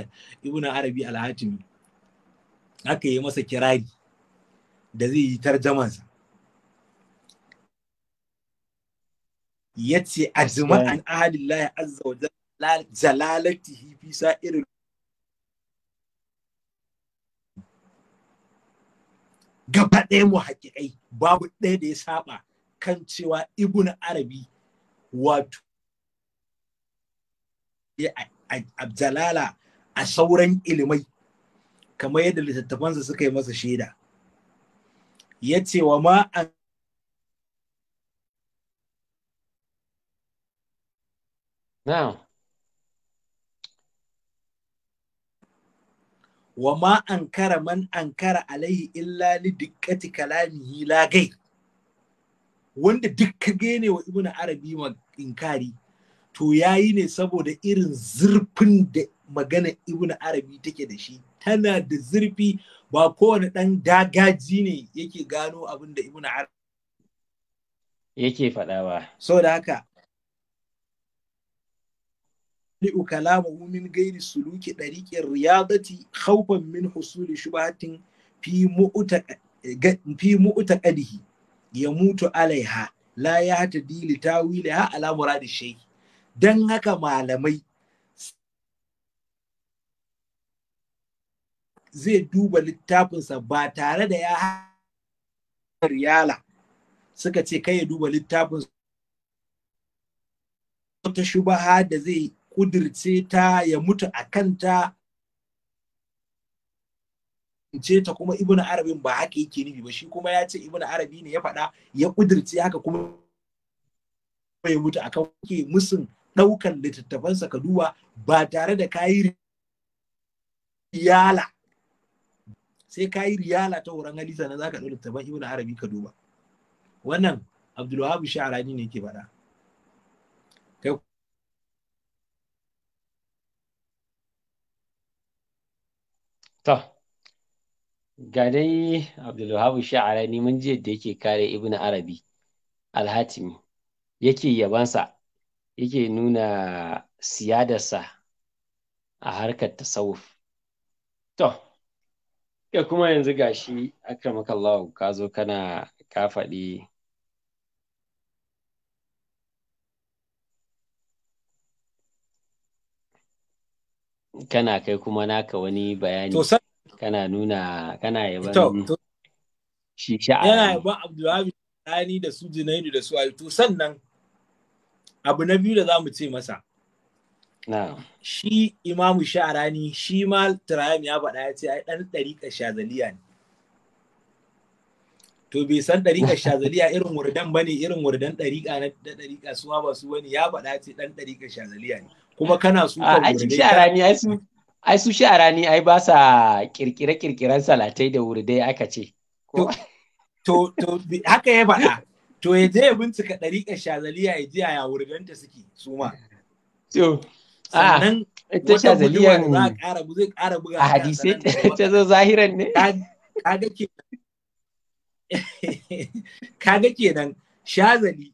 Ibuna arabi al aka yi masa kirari da zai yi tarjamansa ya ce azuma an ahalillahi azza wa jalalatihi fi sa'ir gaba ɗaya mu haƙiƙai babu ɗaya da ya saba kan cewa ibn arabi wato a jalala a sauran ilimai kamar yadda littattafansa suka yi masa shaida ya ce wa ma an Now. wa ma an kara man an kara alaihi illa li dikkati kalamihi la gai wanda dukka gene wa ibnu arabi ma inkari to yayi ne saboda irin zurfin da magana ibn arabi take da shi tana da zurfi ba kowane ɗan dagaji ne yake gano abin da ibn arabi yake faɗa ba so da haka li'u ukalama min gairi suluki dariqin riyadati khawfan min husuli shubhatin fi mu'uta ƙadihi ya mutu alaiha la ya ta tawili ha ala muradi shay dan haka malamai zai duba littafinsa ba tare da ya riyala suka ce kai ya duba littafinsa wata shubaha da zai kudirce ta ya mutu a kanta ce ta kuma ibn arabin ba haka yake nufi ba shi kuma ya ce ibn arabi ne ya faɗa ya kudirce haka kuma ya mutu akan ke musun ɗaukan littattafansa ka duba ba tare da kayi riyala sai ka yi riyala ta wurin hali na za ka ɗau littafin ibn arabi ka duba wannan abdulwahab sha'arani ne ke faɗa to ga dai abdulwahab sha'arani mun ji yadda yake kare ibn arabi alhatimi yake yabansa yake nuna siyadarsa a harkar tasawuf to ya kuma yanzu gashi akramakallahu ka zo kana ka faɗi kana kai kuma naka wani bayani kana nuna kana yaban shi sha'ani yana yaban abdullahi tsani da su junaidu da su ayu to sannan abu na biyu da za mu ce masa Shi Imamu Sha'arani shi ma Turayam ya faɗa ya ce ai ɗan ɗariƙa Shazaliya ne. To bai san ɗariƙa Shazaliya irin wurdan ba ne irin wurdan ɗariƙa na ɗariƙa suwa ba su wani ya faɗa ya ce ɗan ɗariƙa Shazaliya ne. Kuma kana su ka wurdai. Sha'arani ai su ai su Sha'arani ai ba sa kirkire-kirkiren salatai da wurdai aka ce. To to haka ya faɗa. To ya je ya bincika ɗariƙa Shazaliya ya ji yaya wurdanta suke su ma. Ah, sannan ita sha zaliyan zai ƙara buga a hadisai ta zo zahiran ne kaga ke kaga kenan shazali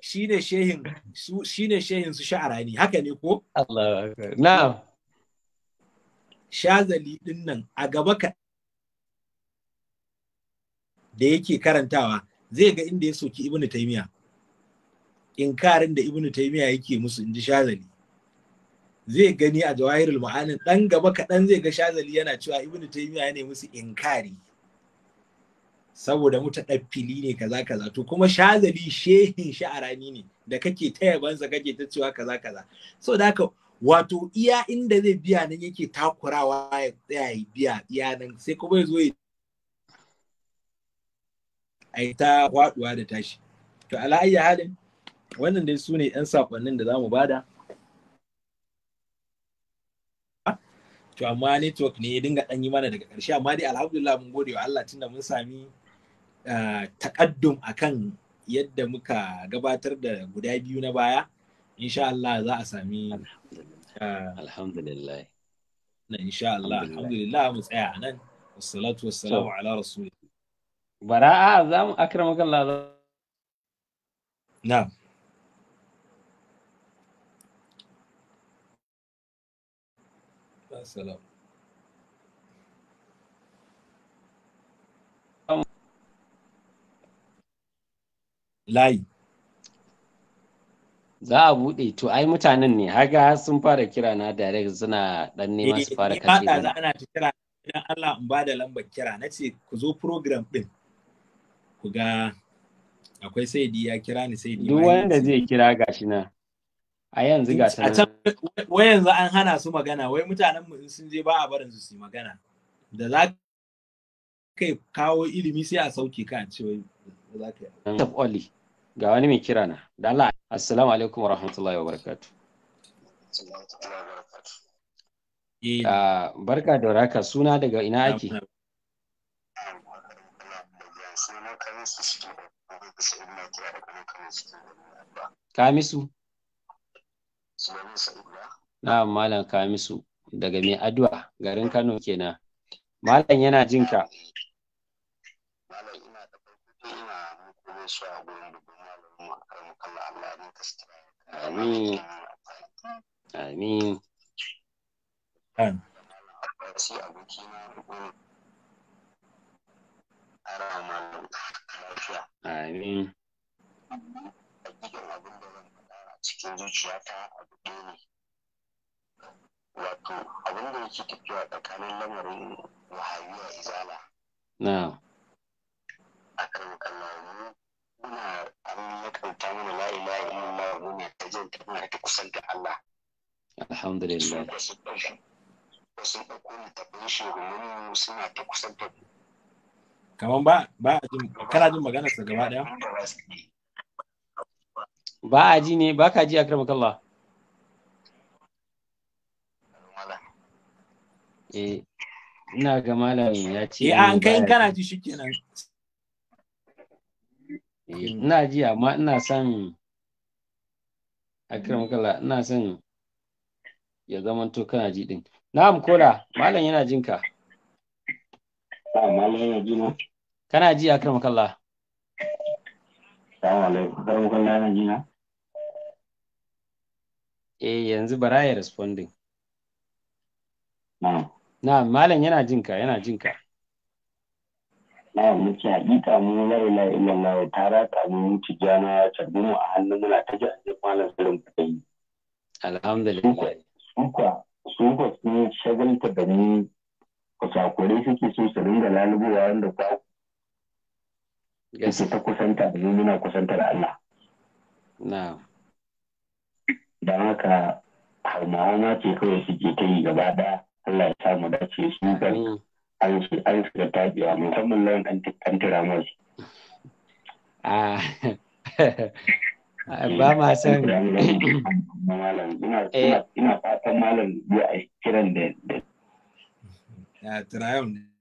shine shehin su shine shehin su sha'arani haka ne ko Allah na'am shazali din nan a gaba ka da yake karantawa zai ga inda ya soki ibnu taymiya inkarin da ibnu taymiya yake musu inji shazali zai gani a jawahirul ma'anin dan gaba kaɗan zai ga shazali yana cewa ibnu taymiya ne musu inkari saboda mutaɗaffili ne kaza kaza to kuma shazali shehin sha'arani ne da kake ta yabansa kake ta cewa kaza kaza so da haka wato iya inda zai biya nan yake takurawa ya tsaya ya biya iya nan sai kuma ya zo ya ai ta waduwa da tashi to al'ayya halin wannan dai su ne 'yan sakonnin da zamu bada to amma network ne ya dinga ɗan yi mana daga ƙarshe amma dai alhamdulillah mun gode wa Allah tunda mun sami eh, takaddum akan yadda muka gabatar da guda biyu na baya insha Allah za a sami alhamdulillah eh, na insha Allah alhamdulillah mu tsaya nan wassalatu wassalamu ala rasulillah bara'a ah, za mu akramaka Allah na'am salam layi za a buɗe to ai mutanen ne haga sun fara kira na direct suna dan neman su fara eh, kace ba da ana kira idan Allah in bada lambar kira na ce ku zo program din ku ga akwai sai ya kira ni sai duk wanda zai kira gashi na a yanzu ga ta wai yanzu an hana su magana wai mutanen mu sun je ba a barin su su magana da za ka kawo ilimi sai a sauke ka a ce wai za ka yi ga wani mai kira na da Allah assalamu alaikum wa rahmatullahi wa barakatu eh. ah, barka da raka suna daga ina ake Kamisu Sunan Sa'ida. Malam Kamisu daga mai addu'a garin Kano kenan. Malam yana jin ka. Malam ina da farko ina muku gaisuwa a gurin dubban malamin mu Allah ne ka Amin. Amin. Sai aboki na ara malam lafiya. Amin. Amin. Amin. cikin zuciyata abu ɗaya ne wato abin da yake tafiya tsakanin lamarin wahayuwa izala na a kan kallon muna an ya kauta mana la ilaha illallah muna ta jin tana ta kusan da Allah alhamdulillah wasu ɗauko ne tabbin shugabanni suna ta kusan da kaman ba ba a jin kana jin magana sa gaba daya ba a ji ne ba ka ji a karɓar kalla eh ina ga malami ya ce eh an kai kana ji shi shikenan eh, ina ji amma ina son a karɓar kalla ina son ya zama to kana ji din na'am kola malam yana jin ka ah, kana ji a karɓar kalla Assalamu alaikum, karɓar kalla yana ji eh yanzu bara ya responding na malam yana jinka yana jinka na muke hakika mu la ilaha illallah ta raka jana ya ta mu a hannun muna ta ji annabi malam sirrin kai alhamdulillah suka suka sun shagalta da ni kusakure suke so su ringa lalubowa wanda kwa gaske ta kusanta da ni muna kusanta da Allah na'am don haka harmahama ce kawai suke ta yi gaba ɗaya Allah ya samu dace su kan an su an su da tabiwa musamman nan an an tira ah ba ma san malam ina ina eh. fatan malam ya kiran da da ya ne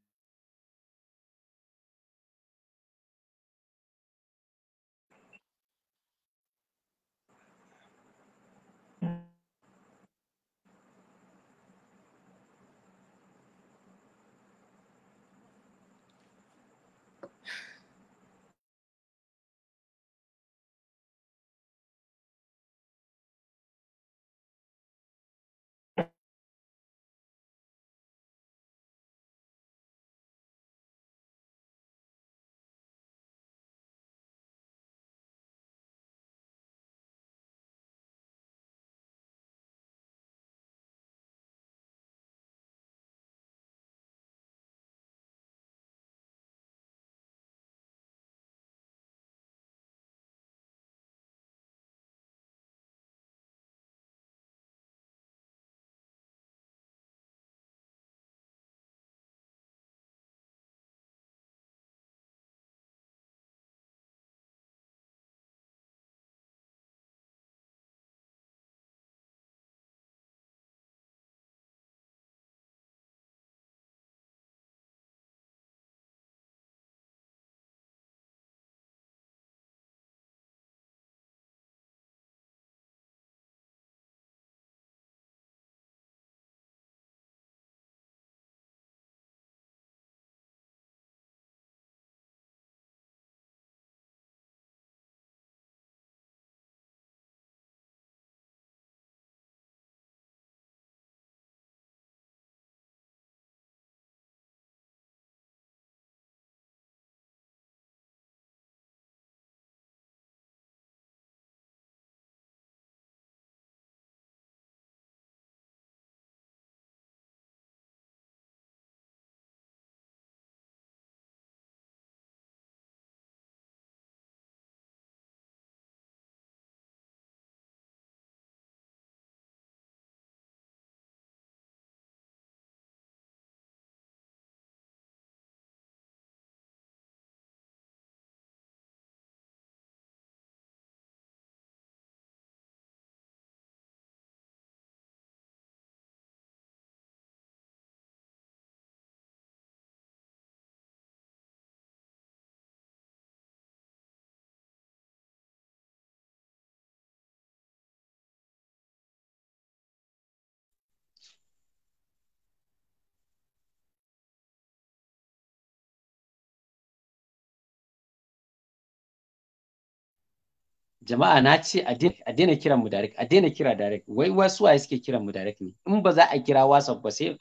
jama'a na ce a daina kiran mu direct a daina kira direct wai wasu waye suke kiran mu direct ne in ba za a kira whatsapp ba sai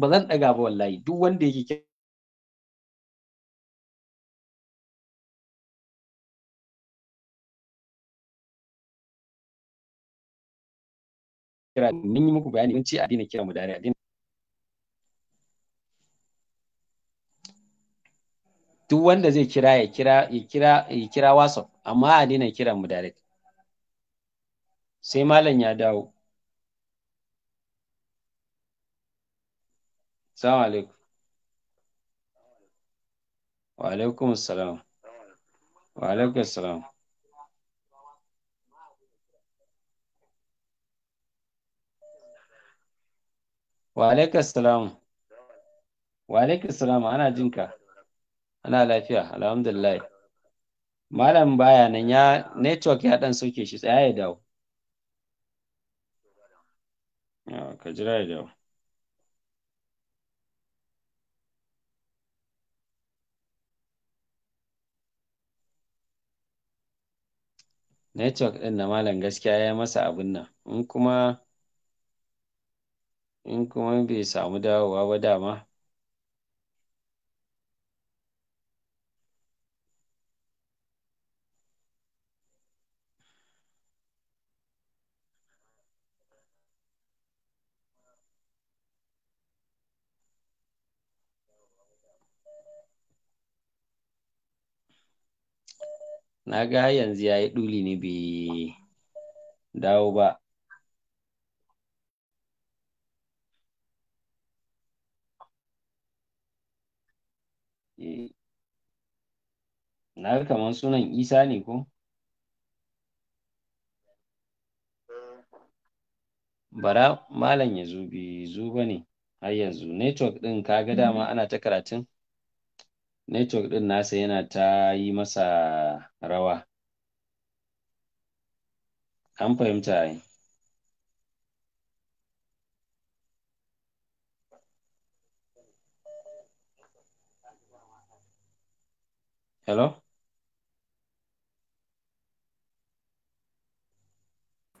ba zan daga ba wallahi duk wanda yake kira mun yi muku bayani mun ce a daina kira mu direct duk wanda zai kira ya kira ya kira ya kira whatsapp amma a daina kiran mu direct sai malam ya dawo salamu alaikum wa alaikum salam wa alaikum salam wa alaikum salam wa alaikum salam ana jinka ana lafiya alhamdulillah Malam baya nan ya network ya ɗan soke shi tsaya ya dawo. Ka jira ya dawo. Network ɗin na malam gaskiya ya masa abin nan, in kuma in kuma bai samu dawowa ba dama na ga yanzu ya yi ɗuli ne bai dawo ba na ga kamar sunan isa ne ko bara malam ya zo bai zo ba ne har yanzu network ɗin kaga dama ana ta karatun network ɗin nasa yana ta yi masa rawa an fahimta yi. hello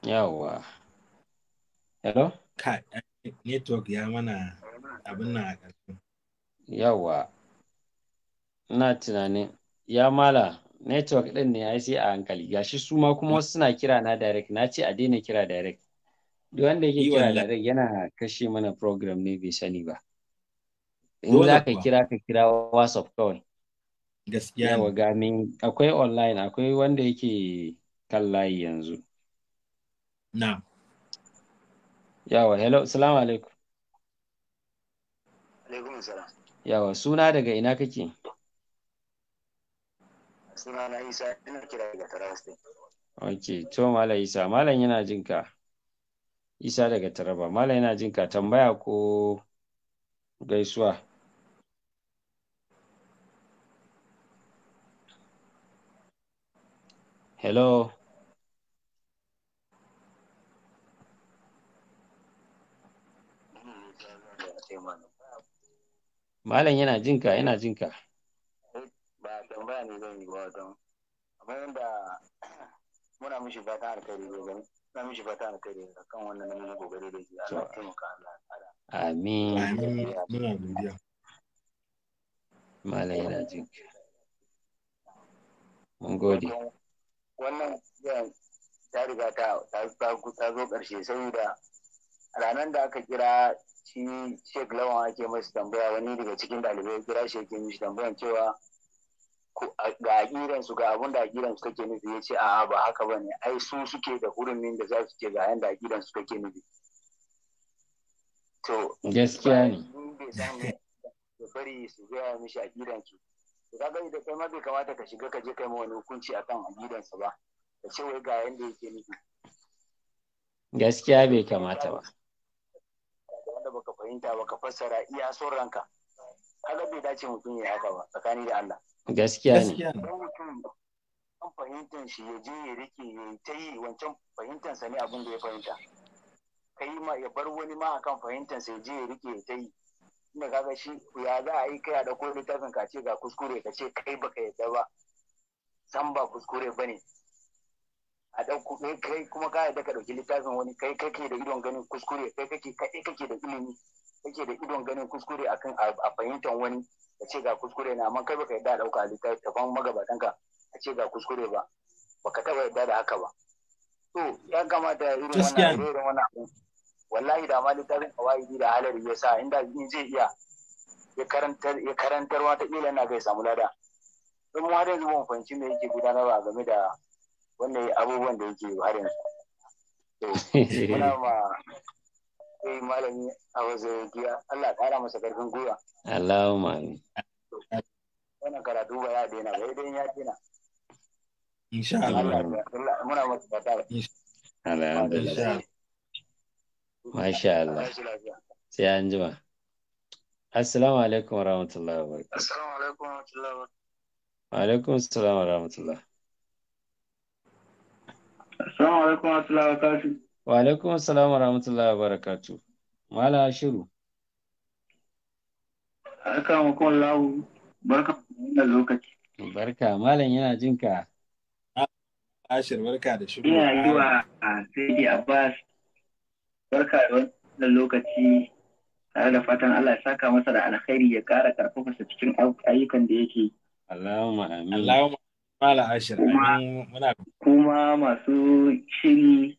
yawwa hello network ya mana abin nan a ƙarshen yawwa ina tunanin ya mala network ɗin ne ya sai a hankali gashi su ma kuma wasu suna kira na direct na ce a daina kira direct duk wanda yake kira direct yana kashe mana program ne bai sani ba in za ka kira ka kira whatsapp kawai gaskiya yawa gamin akwai online akwai wanda yake kan layi yanzu na yawa hello salamu alaikum alaikum salam yawa suna daga ina kake suna na isa yana isa daga taraba malam yana tambaya ko gaisuwa hello mm, Malam yana jinka, yana jinka. tambaya ne zan yi ba wata amma yanda muna mishi fata alkhairi gobe na mishi fata alkhairi kan wannan nan namun gobe da ke Allah taimaka Allah amin amin amin ya malai da jin mun gode wannan ta riga ta ta ta zo ƙarshe saboda ranan da aka kira shi shek lawan ake masu tambaya wani daga cikin ɗalibai kira shi yake mishi tambayan cewa ga akiran su ga abin da akiran su take nufi yace a'a ba haka bane ai su suke da hurumin da za su ce ga yanda akiran su take nufi to gaskiya ne da bari su gaya mishi akiran su to ka gani da kai ma bai kamata ka shiga ka je kai ma wani hukunci akan akiran sa ba ka ce wai ga yanda yake nufi gaskiya bai kamata ba wanda baka fahimta baka fassara iya son ranka kaga bai dace mutum ya haka ba tsakani da Allah gaskiya ne fahimtar shi ya je ya rike ya ta yi wancan fahimtar ne abin da ya fahimta kai ma ya bar wani ma akan fahimtar sa ya je ya rike ya ta yi inda kaga shi ya za a yi kai a dauko littafin ka ce ga kuskure ka ce kai baka yadda ba san ba kuskure ba ne. a ɗauko kai kuma ka yadda ka ɗauki littafin wani kai kake da idon ganin kuskure kai kake kai kake da ilimi take da idon ganin kuskure akan a fahimtar wani ya ce ga kuskure na amma kai baka yadda dauka littattafan magabatanka a ce ga kuskure ba baka taba yadda da haka ba to ya kamata irin wannan irin wannan abu wallahi da ma littafin kawai da halar ya sa inda in zai iya ya karantar ya karantar wata kila na kai samu lada don mu har zuwa ban fahimci me yake gudanarwa game da wannan abubuwan da yake har yanzu muna eh malami a wajen giya Allah ƙara masa karfin gwiwa Allahumma amin wannan karatu ba ya daina ba idan ya daina insha Allah muna masa fata alhamdulillah masha Allah sai an jima Assalamu alaikum wa rahmatullahi wa barakatuh. Assalamu alaikum wa rahmatullahi wa barakatuh. Wa alaikum assalam wa rahmatullahi. Assalamu alaikum wa rahmatullahi wa barakatuh. Wa alaikum assalam wa rahmatullahi wa barakatu. Mala Ashiru. Barka wa kullahu. Barka da lokaci. Barka, Malam yana jin ka. Ashir, barka da shiru. Ina yi wa Sadi Abbas. Barka da wannan lokaci. Tare da fatan Allah ya saka masa da alkhairi ya ƙara karfafa sa cikin ayyukan da yake. Allahumma amin. Allahumma Mala Ashir. Kuma masu shiri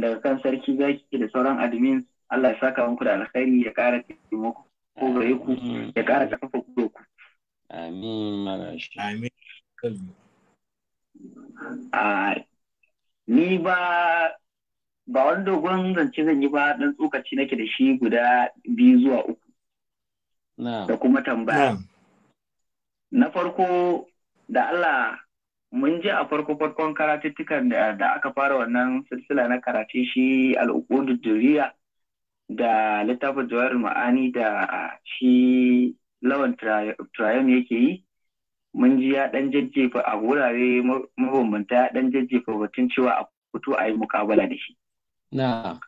daga kan sarki zaki da sauran admin Allah ya saka muku da alkhairi ya ƙara taimako ko gare ku ya ƙara ƙarfafa ku ku amin marashi amin a ni ba ba wani dogon zance zan yi ba dan tsokaci nake da shi guda biyu zuwa uku da kuma tambaya na farko da Allah mun je a farko farkon karatuttukan da aka fara wannan silsila na karatu shi al'ukudu duriya da littafin jawar ma'ani da shi lawan trayon yake yi mun ji ya dan jajjefa a wurare mabambanta ya dan jajjefa batun cewa a fito a yi mukabala da shi na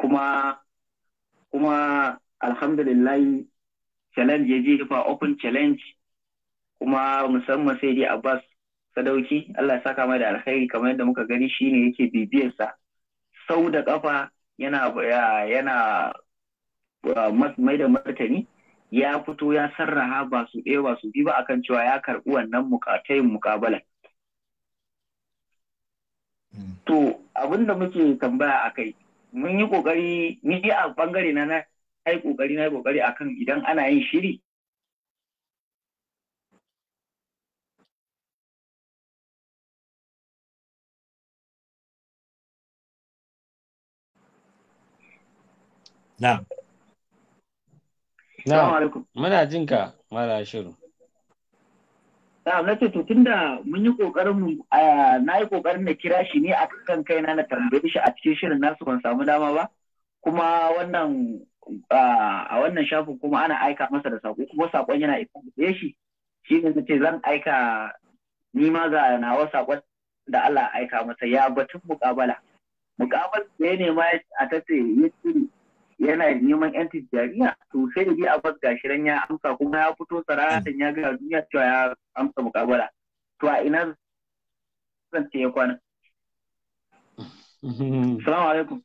kuma kuma alhamdulillah challenge ya jefa open challenge kuma musamman sai dai abbas sadauki Allah saka mai da alkhairi kamar yadda muka gani shine yake bibiyarsa sau da kafa yana yana mai da martani ya fito ya sarraha ba su ɗaya ba su bi ba akan cewa ya karɓi wannan mukatayin mukabalan hmm. to abin da muke tambaya a kai mun yi kokari ni a bangare na na yi kokari na kokari akan idan ana yin shiri na muna jin ka mara shiru na ce to tunda mun yi kokarin na yi kokarin na kira shi ne a kan kaina na tambaye shi a cikin shirin nasu ban samu dama ba kuma wannan a wannan shafin kuma ana aika masa da sako kuma sakon yana isa shi shi ne ce zan aika ni ma ga nawa sakon da Allah aika masa ya batun mukabala mukabala da ya nema a tace ya yana neman yan jariya. to sai da bi a bas gashiran ya amsa kuma ya fito saratan ya gaya, duniya cewa ya amsa mukabala to a ina zan ce ya kwana salamu alaikum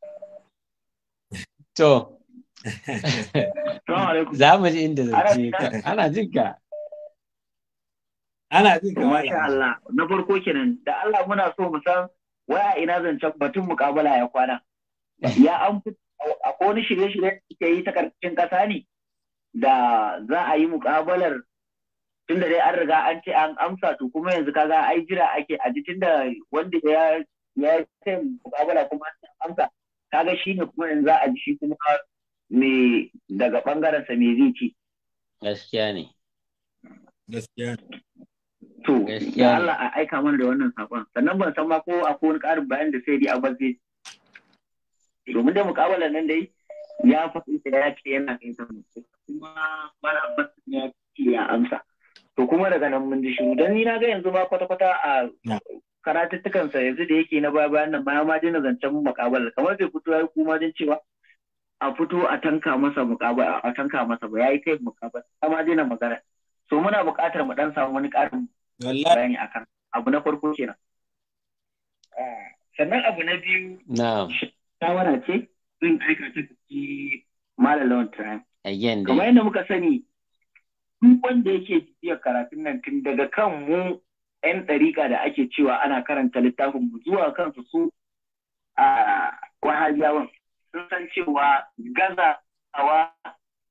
to salamu alaikum za mu ji inda ka. ana jin ka ana jin ka masha Allah na farko kenan da Allah muna so mu san waya ina zancen batun mukabala ya kwana ya an akwai wani shirye-shirye da suke yi ta karkashin ƙasa ne da za a yi muƙabalar da dai an riga an ce an amsa to kuma yanzu kaga ai jira ake a ji da wanda ya ya ce muƙabala kuma an amsa kaga shi ne kuma yanzu za a ji shi kuma me daga bangaren sa me zai ci gaskiya ne gaskiya to ya Allah a aika mana da wannan sakon sannan ban san ma ko akwai wani ƙarin bayan da sai dai abba zai domin da mukabala nan dai ya faɗi ya ce yana gaisa kuma mana abbas ya ce ya amsa to kuma daga nan mun ji shiru dan ni na ga yanzu ma kwata kwata a karatuttukan sa yanzu da yake na baya bayan nan ma ma na zancen mukabala kamar bai fito yayi kuma jin cewa a fito a tanka masa mukabala a tanka masa ba yayi kai mukabala ma na magana so muna buƙatar mu dan samu wani ƙarin bayani akan abu na farko kenan ah, sannan abu na biyu na'am shawara ce zan aikata ta ji malalawan turayen. Ayyan Kamar yadda muka sani duk wanda yake bibiyar karatun nan tun daga kan mu 'yan ɗariƙa da ake cewa ana karanta littafin mu zuwa kansu su a wahabiyawan sun san cewa gazawa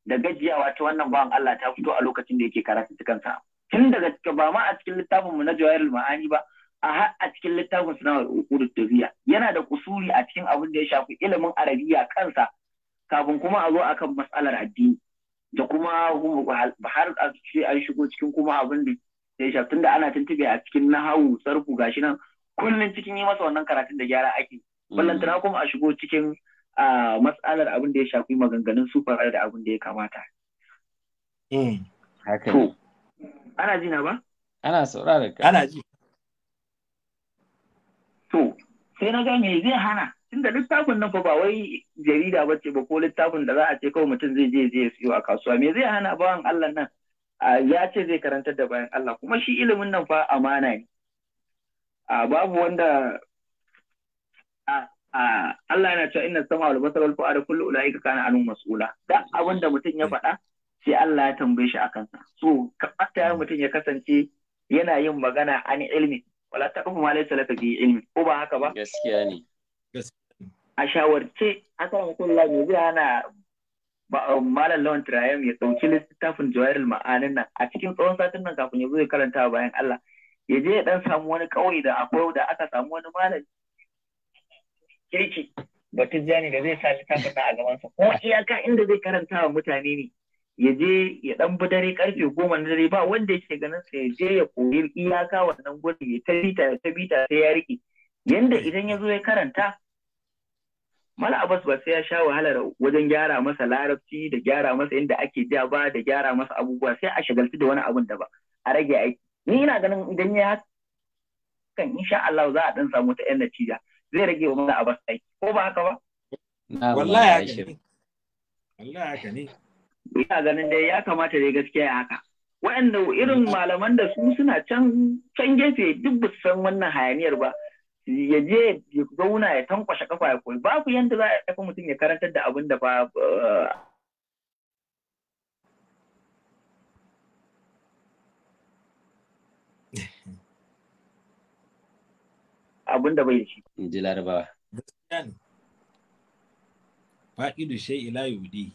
da gajiyawa ta wannan bawan Allah ta fito a lokacin da yake karatun kansa. Tun daga ba ma a cikin littafin mu na jawayar ma'ani ba a a cikin littafin suna da tafiya yana da kusuri a cikin abin da ya shafi ilimin arabiya kansa kafin kuma a zo akan matsalar addini da kuma har an shigo cikin kuma abin da ya shafi tunda ana tuntube a cikin nahawu sarku gashi nan kullum cikin yi masa wannan karatun da gyara ake mm. ballantana kuma a shigo cikin matsalar abin da ya shafi maganganun sufa da abin da ya kamata mm. ana ji na ba ana saurara ka ana ji to sai na ga me zai hana tunda littafin nan fa ba wai jarida ba ce ba ko littafin da za a ce kawai mutum zai je zai siyo a kasuwa me zai hana bawan Allah nan ya ce zai karantar da bayan Allah kuma shi ilimin nan fa amana ne babu wanda Allah yana cewa inna sama wal basar wal fu'ada kullu ulaika kana anun mas'ula da abin da mutum ya faɗa sai Allah ya tambaye shi a sa so kamata mutum ya kasance yana yin magana an ilmi wala ta ma malai laka bi ilmi ko ba haka ba gaskiya ne a shawarce akan kullu ne um, malam lawan tirayam ya ɗauki littafin jawairul ma'anin nan a cikin tsawon satin nan kafin ya zo ya karanta bayan Allah ya je ya dan samu wani ƙauye da akwai da aka samu wani malami kirki jani da zai sa littafin nan a gabansa kuma iyaka inda zai karanta wa mutane ne ya je ya dan bi dare karfe goma na dare ba wanda yake ganin sa ya je ya koyi iyaka wannan gurin ya ta ya ta bita sai ya rike yanda idan ya zo ya karanta mala abbas ba sai ya sha wahalar wajen gyara masa larabci da gyara masa inda ake ja ba da gyara masa abubuwa sai a shagaltu da wani abun da ba a rage aiki ni ina ganin idan ya kan insha Allah za a dan samu ta yan natija zai rage wa mala abbas aiki ko ba haka ba wallahi haka ne wallahi haka ne ina ganin dai ya kamata dai gaskiya ya haka waɗanda irin mm. malaman da su suna can can gefe duk ba san wannan hayaniyar ba ya je ya zauna ya tankwashe kafa ya koyi babu yanda za a ɗafa mutum ya karantar da abin da ba abin da bai shi. ji larabawa. Fa'idu shai ila yudi.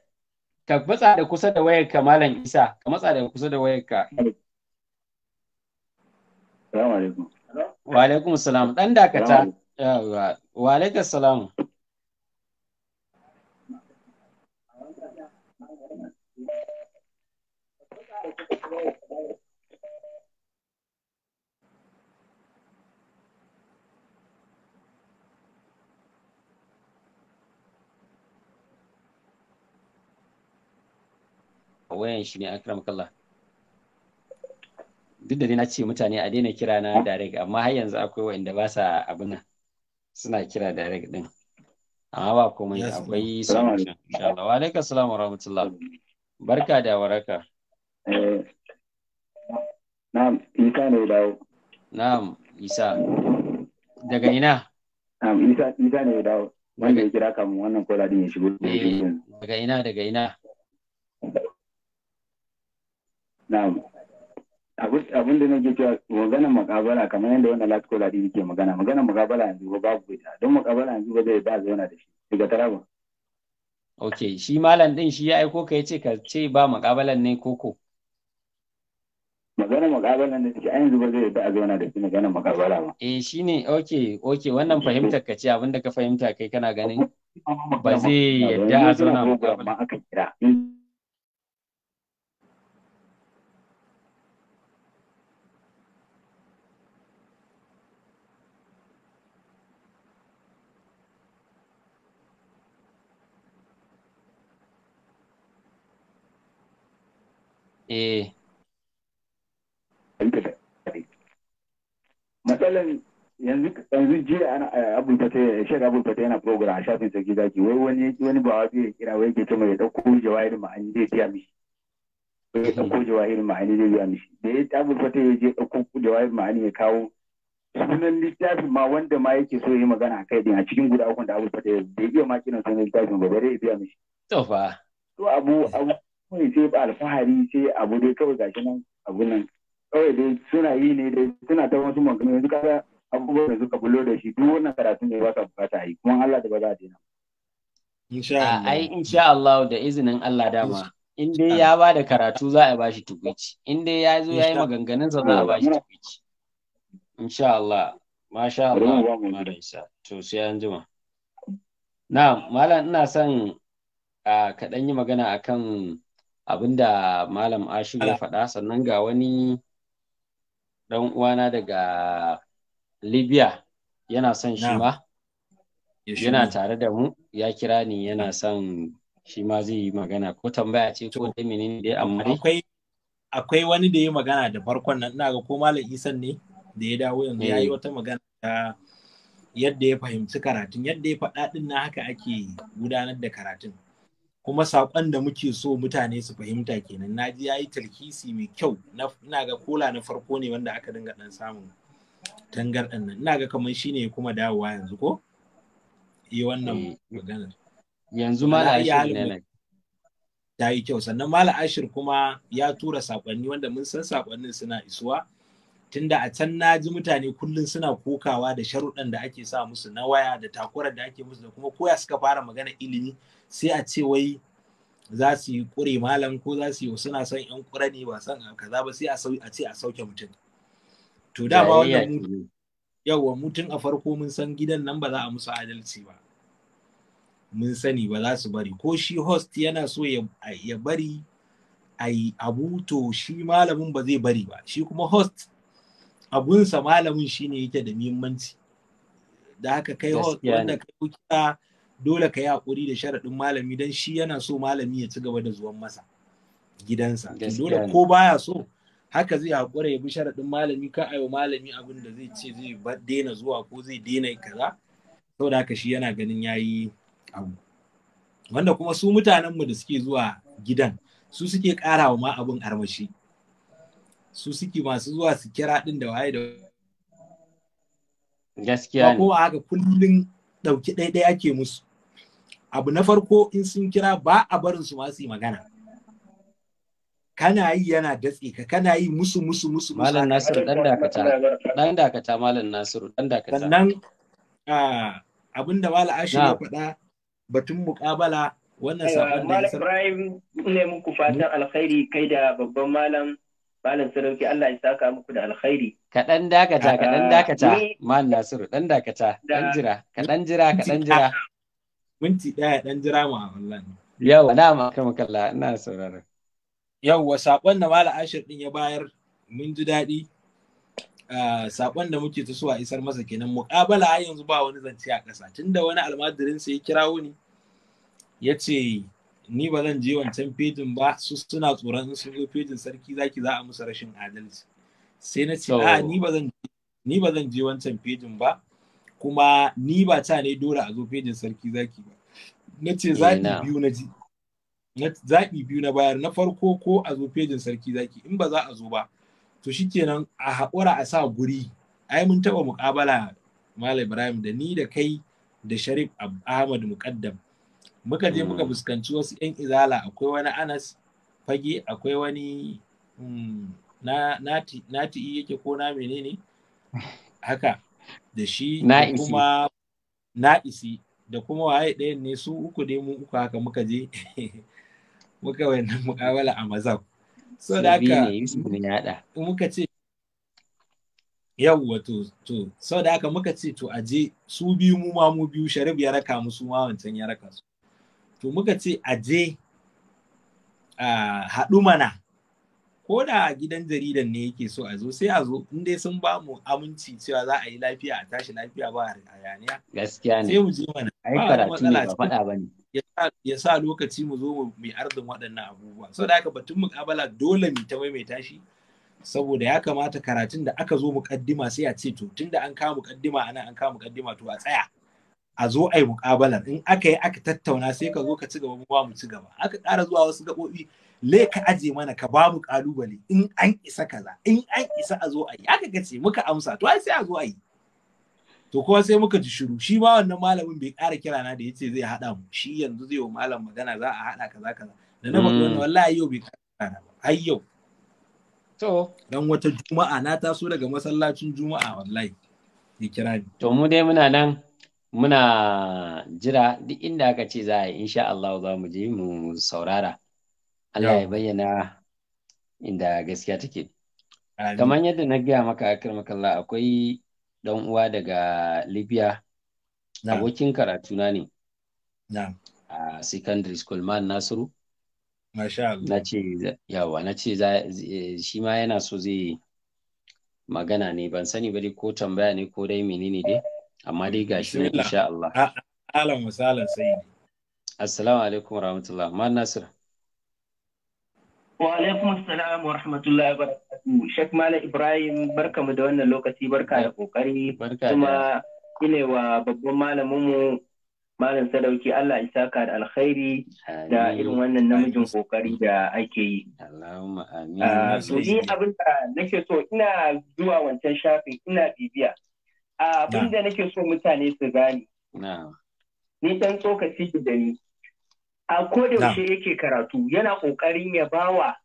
ka matsa da kusa da wayar ka malam isa ka matsa da kusa da wayar ka salamu alaikum wa alaikum salam dan dakata wa alaikum salam wayan shi ne akram kallah duk da na ce mutane a daina kira na direct amma har yanzu akwai wa'anda ba sa abuna suna kira direct din amma ba komai akwai solution insha Allah wa alaikum assalam wa rahmatullah barka da waraka eh, na'am isa ne dawo na'am isa daga ina na'am isa isa ne dawo wanda ya kira kamun wannan kola din ya shigo eh, daga ina daga ina na'am abin da nake cewa magana makabala kamar yadda wannan last call magana magana yanzu ba babu don yanzu ba zai ba zauna da shi daga taraba ok shi malam din shi ya aiko ka yace ka ce ba makabalan ne koko magana a yanzu ba zai ba zauna da shi magana ba eh shine ok ok wannan eh. fahimtar ka ce da ka fahimta kai kana ganin ba zai yadda a zauna makabala ba aka kira eh matsalan yanzu yanzu jiya ana eh, abul fata shek abul fata yana program a shafin sarki zaki wai wani wani ba wafi kira wai ke cewa ya dauko jawahir ma'ani zai tiya mishi wai ya dauko jawahir ma'ani zai tiya mishi da ya abul fata ya je dauko jawahir ma'ani ya kawo sunan littafin ma wanda ma yake so yi magana a kai din a cikin guda ukun da abul fata ya iya ma kiran sunan littafin ba bare ya biya mishi to fa to abu abu ne sai alfahari sai abu dai kawai gashi nan abu nan kawai dai suna yi ne dai suna ta wasu maganganu yanzu kaga abubuwan da suka bullo da shi duk wannan karatun ne ba ka bukata yi kuma Allah da ba za a Allah Ai insha Allah da izinin Allah dama. In dai ya ba da karatu za a bashi tukwici. In dai ya zo ya yi maganganunsa za a bashi tukwici. Insha Allah. Masha Allah. Mara Isa. To sai an jima. Na, malam ina son a kaɗan yi magana akan abinda malam ashiru ya faɗa sannan ga wani ɗan uwana daga libya yana son shi ma yana tare da mu ya kira ni yana son shi ma zai yi magana ko tambaya ce ko dai menene dai amma akwai akwai wani da ya magana da farkon nan ina ga ko malam isan ne da ya dawo yanzu ya yi eh. wata magana ta yadda ya fahimci karatun yadda ya faɗa ɗin na haka ake gudanar da karatun kuma saƙon da muke so mutane su fahimta kenan na ji ya yi mai kyau ina ga kola na farko ne wanda aka dinga ɗan samun tangarɗan nan ina ga kamar shi ne kuma dawowa yanzu ko yi wannan eh, magana yanzu mala ashir ne ta yi kyau sannan mala ashir kuma ya tura saƙonni wanda mun san saƙonnin suna isuwa tunda a can na ji mutane kullum suna kokawa da sharuɗan da ake sa musu na waya da takurar da ake musu da kuma koya suka fara magana ilimi sai a ce wai za su yi ƙure malam ko za su yi suna son yan ƙura ne ba son kaza ba sai a ce a sauke mutum to da ba wannan yawa mutum a farko mun san gidan nan ba za a musu adalci ba mun sani ba za su bari ko shi host yana so ya bari a yi abu to shi malamin ba zai bari ba shi kuma host abunsa malamin shine yake da muhimmanci da haka kai wanda ka kuka dole ka yi hakuri da sharaɗin malami don shi yana so malami ya ci gaba da zuwan masa gidansa dole ko baya so haka zai hakura ya bi sharaɗin malami ka ayo malami abin da zai ce zai daina zuwa ko zai daina kaza saboda haka shi yana ganin yayi abu wanda kuma su mutanenmu da suke zuwa gidan su suke wa ma abin armashi su suke masu zuwa su kira din da waye da gaskiya ne kuma haka kullun dauki ɗaiɗai ake musu abu na farko in sun kira ba a barin su masu yi magana kana yi yana datse ka kana yi musu musu musu malam nasiru dan dakata dan dakata malam nasiru dan dakata sannan abin da malam ashi ya faɗa batun muƙabala wannan sabon da malam ibrahim ne muku fatan alkhairi kai da babban malam Malam Sarauki Allah ya saka muku da alkhairi. Kaɗan dakata, kaɗan ah, dakata, Malam Nasiru, ɗan dakata, ɗan jira, kaɗan jira, kaɗan jira. Minti ɗaya ɗan jira ma wallahi. Yau, na ma kama kalla, ina yau Yawwa, saƙon da Malam Ashir ɗin ya bayar, mun ji daɗi. Ah, saƙon da muke ta suwa isar masa kenan, muƙabala har yanzu ba wani zance a ƙasa, tunda wani almajirinsa ya kirawo ni, ya ce ni ba zan je wancan fejin ba su suna tsoron sun zo fejin sarki zaki za a musu rashin adalci sai na ce a ni ba zan ni ba zan je wancan fejin ba kuma ni ba ta ne dole a zo fejin sarki zaki ba na ce zaɓi biyu na ji zaɓi biyu na bayar na farko ko a zo fejin sarki zaki in ba za a zo ba to shikenan a haƙura a sa guri ai mun taɓa muƙabala malam ibrahim da ni da kai da sharif ahmad muƙaddam muka je muka mm. fuskanci wasu 'yan izala akwai wani anas fage akwai wani mm, na ti yake ko na menene haka da shi kuma isi da kuma waye ɗayan ne su uku dai mu uku haka muka je muka wannan mukawala a mazab so da haka muka ce Yau wato to so da haka muka ce to aje su biyu mu ma mu biyu sharif ya raka mu su ma wancan ya raka su to muka ce aje a haɗu mana ko da gidan jaridan ne yake so a zo sai a zo in dai sun ba mu aminci cewa za a yi lafiya a tashi lafiya ba yaniya gaskiya ne sai mu je mana ba ne ba faɗa bane ya sa lokaci mu zo mu mai arzin waɗannan abubuwa Sau da haka batun muƙabala dole mu ta maimaita shi saboda ya kamata karatun da aka zo mu muƙaddima sai a ce to tunda an kawo kaddima ana an kawo kaddima to a tsaya a zo a yi muƙabalar in aka yi aka tattauna sai ka zo ka ci gaba mu mu ci gaba aka ƙara zuwa wasu gaɓoɓi le ka aje mana ka ba mu ƙalubale in an isa kaza in an isa a zo a yi aka gace muka amsa to ai sai a zo a yi to kuma sai muka ji shiru shi ma wannan malamin bai ƙara kira na da yace zai haɗa mu shi yanzu zai wa malam magana za a haɗa kaza kaza da na faɗi wannan mm. wallahi yau bai ƙara na ba ai yau to dan wata juma'a na taso daga masallacin juma'a wallahi ya kira ni to mu dai muna nan muna jira duk inda aka ce za a yi insha Allah za mu je mu saurara Allah ya bayyana inda gaskiya take kamar yadda na gaya maka akar makalla akwai dan uwa daga Libya abokin na ne a secondary school man Nasiru na ce yawa na ce eh, shi ma yana so zai magana ne ban sani ba dai ko tambaya ne ko dai menene dai amma dai gashi ne insha Allah ah, alam misalan sai assalamu alaikum rahmatullah. Ma nasir wa alaikum assalam wa rahmatullah wa barakatuh shek mala ibrahim mu da wannan lokaci barka da kokari kuma ine wa babban malaminmu malam sadauki Allah ya saka da alkhairi da irin wannan namijin kokari da ake yi. Allahumma ah, amin. abin da nake so ina zuwa wancan shafin ina bibiya. abin da nake so mutane su gani. ni dan tsokaci da ni a kodayaushe yake karatu yana ƙoƙarin ya bawa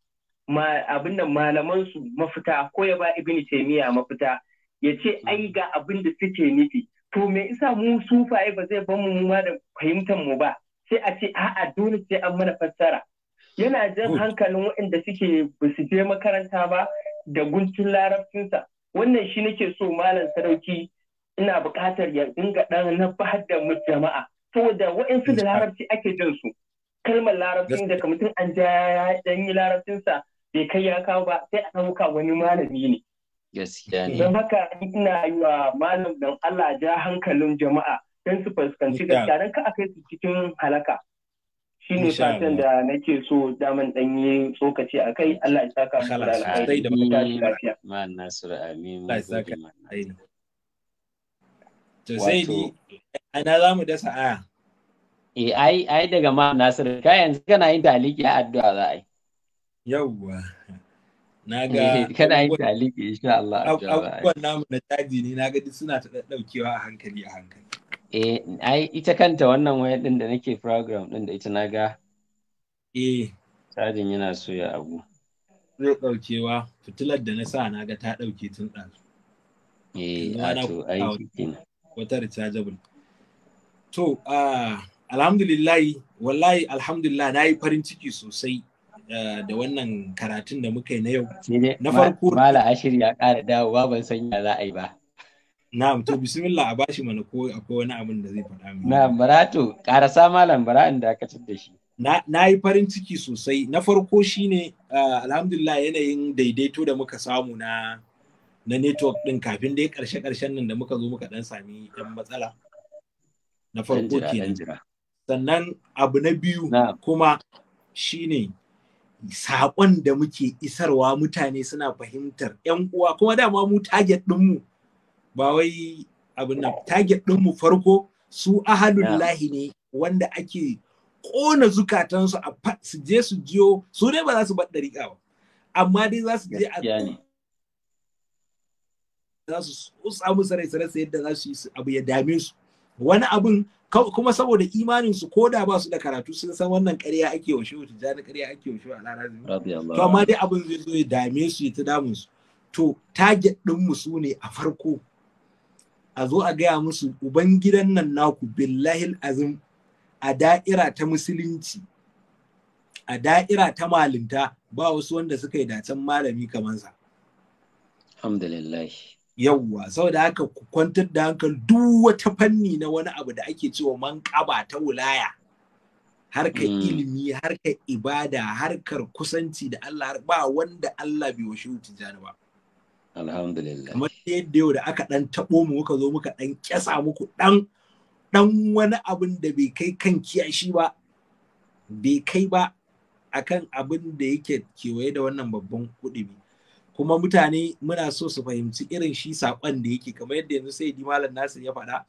abin nan malaman su mafita ko ya ba ibini taimiyya mafita ya ce ai ga abin da suke nufi to me isa mu sufaye ba zai ban mu ma da fahimtar mu ba sai a ce a'a dole sai an mana fassara yana jan hankalin waɗanda suke ba su je makaranta ba da guntun larabcinsa wannan shi nake so malam sarauki ina buƙatar ya dinga ɗan na da mu jama'a saboda waɗansu da larabci ake jin su kalmar larabcin da mutum an ja ya yi larabcinsa bai kai ya kawo ba sai a ɗauka wani malami ne gaskiya ne haka ina yi wa malam don Allah ja hankalin jama'a don su fuskanci da ka a kai su cikin halaka shi ne fatan da nake so daman ɗan yi tsokaci a kai Allah ya saka mu da alheri da lafiya. Ma'an Nasiru Amin. Allah ya saka. To sai ni ana za mu dasa aya. E, ai ai daga ma Nasiru ka yanzu kana yin taliki a addu'a za a yi. Yawwa. Na ga eh, kana yin taliki insha Allah addu'a za Abubuwan namu na caji ne na ga duk suna ta ɗaukewa a hankali a hankali. E, ai ita kanta wannan wayar ɗin da nake program ɗin da ita na ga. E, Cajin yana so ya abu. zai ɗaukewa fitilar da na sa na ga ta ɗauke tun ɗazu. Eh, a to aiki kenan. wata rechargeable to uh, alhamdulillahi wallahi alhamdulillah na yi farin ciki sosai da wannan karatun da muka yi na yau na farko mala ashir ya ƙara dawowa ban san ya za a yi ba na'am to bismillah a bashi mana ko akwai wani abin da zai faɗa mini na'am barato ƙarasa malam bara'an da aka da shi na yi farin ciki sosai na farko shine uh, alhamdulillah yanayin daidaito da muka samu na na network din kafin dai karshe karshen nan da muka zo muka dan sami dan matsala na farko kenan sannan abu na biyu kuma shine saƙon da muke isarwa mutane suna fahimtar yan uwa kuma dama mu target ɗinmu ba wai abin nan target ɗinmu farko su ahalullahi ne wanda ake ƙona zukatansu a su je su jiyo su dai ba za su bar ɗariƙa ba amma dai za su je a za su tsotsa musu rai su rasa yadda za su yi abu ya dame su wani abun kuma saboda imanin su ko da ba su da karatu sun san wannan ƙarya ake wa shehu tijjani ƙarya ake wa shehu alharazim to amma dai abun zai zo ya dame su ya ta damun su to target din mu su ne a farko a zo a gaya musu uban gidan nan naku billahil azim a da'ira ta musulunci a da'ira ta malinta ba wasu wanda suka yi dacen malami kamar sa alhamdulillah yawwa saboda haka ku kwantar da hankali duk wata fanni na wani abu da ake cewa manƙaba ta wulaya harkar mm. ilimi harkar ibada harkar kusanci da Allah ba wanda Allah bai washe tijani ba alhamdulillah kamar yadda yau da aka dan tabo mu muka zo muka dan kyasa muku dan dan wani abin da bai kai kan kiyashi ba bai kai ba akan abin da yake kewaye da wannan babban kuɗi kuma mutane muna so su fahimci irin shi saƙon da yake kamar yadda yanzu sai malam nasir ya faɗa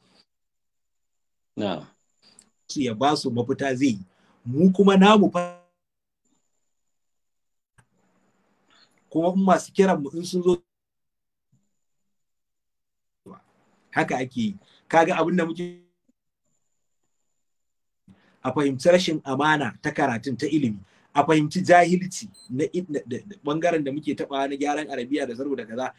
su ya ba su mafita zai yi mu kuma namu fa kuma masu kiran mu in sun zo haka ake yi kaga abin da muke a fahimci rashin amana ta karatun ta ilimi a fahimci jahilci na bangaren da muke taɓa na gyaran arabiya da zargo da kaza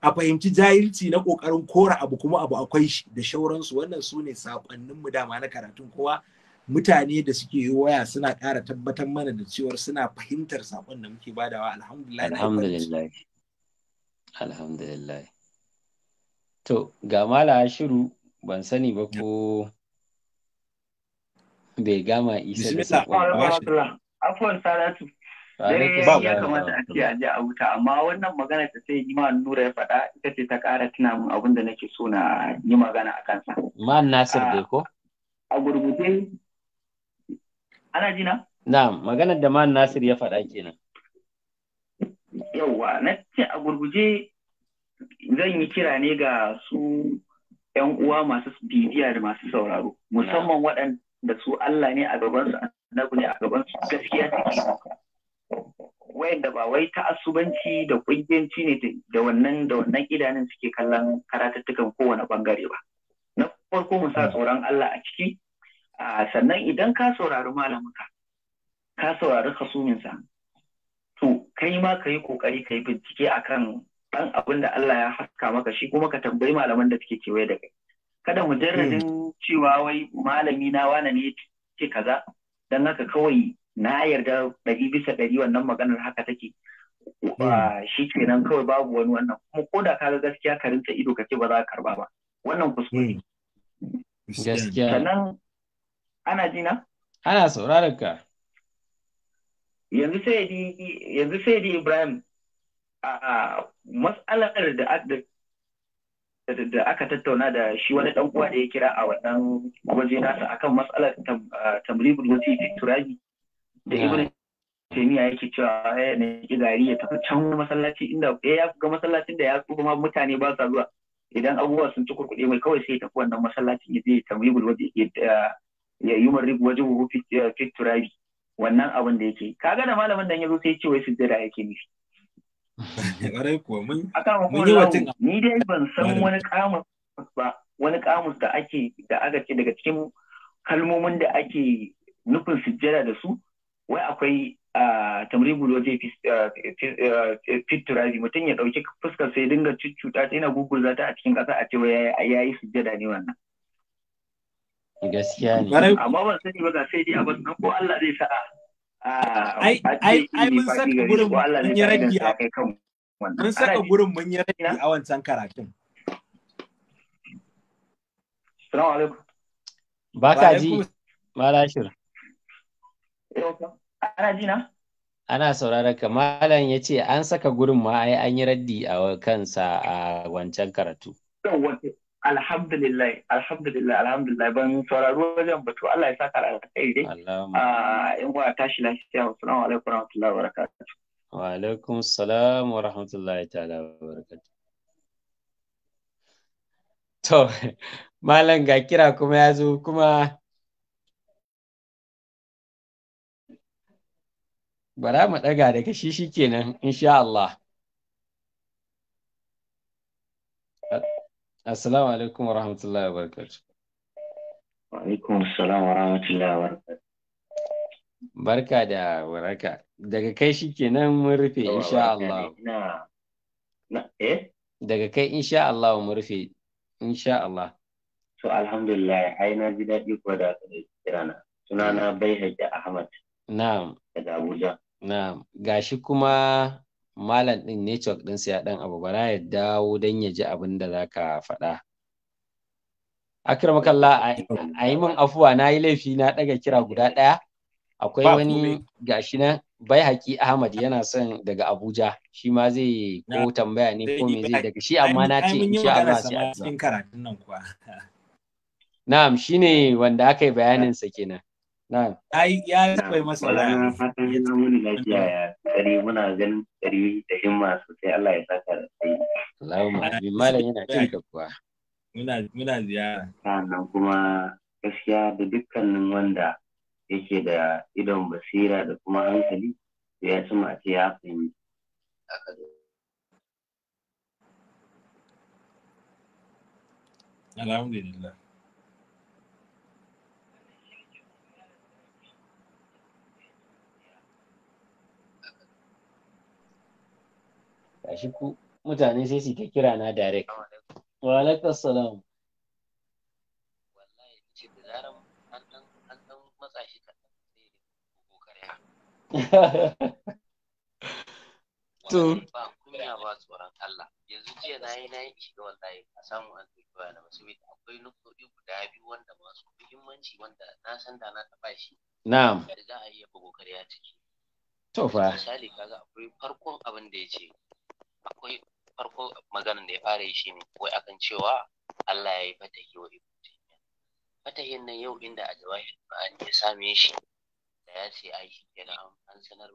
a fahimci jahilci na ƙoƙarin kora abu kuma abu akwai shi da shauransu wannan su ne saƙonninmu dama na karatun kowa mutane da suke yi waya suna ƙara tabbatar mana da cewar suna fahimtar saƙon da muke badawa alhamdulillah alhamdulillah alhamdulillah to ga mala shiru ban sani ba ko bai gama isa da saƙon afuwar salatu dai ya kamata a ce a ji a wuta amma wannan magana da sai ma nura ya faɗa ita ce ta ƙara tuna min abin da nake so na yi magana a kansa man nasir dai ko a gurguje ana jina na maganar da man nasir ya faɗa kenan yauwa na ce a gurguje zan yi kira ne ga su yan uwa masu bibiya da masu sauraro musamman waɗanda su Allah ne a gabansu a na ne a gaban su gaskiya suke. wayanda ba wai asubanci da kungiyanci ne da wannan da wannan idanun suke kallon karatattukan kowane bangare ba na farko mu sa tsoron Allah a ciki sannan idan ka saurari malamuka ka saurari kasuminsa to kai ma ka yi kokari ka yi bincike akan dan abin da Allah ya haska maka shi kuma ka tambayi malaman da suke kewaye da kai kada mujarradin mm. cewa wai malami na wane ne ce kaza don haka kawai na yarda ɗari bisa ɗari wannan maganar haka take hmm. ah, shi nan! kawai babu wani wannan kuma ko da kaga gaskiya ka rinka ido kake ba za ka karba ba wannan kuskure hmm. gaskiya sannan ana jina ana sauraron ka yanzu sai yanzu sai Ibrahim ah, ah, a matsalar da da aka tattauna da shi wani dan uwa da ya kira a wannan waje nasa akan matsalar tamribul wasi fi turaji da ibn taymiya yake cewa ya eh, ne gari ya tafi can masallaci inda eh, ya ga masallacin da ya ma mutane ba sa zuwa idan abubuwa sun ci kurkuɗe mai kawai sai ya tafi wannan masallacin ya je tamribul waje ya yi marib waje fi turaji wannan abin da yake kaga da malamin dan yazo sai ya ce wai sujjada yake nufi kuwa mun yi Ni dai ban san wani kamus ba, wani kamus da ake da aka ce daga cikin kalmomin da ake nufin sujjada da su, wai akwai tamribu loje fiturazi mutum ya ɗauki fuskar sai dinga cuta ta yana gugurza ta a cikin ƙasa a ce ya yi sujjada ne wannan. Gaskiya ne. Amma ban sani ba ga sai dai a ko Allah zai sa'a. Ah, ai ai mun saka gurin mun yi rabi a mun saka gurin mun yi rabi a wancan karatun Assalamu alaikum baka ji malashir ana ji na ana saurara ka malam ya ce an saka gurin ma ai an yi raddi a kansa a wancan karatu alhamdulillah alhamdulillah alhamdulillah ban saurari wajen ba Allah ya saka alkhairi dai a in wa tashi lafiya assalamu alaikum warahmatullahi wabarakatuh wa alaikum assalam wa rahmatullahi ta'ala wa barakatuh to malam ga kira kuma ya zo kuma bara mu daga daga shi shikenan insha Allah Assalamu alaikum wa rahmatullahi wa barakatu. Wa alaikum assalam wa rahmatullahi wa barakatu. Barka da waraka. Daga kai shi ke nan mun rufe insha Allah. Na, eh? Daga kai insha Allah mun rufe insha Allah. To alhamdulillah ai na ji daɗi ko da ka kira na. kirana. Sunana Baihaji Ahmad. Na'am. Daga Abuja. Na'am. shi kuma malam ɗin network ɗin ya ɗan abu bara ya dawo don ya ji abin da za ka faɗa. Akramakallah a yi min afuwa na yi laifi na ɗaga kira guda ɗaya. Akwai wani gashi nan bai haƙi Ahmad yana son daga Abuja shi ma zai ko tambaya ne ko me zai daga shi amma na ce insha Allah sai a cikin nan kuwa. Na'am shine wanda aka yi bayanin sa kenan. ya masa fatan lafiya ya tsari muna ganin tsari da himma sosai Allah ya saka da gaskiya da dukkanin wanda yake da idon basira da kuma hankali da Alhamdulillah gashi ku mutane sai su ta kira na direct wa alaikum salam wallahi ce da zaran an dan an dan matsa shi kadan sai ko kariya to ba kunya ba tsoron Allah yanzu jiya na yi na yi shiga wallahi a samu an tafi ba na masu bita akwai nufofi guda biyu wanda masu muhimmanci wanda na san da na taɓa shi na'am da za a yi ya bugu kariya ciki to fa misali kaga akwai farkon abin da ya ce akwai farko maganan da ya fara yi shi ne wai akan cewa Allah ya yi fatahi wa ibn taymiya fatahin nan yau inda a jawahir ma'ani ya same shi da ya ce ai shi kenan an sanar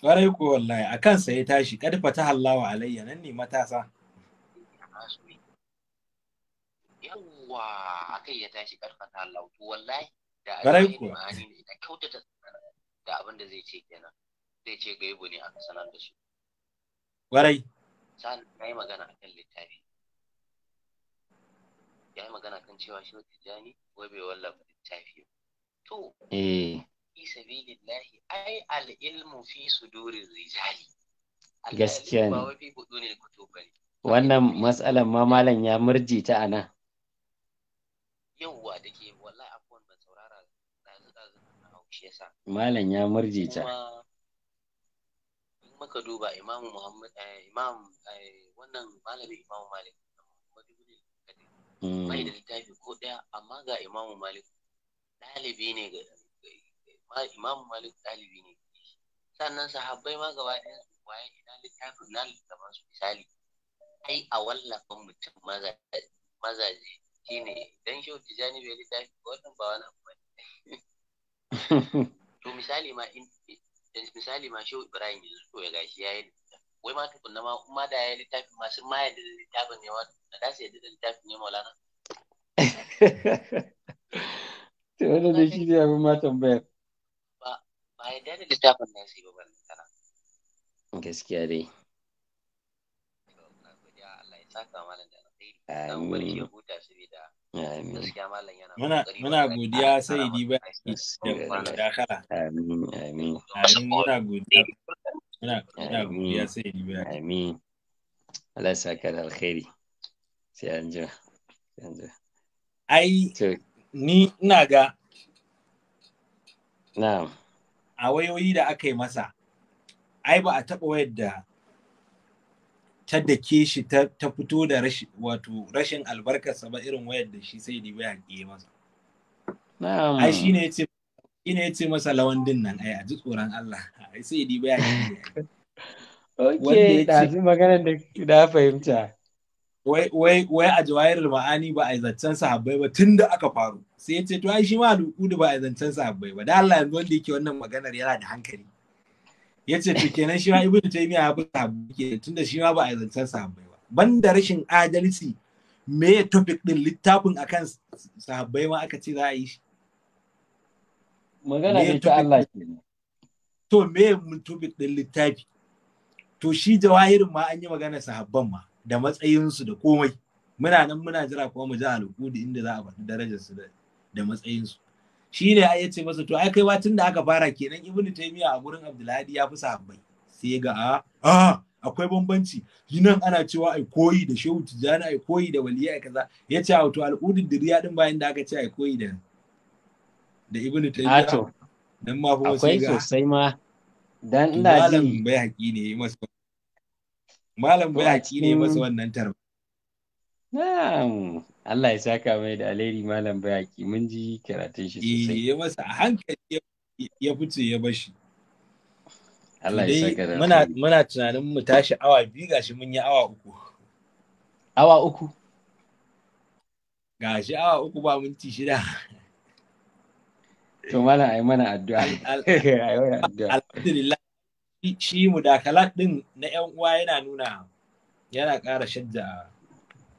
Ƙwarai ko wallahi a kansa ya tashi kad fataha hallawa wa alayya nan ne matasa yawwa kai ya tashi kad fataha hallawa wallahi da a jawahir ma'ani da da abin da zai ce kenan zai ce gaibu ne aka sanar da shi. warai sa'an ya yi magana akan littafi ya yi magana kan cewa shi tijjani wai bai wallafa littafi to eh fi lillahi, ai al-ilmu fi sudurir rijali gaskiya ne wannan matsalar ma malam ya murji ta ana yawwa da ke wallahi abubuwan ban saurara da zuɗa zuɗa na haushi sa. malam ya murji ta muka duba imamu muhammad eh, imam eh, wannan malamin imamu malik hmm. bai da littafi ko daya amma ga imamu malik ɗalibi ne ga imamu malik ɗalibi ne sannan sahabbai ma gaba ɗaya su waye ina littafin na littafin su misali ai a wallafin mutum mazaje shi ne dan shi tijani bai littafi ko wannan ba wani abu to misali ma in misali ma shehu ibrahim yanzu to ya gashi ya yi wai ma tukunna ma kuma da ya yi littafin ma sun ma yadda da littafin ne ma da su yadda da littafin ne maulana ta wani da shi ne abin ma tambayar ba yadda da littafin sai babban gaskiya dai Allah ya saka malam da Amin. ya huta Muna godiya sai di ba da kala. Amin, amin. Amin, muna godiya. Muna godiya sai di ba. Amin. Allah sa ka da alkhairi. Sai an jira. Ai, ni ina ga. Na'am. A wayoyi da aka yi masa, ai ba a taɓa wayar da ta dake shi ta fito da wato rashin albarkarsa ba irin wayar da shi sai dibai haƙi masa. Ai shi ne ya ce masa lawan din nan ai a ji tsoron Allah ai sai dibai haƙi. Ok, ɗazu maganar da na fahimta. Wai wai a jawahirul ma'ani ba a yi zancen sahabbai ba tun da aka faru. Sai ya ce to ai shi ma duku da ba a yi zancen sahabbai ba. Da Allah yanzu wanda yake wannan maganar yana da hankali. ya ce to kenan shi ma ibn taymiya ya buga buke tunda shi ma ba a zancen sahabbai ba banda rashin adalci me topic din littafin akan sahabbai ma aka ce za a yi shi magana ne ta Allah ke to me mun topic din littafi to shi jawahirin ma an yi magana sahabban ma da matsayinsu da komai muna nan muna jira kuma mu ji alƙudi inda za a faɗi darajarsu da matsayinsu Shi ne ai yace masa to ai kai wa tunda aka fara kenan ibnu taymiya a gurin abdulhadi ya fi sahabbai sai ga a a akwai bambanci ginan ana cewa ai koyi da shehu tijani ai koyi da waliya ai kaza ce a wato al'udin diriya din bayan da aka ce ai koyi da da ibnu taymiya to dan ma fa akwai sosai ma dan ina ji malam bai haƙi ne masa malam haƙi ne masa wannan tarbiyya na'am Allah ya saka mai da alheri malam bayaki mun ji karatun shi sosai. Eh, ya masa a hankali ya fice ya bashi. Allah ya saka da muna muna tunanin mu tashi awa biyu gashi mun yi awa uku. Awa uku. Gashi awa uku ba minti shida. To malam ai mana addu'a. Alhamdulillah shi mudakalat din na yan uwa yana nuna yana ƙara shadda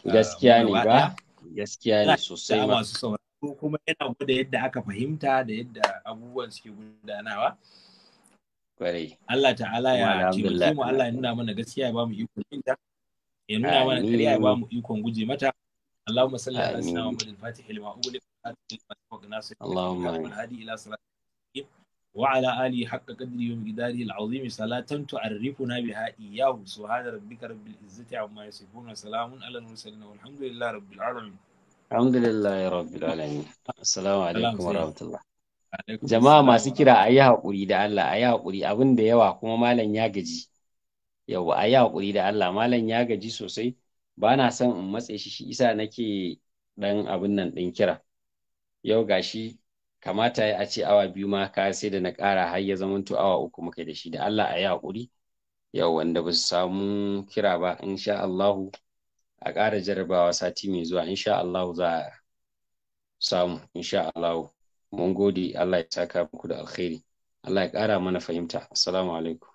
gaskiya ah, ne ba gaskiya ne sosai ba masu sauraro kuma yana gwada yadda aka fahimta da yadda abubuwan suke gudanawa kwarai Allah ta'ala ya taimake mu Allah ya nuna mana gaskiya ya ba mu ikon yin ya nuna mana kariya ya ba mu ikon guje mata اللهم صل على سيدنا fatihil الفاتح لما أغلق اللهم الهادي إلى صراط وعلى آله حق قدره ومقداره العظيم صلاة تعرفنا بها إياه سبحان ربك رب العزة عما يصفون وسلام على المرسلين والحمد لله رب العالمين الحمد لله رب العالمين السلام عليكم ورحمة الله jama'a masu kira a yi haƙuri da Allah a yi haƙuri da yawa kuma malam ya gaji yau a yi da Allah malam ya gaji sosai ba na son in matse shi shi isa nake ɗan abin nan ɗin kira yau gashi kamata ya a ce awa biyu ma ka sai da na ƙara har ya zama to awa uku muka da shi da Allah a yi haƙuri yau wanda ba su samu kira ba insha Allahu a ƙara jarabawa sati mai zuwa insha Allahu za a samu insha Allahu mun gode Allah ya saka muku da alkhairi Allah ya ƙara mana fahimta assalamu alaikum